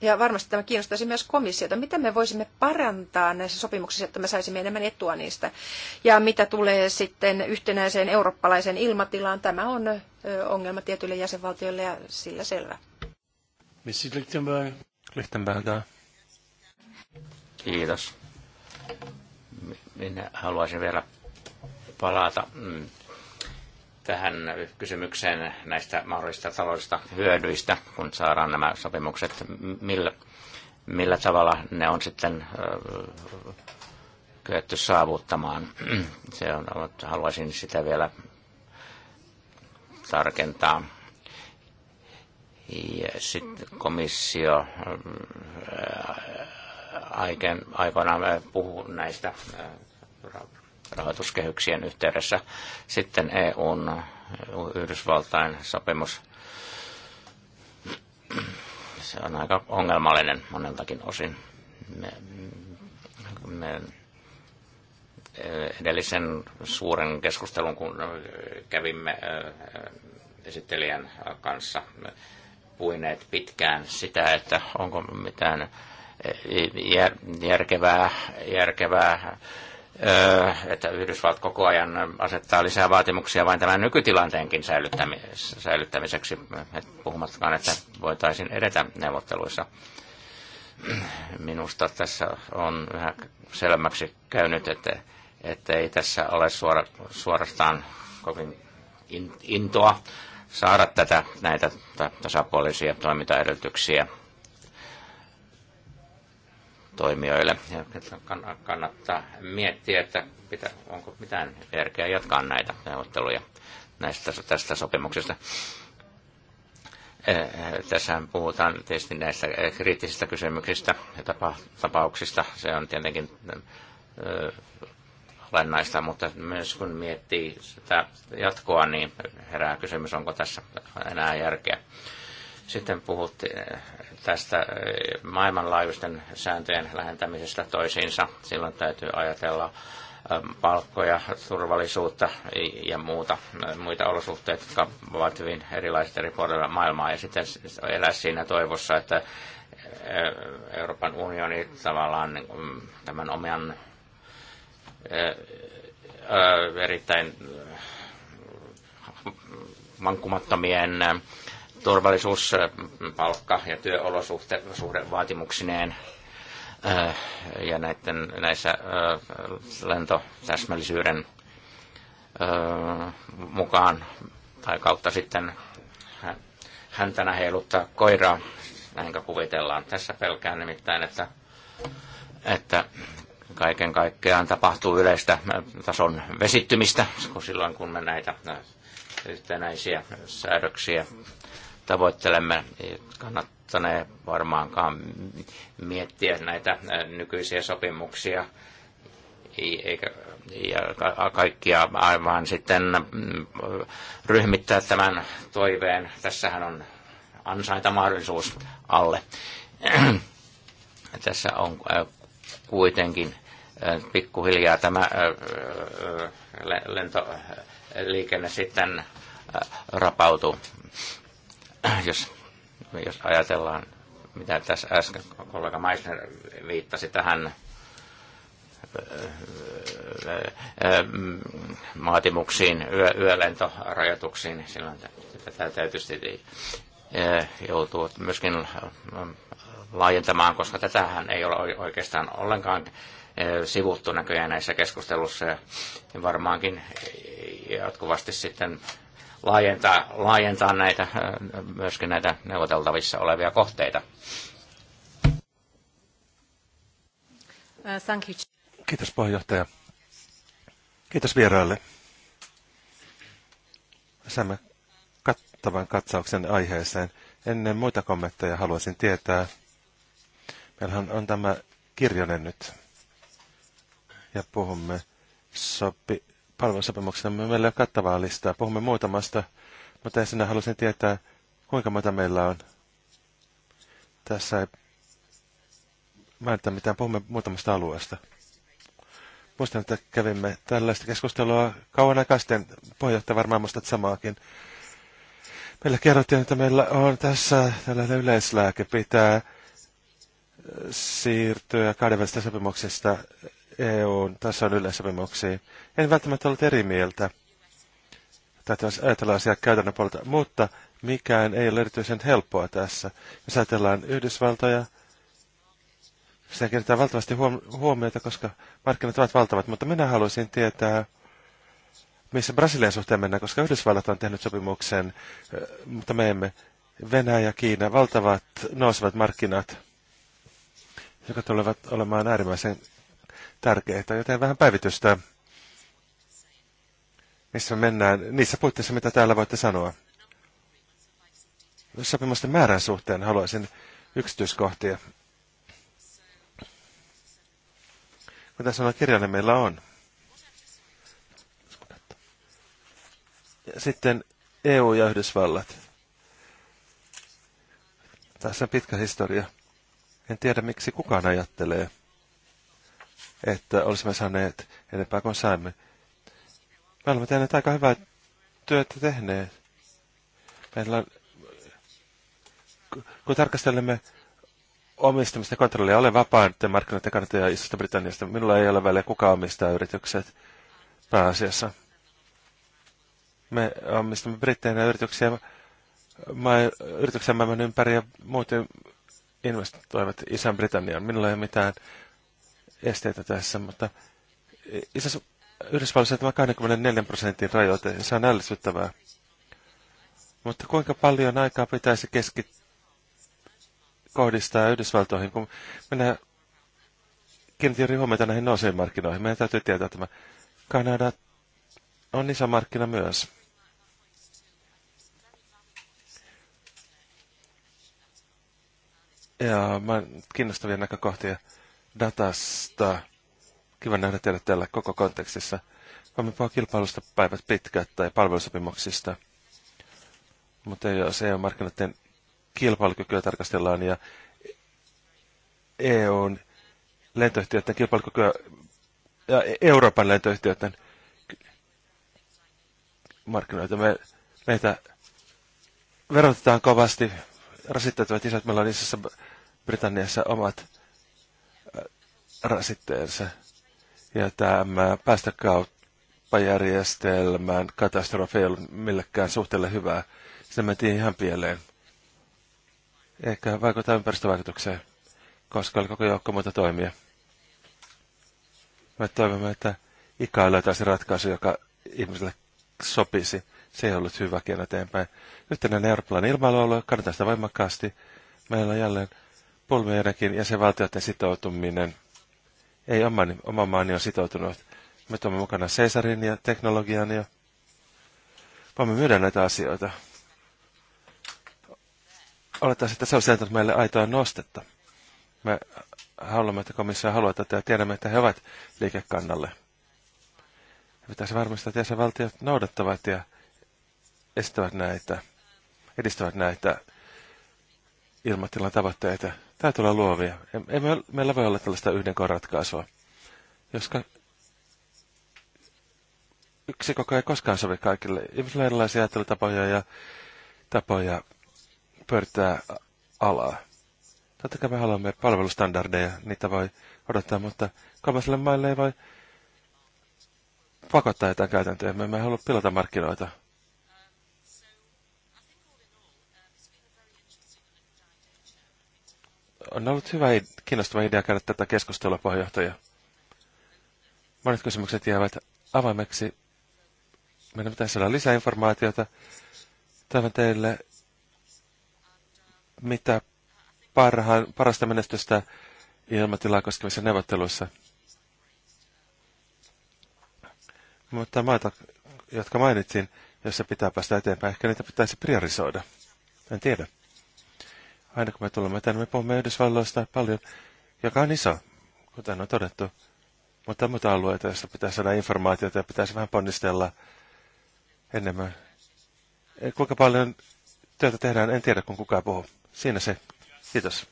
Ja varmasti tämä kiinnostaisi myös komissiota. Miten me voisimme parantaa näissä sopimuksissa, että me saisimme enemmän etua niistä? Ja mitä tulee sitten yhtenäiseen eurooppalaiseen ilmatilaan? Tämä on ongelma tietyille jäsenvaltioille ja sillä selvä. Mrs. Lichtenberg. Lichtenberg. Kiitos. Minä haluaisin vielä palata mm, tähän kysymykseen näistä mahdollisista taloudellisista hyödyistä, kun saadaan nämä sopimukset, millä, millä tavalla ne on sitten kyetty saavuttamaan. Se on, haluaisin sitä vielä tarkentaa. Ja sitten komissio aikoinaan puhuu näistä rahoituskehyksien yhteydessä. Sitten EUn Yhdysvaltain sopimus. Se on aika ongelmallinen moneltakin osin. Me, me edellisen suuren keskustelun, kun kävimme esittelijän kanssa, puineet pitkään sitä, että onko mitään e, järkevää, järkevää että Yhdysvallat koko ajan asettaa lisää vaatimuksia vain tämän nykytilanteenkin säilyttämiseksi, puhumattakaan, että voitaisiin edetä neuvotteluissa. Minusta tässä on yhä selvämmäksi käynyt, että, että ei tässä ole suora, suorastaan kovin intoa saada tätä, näitä tasapuolisia toimintaedellytyksiä toimijoille. Ja kannattaa miettiä, että pitä, onko mitään järkeä jatkaa näitä neuvotteluja näistä, tästä sopimuksesta. Eh, eh, tässä puhutaan tietysti näistä eh, kriittisistä kysymyksistä ja tapa, tapauksista. Se on tietenkin olennaista, mutta myös kun miettii sitä jatkoa, niin herää kysymys, onko tässä enää järkeä. Sitten puhuttiin eh, tästä eh, maailmanlaajuisten sääntöjen lähentämisestä toisiinsa. Silloin täytyy ajatella eh, palkkoja, turvallisuutta ja muuta, muita olosuhteita, jotka ovat hyvin erilaiset eri puolilla maailmaa. Ja sitten elää siinä toivossa, että Euroopan unioni tavallaan mm, tämän omian erittäin vankkumattomien turvallisuus, palkka ja vaatimuksineen ja näiden, näissä lentotäsmällisyyden mukaan tai kautta sitten häntänä heiluttaa koiraa, näinkö kuvitellaan. Tässä pelkään nimittäin, että, että kaiken kaikkiaan tapahtuu yleistä tason vesittymistä, kun silloin kun me näitä yhtenäisiä säädöksiä tavoittelemme. Kannattanee varmaankaan miettiä näitä nykyisiä sopimuksia eikä ja kaikkia aivan sitten mm, ryhmittää tämän toiveen. Tässähän on ansaita mahdollisuus alle. Tässä on kuitenkin pikkuhiljaa tämä lentoliikenne sitten rapautuu jos, jos ajatellaan, mitä tässä äsken kollega Meissner viittasi tähän äh, äh, äh, mm, maatimuksiin, yö, yölentorajoituksiin, silloin tätä tietysti joutuu myöskin laajentamaan, koska tätähän ei ole oikeastaan ollenkaan sivuttu näköjään näissä keskustelussa ja varmaankin jatkuvasti sitten laajentaa, laajentaa näitä, myöskin näitä neuvoteltavissa olevia kohteita. Uh, thank you. Kiitos puheenjohtaja. Kiitos vieraille. Saamme kattavan katsauksen aiheeseen. Ennen muita kommentteja haluaisin tietää, meillähän on tämä kirjonen nyt, ja puhumme sopi, palvelusopimuksena. Me meillä ei ole kattavaa listaa. Puhumme muutamasta, mutta ensin haluaisin tietää, kuinka monta meillä on. Tässä ei määritä mitään. Puhumme muutamasta alueesta. Muistan, että kävimme tällaista keskustelua kauan aikaa sitten. Puheenjohtaja varmaan muistat samaakin. Meillä kerrottiin, että meillä on tässä tällainen yleislääke. Pitää siirtyä kahdenvälisistä sopimuksista EUn tason yleissopimuksia. En välttämättä ollut eri mieltä. jos ajatellaan asiaa käytännön puolelta, mutta mikään ei ole erityisen helppoa tässä. Jos ajatellaan Yhdysvaltoja, se kertaa valtavasti huom huomiota, koska markkinat ovat valtavat, mutta minä haluaisin tietää, missä Brasilian suhteen mennään, koska Yhdysvallat on tehnyt sopimuksen, mutta me emme. Venäjä ja Kiina, valtavat nousevat markkinat, jotka tulevat olemaan äärimmäisen tärkeitä, joten vähän päivitystä, missä me mennään, niissä puitteissa, mitä täällä voitte sanoa. Sopimusten määrän suhteen haluaisin yksityiskohtia. Mitä sanoa kirjalle meillä on? Ja sitten EU ja Yhdysvallat. Tässä on pitkä historia. En tiedä, miksi kukaan ajattelee, että olisimme saaneet enempää kuin saimme. Me olemme tehneet aika hyvää työtä tehneet. Meillä on, kun tarkastelemme omistamista kontrollia, olen vapaan markkinoiden kannattaja Isosta Britanniasta. Minulla ei ole väliä, kuka omistaa yritykset pääasiassa. Me omistamme brittejä yrityksiä, ma- yrityksiä maailman ympäri ja muuten investoivat Isän Britanniaan. Minulla ei ole mitään esteitä tässä, mutta itse asiassa Yhdysvalloissa tämä 24 prosentin rajoite, se on ällistyttävää. Mutta kuinka paljon aikaa pitäisi keskittyä kohdistaa Yhdysvaltoihin, kun minä kiinnitin juuri huomiota näihin nouseviin markkinoihin. Meidän täytyy tietää, että tämä Kanada on iso markkina myös. Ja kiinnostavia näkökohtia datasta. Kiva nähdä teidät täällä koko kontekstissa. Voimme puhua kilpailusta päivät pitkät tai palvelusopimuksista. Mutta jos EU-markkinoiden kilpailukykyä tarkastellaan ja EUn lentoyhtiöiden kilpailukykyä ja Euroopan lentoyhtiöiden markkinoita. Me, meitä verotetaan kovasti, rasitteet isät, meillä on Britanniassa omat rasitteensa. Ja tämä päästökauppajärjestelmän katastrofi ei ollut millekään suhteelle hyvää. Se mentiin ihan pieleen. Eikä vaikuttaa ympäristövaikutukseen, koska oli koko joukko muita toimia. Me toivomme, että ikään löytäisi ratkaisu, joka ihmiselle sopisi. Se ei ollut hyvä keino eteenpäin. Yhtenäinen Euroopan ilmailualue kannattaa sitä voimakkaasti. Meillä on jälleen pulmioidenkin jäsenvaltioiden sitoutuminen – ei, omani, oma maani on sitoutunut. Me tuomme mukana Caesarin ja teknologian ja voimme myydä näitä asioita. Oletaan, että se on sieltä meille aitoa nostetta. Me haluamme, että komissio haluaa tätä ja tiedämme, että he ovat liikekannalle. Pitäisi varmistaa, että jäsenvaltiot noudattavat ja estävät näitä, edistävät näitä ilmatilan tavoitteita. Täytyy olla luovia. Ei meillä voi olla tällaista yhden ratkaisua. Jos yksi koko ei koskaan sovi kaikille. Ihmisillä on erilaisia ajattelutapoja ja tapoja pyörittää alaa. Totta kai me haluamme palvelustandardeja, niitä voi odottaa, mutta kolmaselle maille ei voi pakottaa jotain käytäntöjä. Me emme halua pilata markkinoita. On ollut hyvä, kiinnostava idea käydä tätä keskustelua, puheenjohtaja. Monet kysymykset jäävät avaimeksi. Meidän pitäisi saada lisää informaatiota. Toivon teille mitä parhaan, parasta menestystä ilmatilaa koskevissa neuvotteluissa. Mutta maita, jotka mainitsin, joissa pitää päästä eteenpäin, ehkä niitä pitäisi priorisoida. En tiedä. Aina kun me tulemme tänne, me puhumme Yhdysvalloista paljon, joka on iso, kuten on todettu. Mutta on muita alueita, joista pitää saada informaatiota ja pitäisi vähän ponnistella enemmän. Eh, kuinka paljon työtä tehdään, en tiedä, kun kukaan puhuu. Siinä se. Kiitos.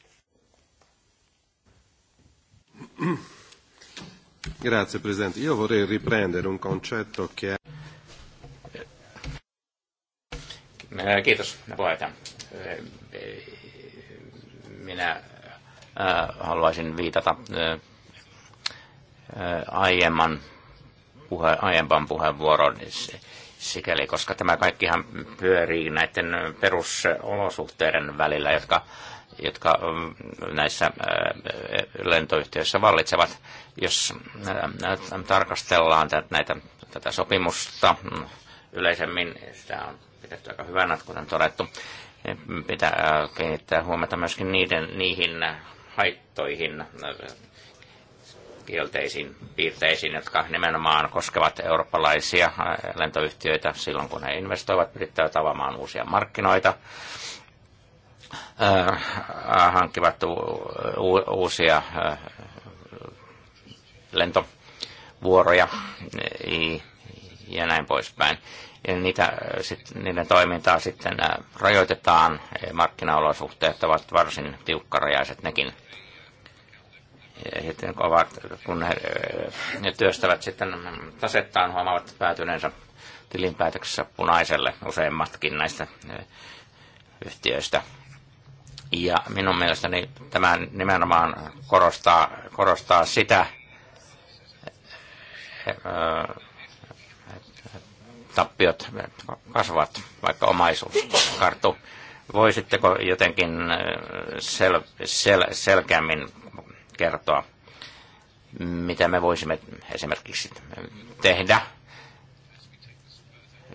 Grazie Presidente. Io vorrei riprendere un concetto che... Eh, kiitos puheenjohtaja. Eh, minä äh, haluaisin viitata äh, äh, aiemman puhe, aiempan puheenvuoron sikäli, koska tämä kaikkihan pyörii näiden perusolosuhteiden välillä, jotka, jotka mm, näissä lentoyhtiöissä vallitsevat. Jos tarkastellaan näitä, tätä sopimusta mm, yleisemmin, sitä on pidetty aika hyvänä, kuten todettu, pitää äh, kiinnittää huomata myöskin niiden, niihin haittoihin, äh, kielteisiin piirteisiin, jotka nimenomaan koskevat eurooppalaisia äh, lentoyhtiöitä silloin, kun he investoivat, yrittävät avaamaan uusia markkinoita, hankkivat uusia lentovuoroja ja näin poispäin. Niin niitä, äh, sit, niiden toimintaa sitten äh, rajoitetaan. Markkinaolosuhteet ovat varsin tiukkarajaiset nekin. Ja sitten ovat, kun he, he äh, työstävät sitten tasettaan, huomaavat päätyneensä tilinpäätöksessä punaiselle useimmatkin näistä yhtiöistä. Ja minun mielestäni tämä nimenomaan korostaa, korostaa sitä, tappiot kasvavat, vaikka omaisuus kartu. Voisitteko jotenkin äh, sel, sel, selkeämmin kertoa, mitä me voisimme esimerkiksi tehdä,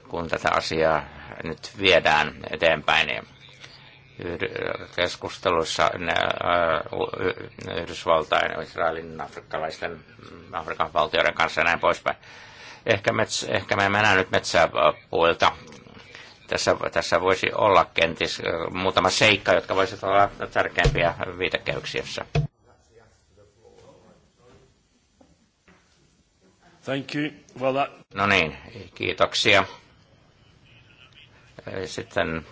kun tätä asiaa nyt viedään eteenpäin. keskustelussa keskusteluissa äh, Yhdysvaltain, Israelin, afrikkalaisten, Afrikan valtioiden kanssa ja näin poispäin Ehkä, mets, ehkä me mennään nyt metsäpuolta. Tässä, tässä voisi olla kenties muutama seikka, jotka voisivat olla tärkeimpiä viitekehyksiössä. Thank you. Well, that... No niin, kiitoksia. Sitten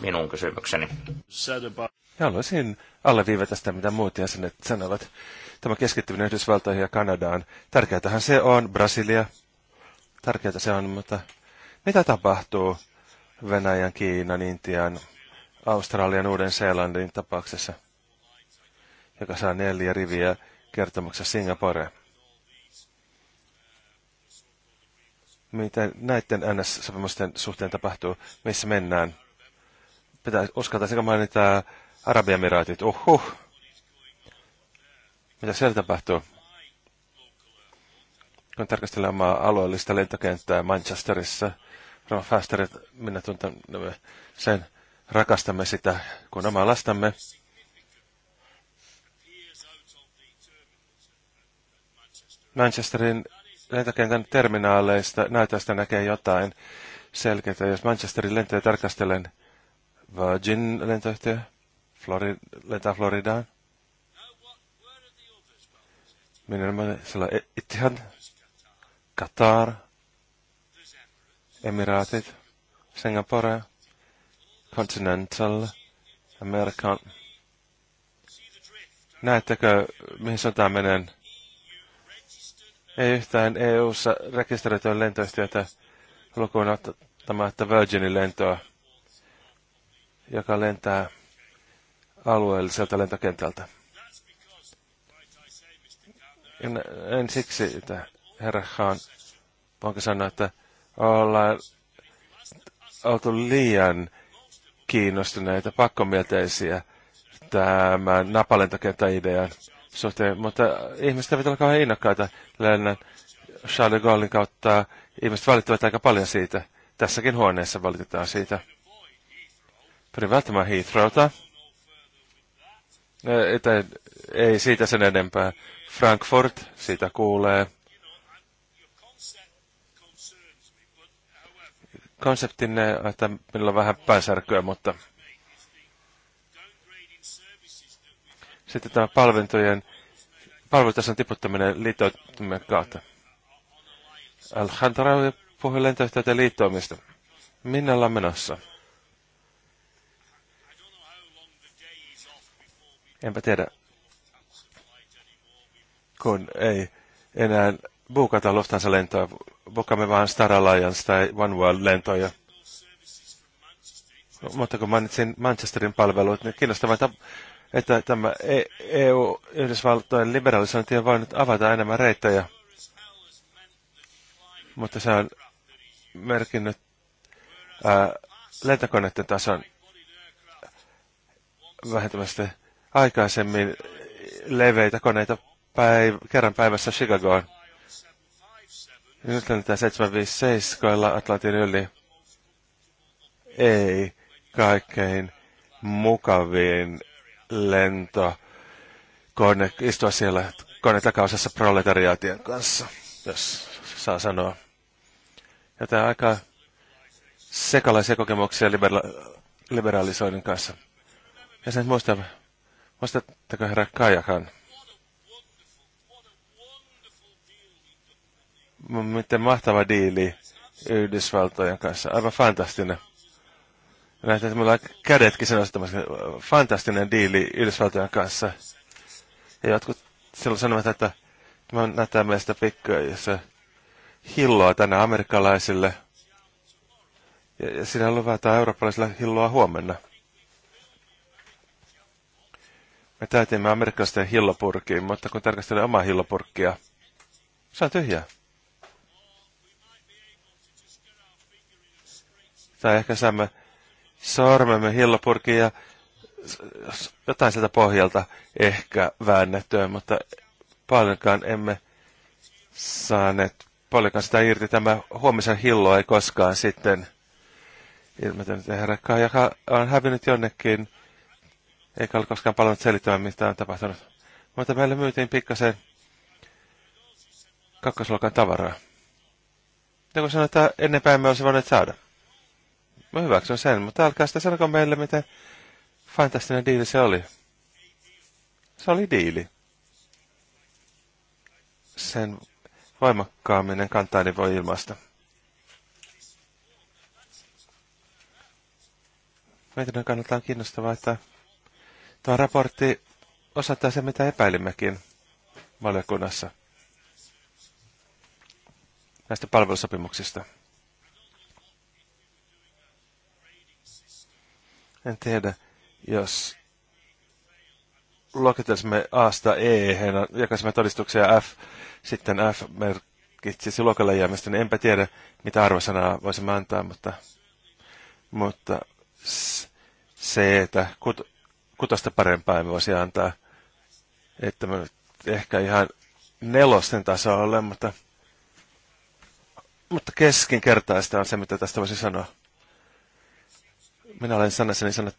minun kysymykseni. Ja haluaisin alleviivata sitä, mitä muut jäsenet sanovat. Tämä keskittyminen Yhdysvaltoihin ja Kanadaan. Tärkeätähän se on. Brasilia, tärkeää se on, mutta mitä tapahtuu Venäjän, Kiinan, Intian, Australian, Uuden-Seelandin tapauksessa, joka saa neljä riviä kertomuksessa Singapore? Mitä näiden NS-sopimusten suhteen tapahtuu? Missä mennään? Pitää uskaltaisinko mainita Arabiamiraatit? Uhuh! Mitä siellä tapahtuu? kun tarkastellaan alueellista lentokenttää Manchesterissa, Roma Fasterit, minä tunnen sen, rakastamme sitä kun omaa lastamme. Manchesterin lentokentän terminaaleista näytöstä näkee jotain selkeää. Jos Manchesterin lentoja tarkastelen, Virgin lentoyhtiö Flori, lentää Floridaan. Minä olen sillä Etihad Qatar, Emiratit, Singapore, Continental, American. Näettekö, mihin sotaan menen? Ei yhtään EU-ssa rekisteröityä lentoyhtiötä lukuun ottamatta Virginin lentoa, joka lentää alueelliselta lentokentältä. En, en siksi, että herra Haan, voinko sanoa, että ollaan oltu liian kiinnostuneita, pakkomielteisiä tämän napalentokenttäidean suhteen, mutta ihmiset eivät ole kauhean innokkaita. Lennän Charles de Gaullein kautta ihmiset valittavat aika paljon siitä. Tässäkin huoneessa valitetaan siitä. Pyrin välttämään Heathrowta. Ei, ei siitä sen enempää. Frankfurt, siitä kuulee. konseptinne, eh, että minulla on vähän päänsärkyä, mutta sitten tämä palvelutason palvelutason tiputtaminen liittoutumien kautta. Alhantaravi puhui lentoyhtiöiden liittoimista. Minne ollaan menossa? Enpä tiedä, kun ei enää buukata Lufthansa-lentoa. Bukamme vain Star Alliance tai One World-lentoja. Mutta kun mainitsin Manchesterin palvelut, niin kiinnostavaa, että tämä EU-Yhdysvaltojen e liberalisointi on voinut avata enemmän reittejä. Mutta se on merkinnyt ää, lentokoneiden tason vähentämästä aikaisemmin leveitä koneita päiv- kerran päivässä Chicagoon. Jos lennetään 757 Atlantin yli, ei kaikkein mukavin lento kone, istua siellä kone takaosassa proletariaatien kanssa, jos saa sanoa. Ja tämä aika sekalaisia kokemuksia libera- liberalisoinnin kanssa. Ja sen muista, muistatteko herra Kajakan? miten mahtava diili Yhdysvaltojen kanssa. Aivan fantastinen. Näitä, että meillä on kädetkin sen ostamassa. Fantastinen diili Yhdysvaltojen kanssa. Ja jotkut silloin sanovat, että tämä näyttää meistä pikkuja, jossa hilloa tänne amerikkalaisille. Ja, ja sillä luvataan eurooppalaisille hilloa huomenna. Me täytimme amerikkalaisten hillopurkiin, mutta kun tarkastelen omaa hillopurkkia, se on tyhjää. tai ehkä saamme sormemme hillopurkiin ja jotain sieltä pohjalta ehkä väännettyä, mutta paljonkaan emme saaneet paljonkaan sitä irti. Tämä huomisen hillo ei koskaan sitten ilmetynyt herrakkaan, joka on hävinnyt jonnekin, eikä ole koskaan palannut selittämään, mitä on tapahtunut. Mutta meille myytiin pikkasen kakkosluokan tavaraa. Joku sanoi, että ennenpäin me olisi voinut saada. Mä hyväksyn sen, mutta älkää sitä sanoko meille, miten fantastinen diili se oli. Se oli diili. Sen voimakkaaminen kantaani voi ilmaista. Mietinnön kannalta on kiinnostavaa, että tuo raportti osoittaa sen, mitä epäilimmekin valiokunnassa näistä palvelusopimuksista. En tiedä, jos luokitelisimme A-sta E, jakaisimme todistuksia F, sitten F merkitsisi luokalle jäämistä, niin enpä tiedä, mitä arvosanaa voisimme antaa, mutta, mutta se, että kut, kutosta parempaa me voisi antaa, että me ehkä ihan nelosten tasoa ole, mutta, mutta keskinkertaista on se, mitä tästä voisi sanoa. Minä olen sanassani sanat,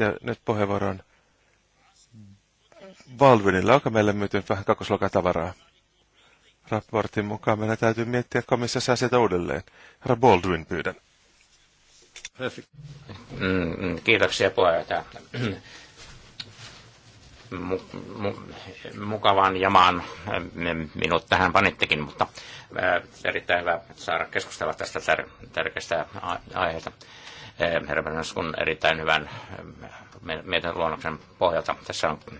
ja nyt on Baldwinille. onko meille myytynyt vähän kakosluokan tavaraa? Raportin mukaan meidän täytyy miettiä komissiossa asioita uudelleen. Herra Baldwin pyydän. kiitoksia puheenjohtaja. mukavan jamaan minut tähän panittekin, mutta erittäin hyvä saada keskustella tästä tärkeästä aiheesta. Eh, herra kun erittäin hyvän eh, mietintöluonnoksen pohjalta. Tässä on eh,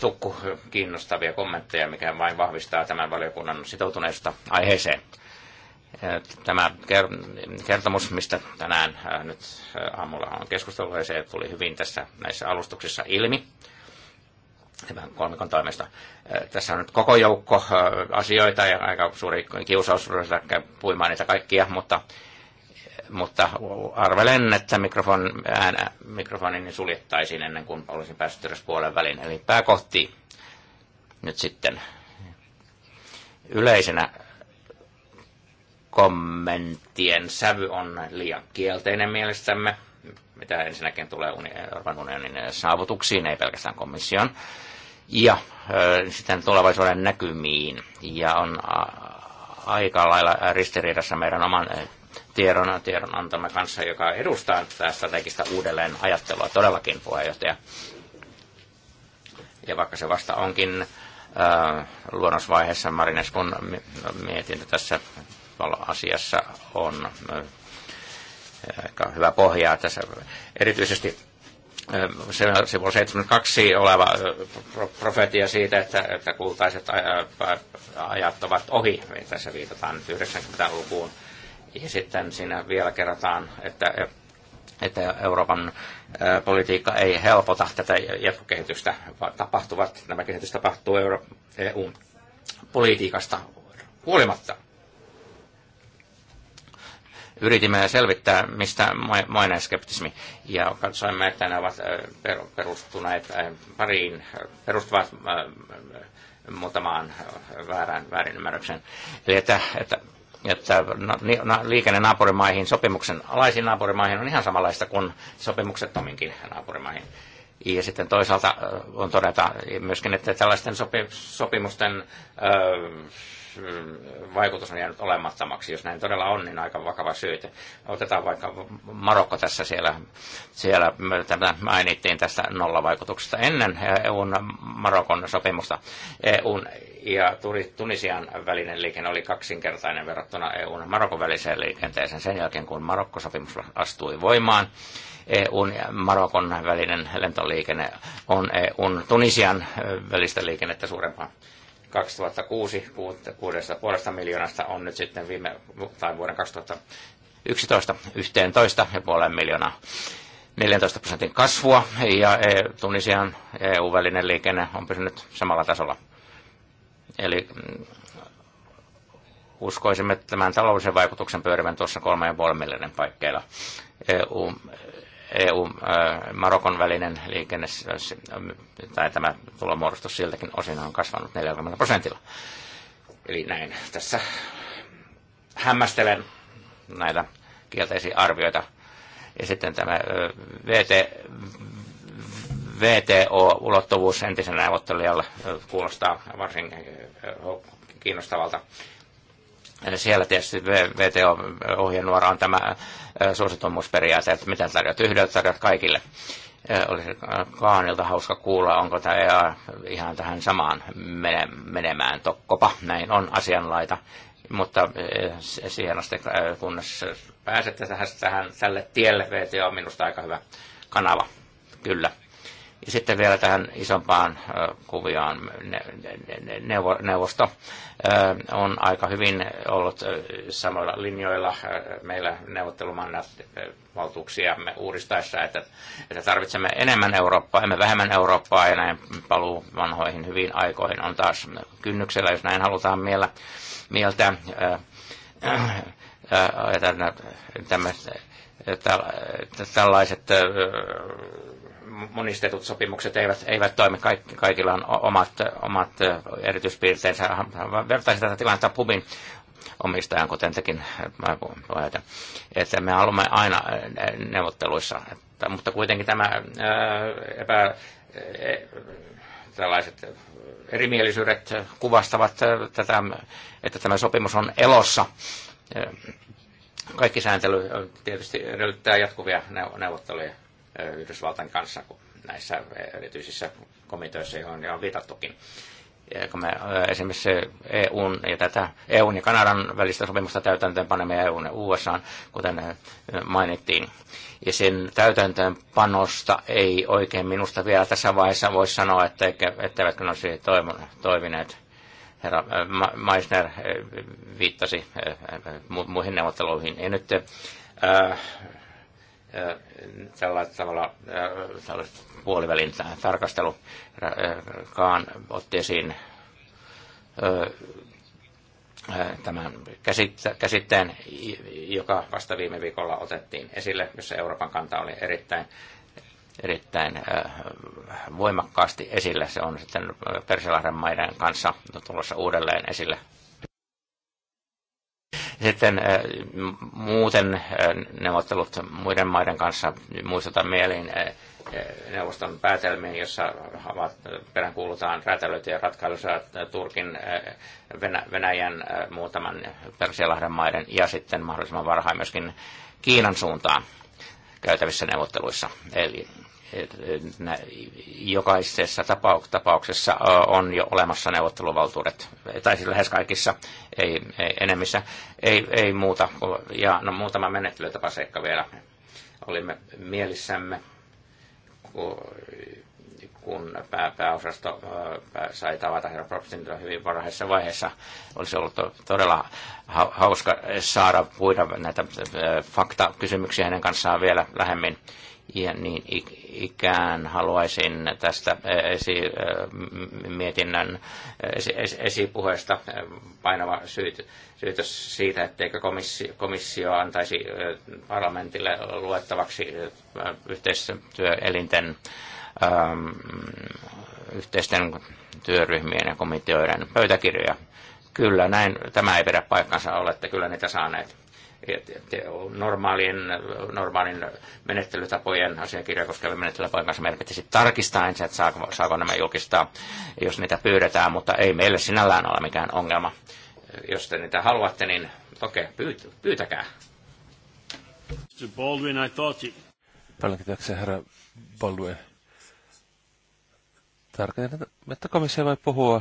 tukku kiinnostavia kommentteja, mikä vain vahvistaa tämän valiokunnan sitoutuneesta aiheeseen. Tämä kertomus, mistä tänään nyt aamulla on keskustelu, ja se tuli hyvin tässä näissä alustuksissa ilmi. Hyvän kolmikon toimesta. Tässä on nyt koko joukko asioita ja aika suuri kiusaus ryhtyä puimaan niitä kaikkia, mutta mutta arvelen, että mikrofon, ään, mikrofonin niin suljettaisiin ennen kuin olisin päässyt edes puolen väliin. Eli pääkohti nyt sitten yleisenä kommenttien sävy on liian kielteinen mielestämme, mitä ensinnäkin tulee Euroopan unionin saavutuksiin, ei pelkästään komission, ja sitten tulevaisuuden näkymiin. Ja on aika lailla ristiriidassa meidän oman tiedon, tiedon kanssa, joka edustaa tätä strategista uudelleen ajattelua todellakin puheenjohtaja. Ja vaikka se vasta onkin äh, luonnosvaiheessa Marines, kun mietintö tässä asiassa on äh, hyvä pohjaa tässä. Erityisesti äh, Se sivulla 72 oleva äh, profetia siitä, että, että kultaiset äh, ajat ovat ohi. Tässä viitataan nyt 90-lukuun ja sitten siinä vielä kerrotaan, että, että Euroopan politiikka ei helpota tätä jatkokehitystä, vaan tapahtuvat, nämä kehitys tapahtuu Euro- EUn politiikasta huolimatta. Yritimme selvittää, mistä maineen skeptismi, ja katsoimme, että ne ovat perustuneet pariin, perustuvat muutamaan väärään väärinymmärrykseen. Eli että, että että liikenne naapurimaihin, sopimuksen alaisiin naapurimaihin on ihan samanlaista kuin sopimuksettominkin naapurimaihin. Ja sitten toisaalta on todeta myöskin, että tällaisten sopimusten Mm, vaikutus on jäänyt olemattomaksi. Jos näin todella on, niin aika vakava syytä. Otetaan vaikka Marokko tässä siellä, siellä tämä mainittiin tästä nollavaikutuksesta ennen eh, EUn Marokon sopimusta. EUn ja Tunisian välinen liikenne oli kaksinkertainen verrattuna EUn Marokon väliseen liikenteeseen sen jälkeen, kun Marokko-sopimus astui voimaan. EUn ja Marokon välinen lentoliikenne on EUn Tunisian välistä liikennettä suurempaa 2006 kuudesta, miljoonasta on nyt sitten viime, tai vuoden 2011 11,5 ja puoleen miljoonaa. 14 prosentin kasvua ja e, Tunisian EU-välinen liikenne on pysynyt samalla tasolla. Eli mm, uskoisimme tämän taloudellisen vaikutuksen pyörivän tuossa 3,5 miljardin paikkeilla. EU, EU-Marokon äh, välinen liikenne, äh, äh, tai tämä tulomuodostus siltäkin osin on kasvanut 40 prosentilla. Eli näin tässä hämmästelen näitä kielteisiä arvioita. Ja sitten tämä VT, VTO-ulottuvuus entisen neuvottelijalla kuulostaa varsin kiinnostavalta siellä tietysti VTO-ohjenuora on tämä suositumusperiaate, että mitä tarjot yhdeltä, tarjot kaikille. Olisi Kaanilta hauska kuulla, onko tämä e ihan tähän samaan menemään tokkopa. Näin on asianlaita. Mutta siihen asti, kunnes pääsette tähän, tähän, tälle tielle, VTO on minusta aika hyvä kanava. Kyllä. Sitten vielä tähän isompaan kuviaan. Neuvosto on aika hyvin ollut samoilla linjoilla meillä neuvottelumaan me uudistaessa, että, että tarvitsemme enemmän Eurooppaa, emme vähemmän Eurooppaa ja näin paluu vanhoihin hyvin aikoihin on taas kynnyksellä, jos näin halutaan miellä, mieltä. Tällaiset monistetut sopimukset eivät, eivät toimi, Kaikki, kaikilla on omat, omat erityispiirteensä. Vertaisin tätä tilannetta pubin omistajan, kuten tekin puheenjohtaja, että me haluamme aina neuvotteluissa, että, mutta kuitenkin tämä ää, epä, e, tällaiset erimielisyydet kuvastavat tätä, että tämä sopimus on elossa. Kaikki sääntely tietysti edellyttää jatkuvia neuvotteluja. Yhdysvaltain kanssa näissä eh, erityisissä komiteoissa, joihin on viitattukin. Eh, kun me eh, esimerkiksi EUn ja, tätä, EUn ja Kanadan välistä sopimusta täytäntöönpanemme EUn ja USA, kuten mainittiin. Ja sen täytäntöönpanosta ei oikein minusta vielä tässä vaiheessa voi sanoa, että etteivätkö ne olisi toimineet herra Meisner viittasi muihin neuvotteluihin. Ja nyt sellaisella tavalla puolivälin tarkastelukaan otti esiin tämän käsitteen, joka vasta viime viikolla otettiin esille, jossa Euroopan kanta oli erittäin, erittäin voimakkaasti esillä. Se on sitten Persilahden maiden kanssa tulossa uudelleen esille sitten äh, muuten äh, neuvottelut muiden maiden kanssa muistetaan mieliin äh, neuvoston päätelmiin, jossa peräänkuulutaan räätälöityjä ratkaisuja Turkin, Venäjän, muutaman Persialahden maiden ja sitten mahdollisimman varhain myöskin Kiinan suuntaan käytävissä neuvotteluissa. Eli jokaisessa tapauksessa on jo olemassa neuvotteluvaltuudet, tai siis lähes kaikissa, ei, ei enemmissä, ei, ei muuta. Ja no, muutama seikka vielä. Olimme mielissämme, kun pää, pääosasto pää, sai tavata herra Propstin hyvin varhaisessa vaiheessa. Olisi ollut todella hauska saada puida näitä faktakysymyksiä hänen kanssaan vielä lähemmin ja niin ikään haluaisin tästä esi, mietinnän esipuheesta painava syyt, syytös siitä, etteikö komissio, komissio antaisi parlamentille luettavaksi yhteistyöelinten yhteisten työryhmien ja komiteoiden pöytäkirjoja. Kyllä, näin, tämä ei pidä paikkansa, olette kyllä niitä saaneet normaalien, normaalin menettelytapojen, asiakirja koskevien menettelytapojen kanssa meidän pitäisi tarkistaa ensin, että saako, saako nämä julkistaa, jos niitä pyydetään, mutta ei meille sinällään ole mikään ongelma. Jos te niitä haluatte, niin okei, okay, pyyt, pyytäkää. Mr. Baldwin, I thought you... Paljon kiitoksia, herra Baldwin. Tarkoitan, että komissio voi puhua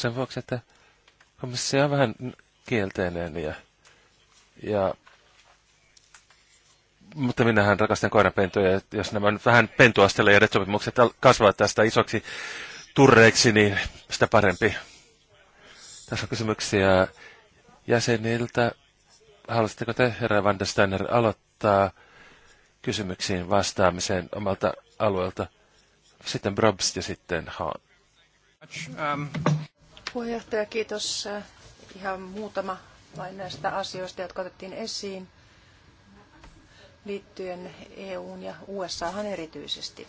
sen vuoksi, että komissio on vähän kielteinen ja, ja mutta minähän rakastan koiranpentuja, jos nämä nyt vähän pentuasteella ja sopimukset kasvavat tästä isoksi turreiksi, niin sitä parempi. Tässä on kysymyksiä jäseniltä. Haluaisitteko te, herra Van der Steiner, aloittaa kysymyksiin vastaamiseen omalta alueelta? Sitten Brobst ja sitten Haan. Um, Puheenjohtaja, kiitos. Ihan muutama vain näistä asioista, jotka otettiin esiin liittyen EUn ja USAhan erityisesti.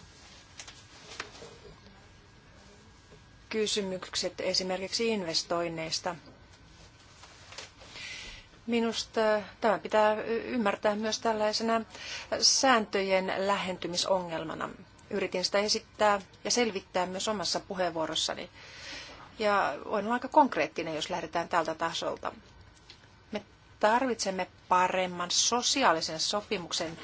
Kysymykset esimerkiksi investoinneista. Minusta tämä pitää ymmärtää myös tällaisena sääntöjen lähentymisongelmana. Yritin sitä esittää ja selvittää myös omassa puheenvuorossani ja on aika konkreettinen, jos lähdetään tältä tasolta. Me tarvitsemme paremman sosiaalisen sopimuksen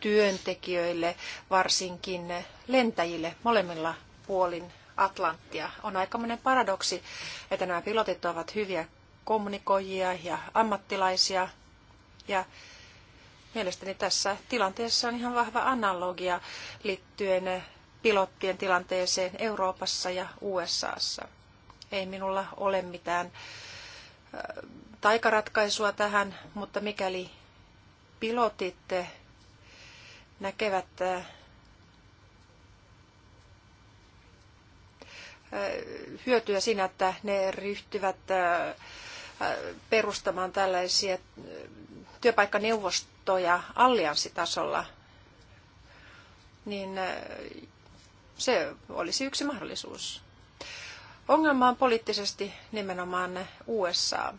työntekijöille, varsinkin lentäjille molemmilla puolin Atlanttia. On aikamoinen paradoksi, että nämä pilotit ovat hyviä kommunikoijia ja ammattilaisia. Ja mielestäni tässä tilanteessa on ihan vahva analogia liittyen pilottien tilanteeseen Euroopassa ja USAssa. Ei minulla ole mitään äh, taikaratkaisua tähän, mutta mikäli pilotit näkevät äh, äh, hyötyä siinä, että ne ryhtyvät perustamaan tällaisia työpaikkaneuvostoja allianssitasolla, niin se olisi yksi mahdollisuus. Ongelma on poliittisesti nimenomaan USA.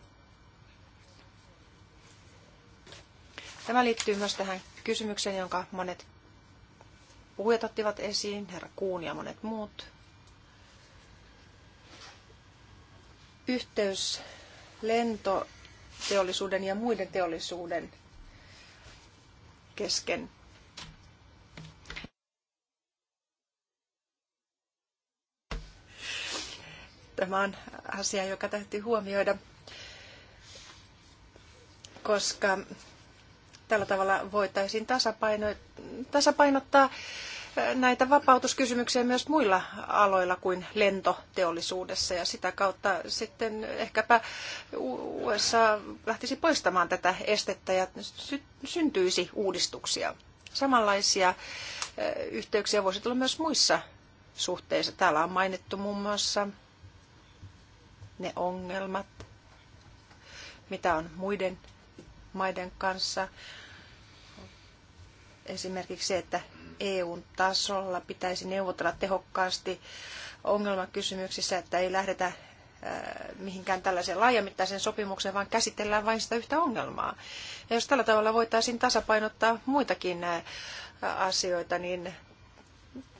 Tämä liittyy myös tähän kysymykseen, jonka monet puhujat ottivat esiin, herra Kuun ja monet muut. Yhteys lentoteollisuuden ja muiden teollisuuden kesken Tämä on asia, joka täytyy huomioida, koska tällä tavalla voitaisiin tasapaino, tasapainottaa eh, näitä vapautuskysymyksiä myös muilla aloilla kuin lentoteollisuudessa ja sitä kautta sitten ehkäpä USA lähtisi poistamaan tätä estettä ja syntyisi uudistuksia. Samanlaisia eh, yhteyksiä voisi tulla myös muissa suhteissa. Täällä on mainittu muun muassa ne ongelmat, mitä on muiden maiden kanssa. Esimerkiksi se, että EUn tasolla pitäisi neuvotella tehokkaasti ongelmakysymyksissä, että ei lähdetä äh, mihinkään tällaiseen laajamittaiseen sopimukseen, vaan käsitellään vain sitä yhtä ongelmaa. Ja jos tällä tavalla voitaisiin tasapainottaa muitakin äh, asioita, niin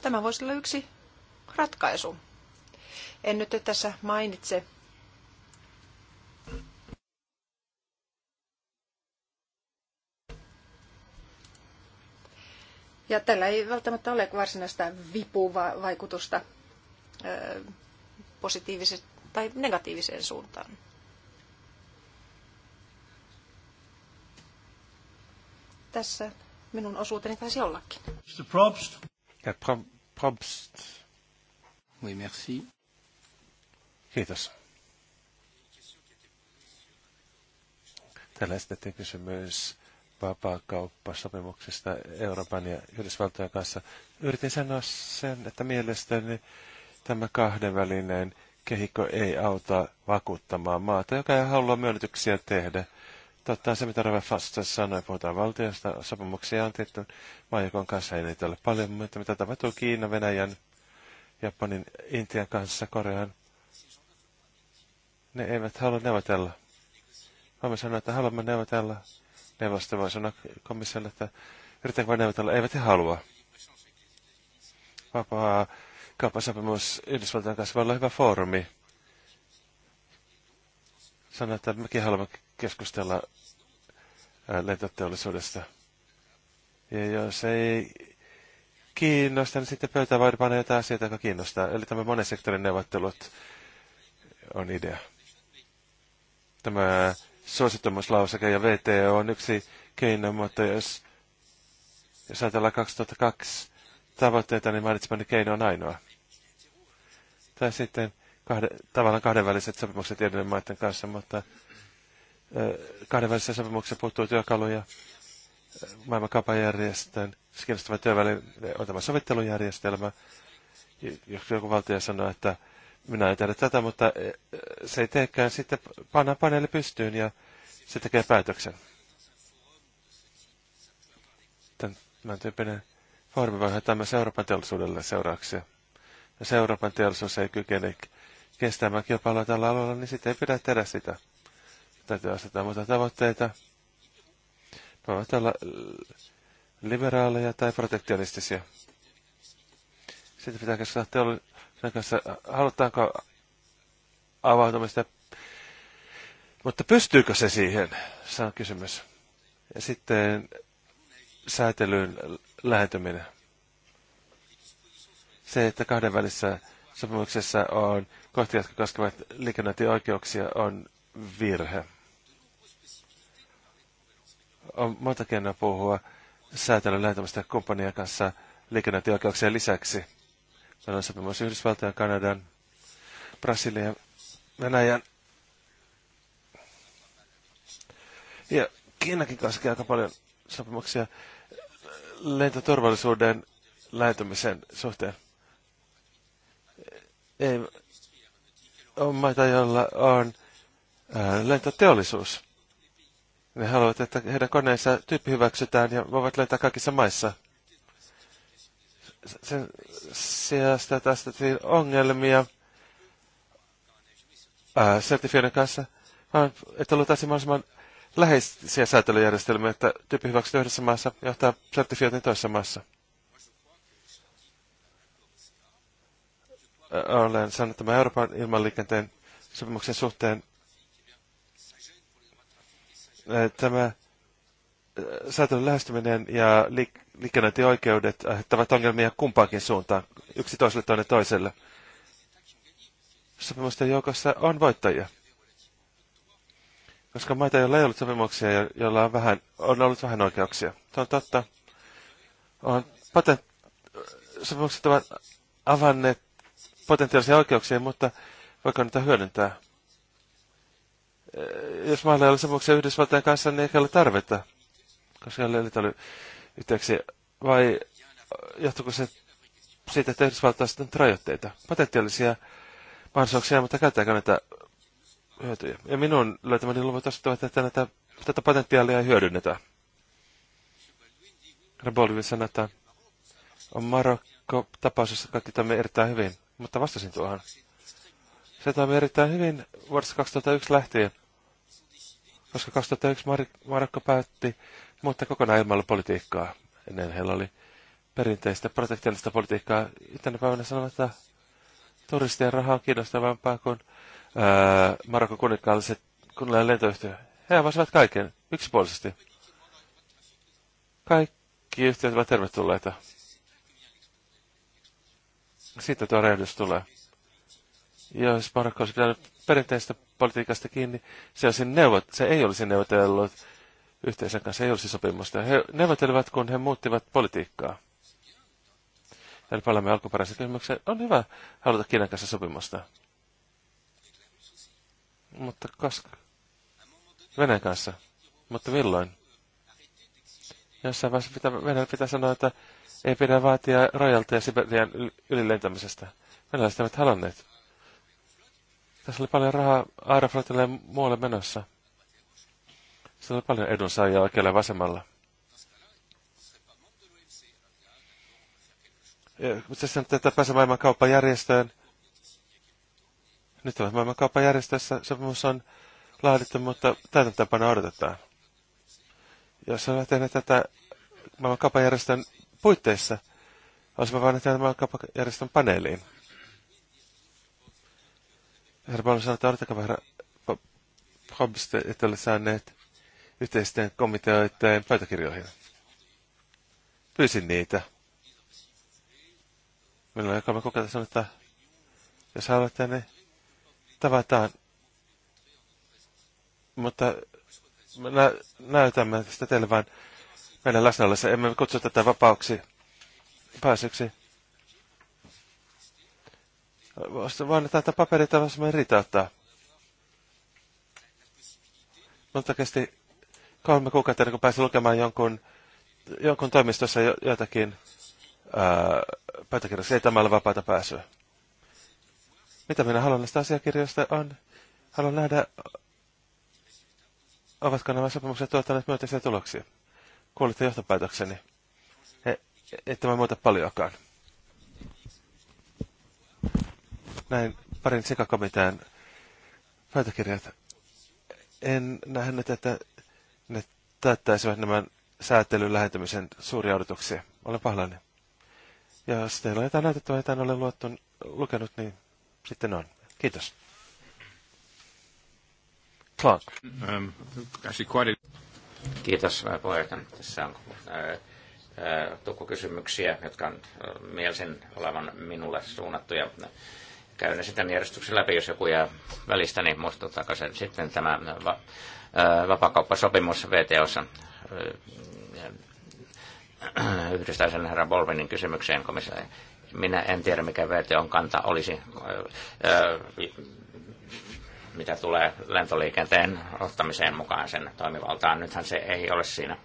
tämä voisi olla yksi ratkaisu. En nyt tässä mainitse Ja tällä ei välttämättä ole varsinaista vipuvaikutusta positiiviseen tai negatiiviseen suuntaan. Tässä minun osuuteni taisi ollakin. Mr. Probst. Ja Pro- Probst. Oui, merci. Kiitos. Täällä esitettiin kysymys vapaakauppasopimuksesta Euroopan ja Yhdysvaltojen kanssa. Yritin sanoa sen, että mielestäni tämä kahdenvälinen kehikko ei auta vakuuttamaan maata, joka ei halua myönnytyksiä tehdä. Totta se, mitä Rave Fasta sanoi, puhutaan valtiosta, sopimuksia on tehty maajakon kanssa, ei niitä ole paljon, mutta mitä tapahtuu Kiina Venäjän, Japanin, Intian kanssa, Korean, ne eivät halua neuvotella. Voimme sanoa, että haluamme neuvotella, neuvosto voi sanoa komissiolle, että yritetäänkö vain neuvotella, eivät he halua. Vapaa kauppasopimus Yhdysvaltain kanssa voi olla hyvä foorumi. Sanoa, että mekin haluamme keskustella lentoteollisuudesta. Ja jos ei kiinnosta, niin sitten pöytään voi panna jotain asioita, joka kiinnostaa. Eli tämä monen sektorin neuvottelut on idea. Tämä suosittomuuslauseke ja VTO on yksi keino, mutta jos, jos ajatellaan 2002 tavoitteita, niin mainitsemani keino on ainoa. Tai sitten kahde, tavallaan kahdenväliset sopimukset edelleen maiden kanssa, mutta kahdenvälisessä sopimuksessa puuttuu työkaluja maailmankaupanjärjestön, siis kiinnostava työväline on tämä sovittelujärjestelmä. Jos joku valtio sanoo, että minä en tiedä tätä, mutta eh, eh, se ei teekään. Sitten pannaan paneeli pystyyn ja se tekee päätöksen. Tämän tyyppinen foorumi voi haittaa myös Euroopan teollisuudelle seurauksia. Jos Euroopan teollisuus ei kykene kestämään kilpailua tällä alueella, niin sitten ei pidä tehdä sitä. Täytyy asettaa muita tavoitteita. Ne voivat olla liberaaleja tai protektionistisia. Sitten pitää keskustella teollisuudelle kanssa, halutaanko avautumista, mutta pystyykö se siihen, se on kysymys. Ja sitten säätelyyn lähentyminen. Se, että kahden välissä sopimuksessa on kohti, jotka koskevat liikennöintioikeuksia, on virhe. On monta keinoa puhua säätelyn lähentämistä kumppanien kanssa liikennöintioikeuksien lisäksi. Tällainen sopimus Yhdysvaltojen, Kanadan, Brasilian, Venäjän ja Kiinakin kanssa aika paljon sopimuksia lentoturvallisuuden lähentymisen suhteen. Ei, on maita, joilla on äh, lentoteollisuus. Ne haluavat, että heidän koneensa tyyppi hyväksytään ja voivat lentää kaikissa maissa sen sijasta tästä ongelmia ää, sertifioiden kanssa, vaan että luotaisiin mahdollisimman läheisiä säätelyjärjestelmiä, että tyyppi hyväksytty yhdessä maassa johtaa sertifioitin toisessa maassa. Olen sanonut tämän Euroopan ilmanliikenteen sopimuksen suhteen. Tämä säätelyn lähestyminen ja liik- liikennöintioikeudet aiheuttavat ongelmia kumpaankin suuntaan, yksi toiselle toinen toiselle. Sopimusten joukossa on voittajia. Koska maita, joilla ei ollut sopimuksia ja joilla on, vähän, on ollut vähän oikeuksia. Se on totta. On patent, sopimukset ovat avanneet potentiaalisia oikeuksia, mutta voiko niitä hyödyntää? Jos maalla ei ole sopimuksia Yhdysvaltain kanssa, niin ei ole tarvetta koska lelit oli yhteyksiä, vai johtuiko se siitä, että Yhdysvaltain on rajoitteita, potentiaalisia mahdollisuuksia, mutta käyttääkö näitä hyötyjä? Ja minun löytämäni luvut osoittavat, että näitä, tätä potentiaalia ei hyödynnetä. Rebolvi sanoi, että on Marokko tapaus, jossa kaikki toimii erittäin hyvin, mutta vastasin tuohon. Se toimii erittäin hyvin vuodesta 2001 lähtien koska 2001 Marokko päätti muuttaa kokonaan ilmailupolitiikkaa. Ennen heillä oli perinteistä protektiivista politiikkaa. Tänä päivänä sanovat, että turistien raha on kiinnostavampaa kuin ää, Marokko kuninkaalliset kunnallinen lentoyhtiö. He avasivat kaiken, yksipuolisesti. Kaikki yhtiöt ovat tervetulleita. Siitä tuo räjähdys tulee jos Barack olisi pitänyt perinteistä politiikasta kiinni, se, olisi neuvot, se ei olisi neuvotellut yhteisön kanssa, ei olisi sopimusta. He neuvottelivat, kun he muuttivat politiikkaa. Eli palaamme alkuperäisen kysymykseen. On hyvä haluta Kiinan kanssa sopimusta. Mutta koska? Venäjän kanssa. Mutta milloin? Jossain vaiheessa pitää, Venäjän pitää sanoa, että ei pidä vaatia rojalta ja Siberian ylilentämisestä. Venäläiset eivät halunneet. Tässä oli paljon rahaa Aeroflotille ja muualle menossa. Siellä oli paljon edunsaajia oikealle vasemmalla. Mutta sen tätä pääse maailmankauppajärjestöön. Nyt ollaan maailmankauppajärjestössä. Sopimus on laadittu, mutta täytäntöönpanoa odotetaan. Jos olemme tehnyt tätä maailmankauppajärjestön puitteissa, olisimme vain tehneet maailmankauppajärjestön paneeliin. Herra Pauli sanoi, että odottakaa vähän Hobbista, että olet saaneet yhteisten komiteoiden pöytäkirjoihin. Pyysin niitä. Minulla on jokainen kokeilta sanoa, että jos haluatte, niin tavataan. Mutta me nä- näytämme sitä teille vain meidän läsnäolessa. Emme kutsu tätä vapauksi pääsyksi vaan että paperit ovat semmoinen ritauttaa. Mutta kesti kolme kuukautta, kun pääsin lukemaan jonkun, jonkun toimistossa jotakin pöytäkirjassa. Ei tämä ole vapaata pääsyä. Mitä minä haluan näistä asiakirjoista on? Haluan nähdä, ovatko nämä sopimukset tuottaneet myönteisiä tuloksia. Kuulitte johtopäätökseni. että ei tämä muuta paljonkaan. näin parin sekakomitean päätökirjat. En nähnyt, että ne täyttäisivät nämä säätelyn lähentämisen suuria odotuksia. Olen pahlainen. Ja jos teillä on jotain näytettävää, jotain olen luottun, lukenut, niin sitten on. Kiitos. Clark. Um, Kiitos puheenjohtaja. Tässä on tukkukysymyksiä, jotka on mielsen olevan minulle suunnattuja ne sitten järjestyksen läpi, jos joku jää välistä, niin muistuttaako se sitten tämä va- vapakauppasopimus VTOssa yhdistää sen herran Bolvenin kysymykseen komissaari. Minä en tiedä, mikä VTOn kanta olisi, mitä tulee lentoliikenteen ottamiseen mukaan sen toimivaltaan. Nythän se ei ole siinä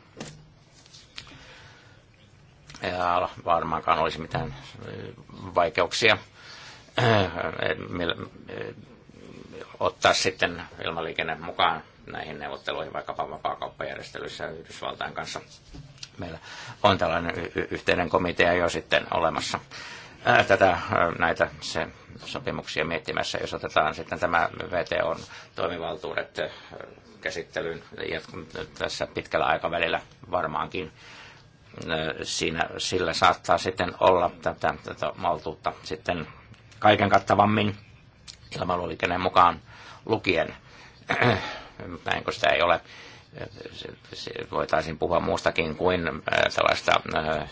ja varmaankaan olisi mitään vaikeuksia ottaa sitten ilmaliikenne mukaan näihin neuvotteluihin vaikkapa vapaakauppajärjestelyissä Yhdysvaltain kanssa. Meillä on tällainen y- yhteinen komitea jo sitten olemassa tätä, näitä se, sopimuksia miettimässä, jos otetaan sitten tämä VTOn toimivaltuudet käsittelyyn tässä pitkällä aikavälillä varmaankin siinä, sillä saattaa sitten olla tätä, tätä valtuutta sitten kaiken kattavammin ilmailuliikenne mukaan lukien. Päin, kun sitä ei ole, voitaisiin puhua muustakin kuin äh, tällaista äh,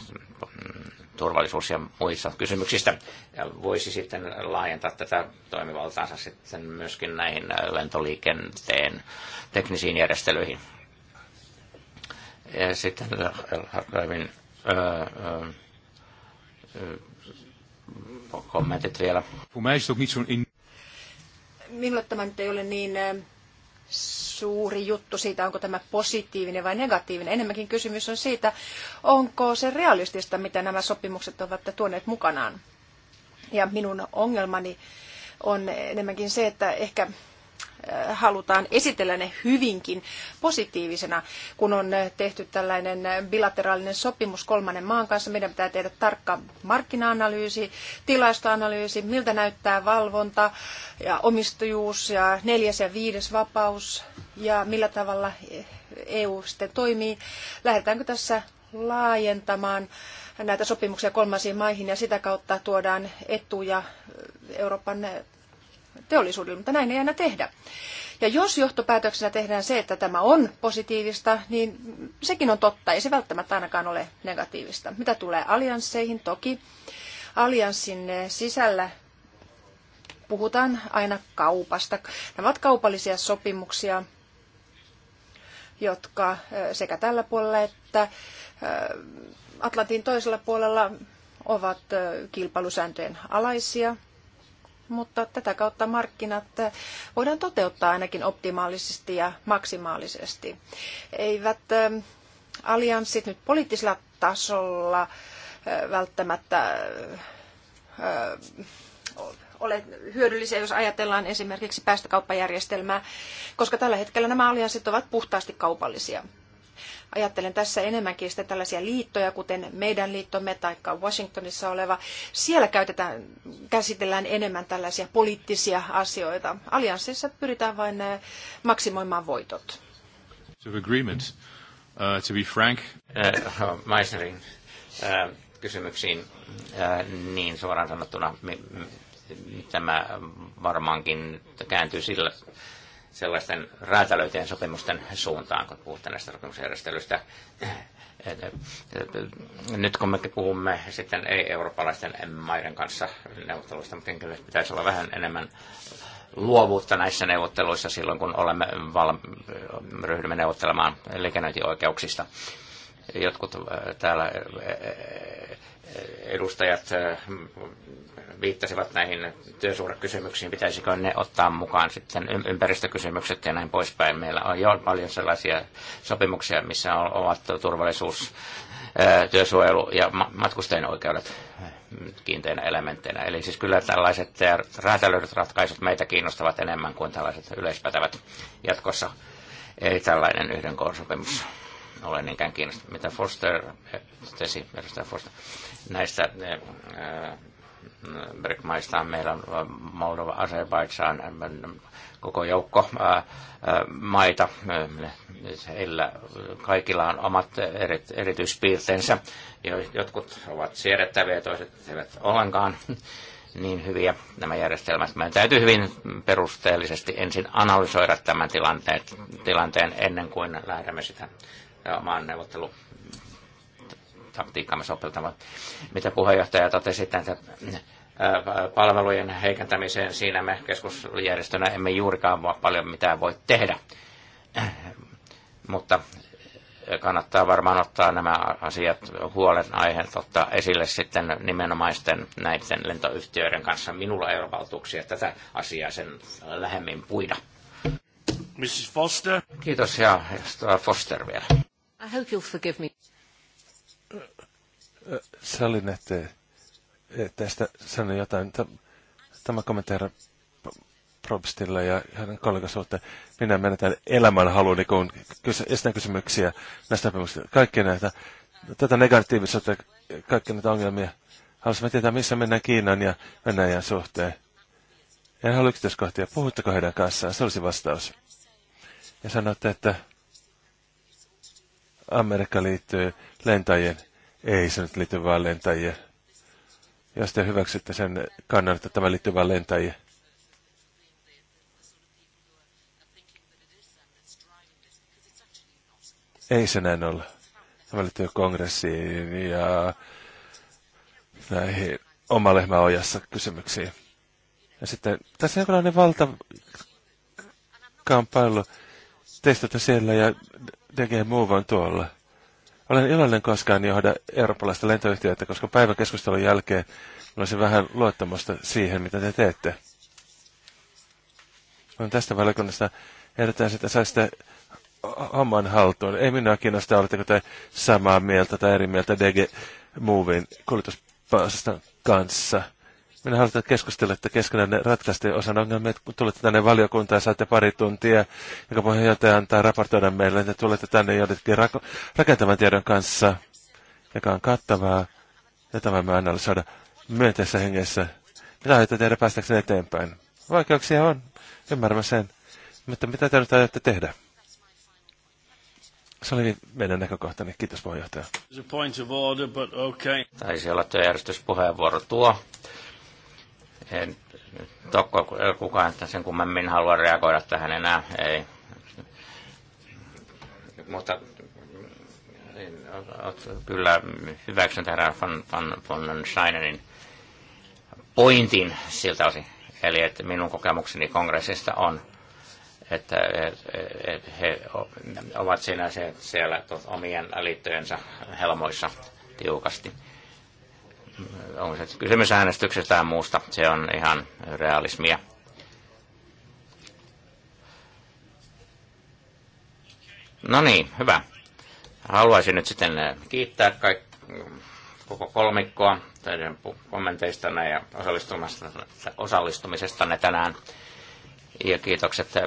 turvallisuus- ja muissa kysymyksistä. Ja voisi sitten laajentaa tätä toimivaltaansa sitten myöskin näihin äh, lentoliikenteen teknisiin järjestelyihin. Ja sitten hyvin kommentit vielä. Minulle tämä nyt ei ole niin suuri juttu siitä, onko tämä positiivinen vai negatiivinen. Enemmänkin kysymys on siitä, onko se realistista, mitä nämä sopimukset ovat tuoneet mukanaan. Ja minun ongelmani on enemmänkin se, että ehkä halutaan esitellä ne hyvinkin positiivisena, kun on tehty tällainen bilateraalinen sopimus kolmannen maan kanssa. Meidän pitää tehdä tarkka markkina-analyysi, tilastoanalyysi, miltä näyttää valvonta ja omistajuus ja neljäs ja viides vapaus ja millä tavalla EU sitten toimii. Lähdetäänkö tässä laajentamaan näitä sopimuksia kolmansiin maihin ja sitä kautta tuodaan etuja Euroopan teollisuudelle, mutta näin ei aina tehdä. Ja jos johtopäätöksenä tehdään se, että tämä on positiivista, niin sekin on totta. Ei se välttämättä ainakaan ole negatiivista. Mitä tulee alliansseihin, toki allianssin sisällä puhutaan aina kaupasta. Nämä ovat kaupallisia sopimuksia, jotka sekä tällä puolella että Atlantin toisella puolella ovat kilpailusääntöjen alaisia mutta tätä kautta markkinat voidaan toteuttaa ainakin optimaalisesti ja maksimaalisesti. Eivät ähm, allianssit nyt poliittisella tasolla äh, välttämättä äh, ole hyödyllisiä, jos ajatellaan esimerkiksi päästökauppajärjestelmää, koska tällä hetkellä nämä allianssit ovat puhtaasti kaupallisia. Ajattelen tässä enemmänkin sitten tällaisia liittoja, kuten meidän liittomme tai Washingtonissa oleva. Siellä käytetään, käsitellään enemmän tällaisia poliittisia asioita. Allianssissa pyritään vain eh, maksimoimaan voitot. Agreement. Uh, to be frank. Uh, Meisnerin uh, kysymyksiin, uh, niin suoraan sanottuna, mi, tämä varmaankin kääntyy sillä sellaisten räätälöityjen sopimusten suuntaan, kun puhutaan näistä sopimusjärjestelyistä. Nyt kun me puhumme sitten ei-eurooppalaisten maiden kanssa neuvotteluista, mutta kyllä pitäisi olla vähän enemmän luovuutta näissä neuvotteluissa silloin, kun olemme val- ryhdymme neuvottelemaan liikennöintioikeuksista. Jotkut äh, täällä äh, äh, edustajat viittasivat näihin työsuorakysymyksiin, pitäisikö ne ottaa mukaan sitten ympäristökysymykset ja näin poispäin. Meillä on jo paljon sellaisia sopimuksia, missä ovat turvallisuus, työsuojelu ja matkustajien oikeudet kiinteinä elementteinä. Eli siis kyllä tällaiset räätälöidyt ratkaisut meitä kiinnostavat enemmän kuin tällaiset yleispätävät jatkossa. Ei tällainen yhden sopimus ole niinkään kiinnostunut, mitä Foster totesi, eh, edustaja Foster, näistä eh, eh, BRIC-maista. Meillä on Moldova, Azerbaidžan, koko joukko maita. Heillä kaikilla on omat erityispiirteensä. Jotkut ovat siedettäviä, toiset eivät ollenkaan niin hyviä nämä järjestelmät. Meidän täytyy hyvin perusteellisesti ensin analysoida tämän tilanteen, tilanteen ennen kuin lähdemme sitä omaan neuvottelu taktiikkaamme sopeltamaan. Mitä puheenjohtaja totesi että äh, palvelujen heikentämiseen, siinä me keskusjärjestönä emme juurikaan paljon mitään voi tehdä. Mutta kannattaa varmaan ottaa nämä asiat huolenaiheet ottaa esille sitten nimenomaisten näiden lentoyhtiöiden kanssa. Minulla ei ole valtuuksia tätä asiaa sen lähemmin puida. Mrs. Foster. Kiitos ja Foster vielä. I hope you'll forgive me. Sallin, että, tästä sanon jotain. Tämä kommenteera Probstilla ja hänen kollegansa, että minä menetän elämänhaluni, niin kun esitän kysymyksiä näistä sopimuksista. Kaikki näitä, tätä negatiivisuutta, kaikki näitä ongelmia. Haluaisimme tietää, missä mennään Kiinan ja Venäjän suhteen. En halua yksityiskohtia. Puhutteko heidän kanssaan? Se olisi vastaus. Ja sanotte, että Amerikka liittyy lentäjien. Ei se nyt liittyy vain lentäjien. Jos te hyväksytte sen kannan, että tämä liittyy vain lentäjien. Ei se näin ole. Tämä liittyy kongressiin ja näihin oma lehmä ojassa kysymyksiin. Ja sitten tässä on jonkinlainen valtakampailu. teistä siellä ja tekee Move tuolla. Olen iloinen koskaan johda eurooppalaista lentoyhtiötä, koska päivän keskustelun jälkeen olisi vähän luottamusta siihen, mitä te teette. Olen tästä valiokunnasta ehdotan, että saisitte oman haltuun. Ei minua kiinnosta, oletteko te samaa mieltä tai eri mieltä DG Movin kuljetuspaasasta kanssa. Minä haluan, että keskustelette keskenään ratkaisten osan ongelmia. Kun tulette tänne valiokuntaan, saatte pari tuntia, joka puheenjohtaja antaa raportoida meille, että tulette tänne jollekin rako- rakentavan tiedon kanssa, joka on kattavaa, ja tämä me analysoida myönteisessä hengessä. Mitä aiotte tehdä päästäkseen eteenpäin? Vaikeuksia on, ymmärrän sen. Mutta mitä te nyt aiotte tehdä? Se oli meidän näkökohtani. Kiitos puheenjohtaja. Taisi olla työjärjestyspuheenvuoro tuo. En tokko kukaan sen kummemmin halua reagoida tähän enää. Ei. Mutta kyllä hyväksyn tähän von, von, von Scheinerin pointin siltä osin. Eli että minun kokemukseni kongressista on, että he ovat siinä siellä omien liittojensa helmoissa tiukasti onko se kysymys äänestyksestä tai muusta, se on ihan realismia. No niin, hyvä. Haluaisin nyt sitten eh, kiittää kaik- koko kolmikkoa teidän kommenteistanne ja osallistumisestanne tänään. Ja kiitokset eh,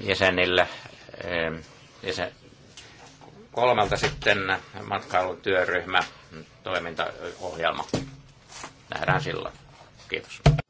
jäsenille. Eh, jäsen, kolmelta sitten matkailutyöryhmä toimintaohjelma. Nähdään silloin. Kiitos.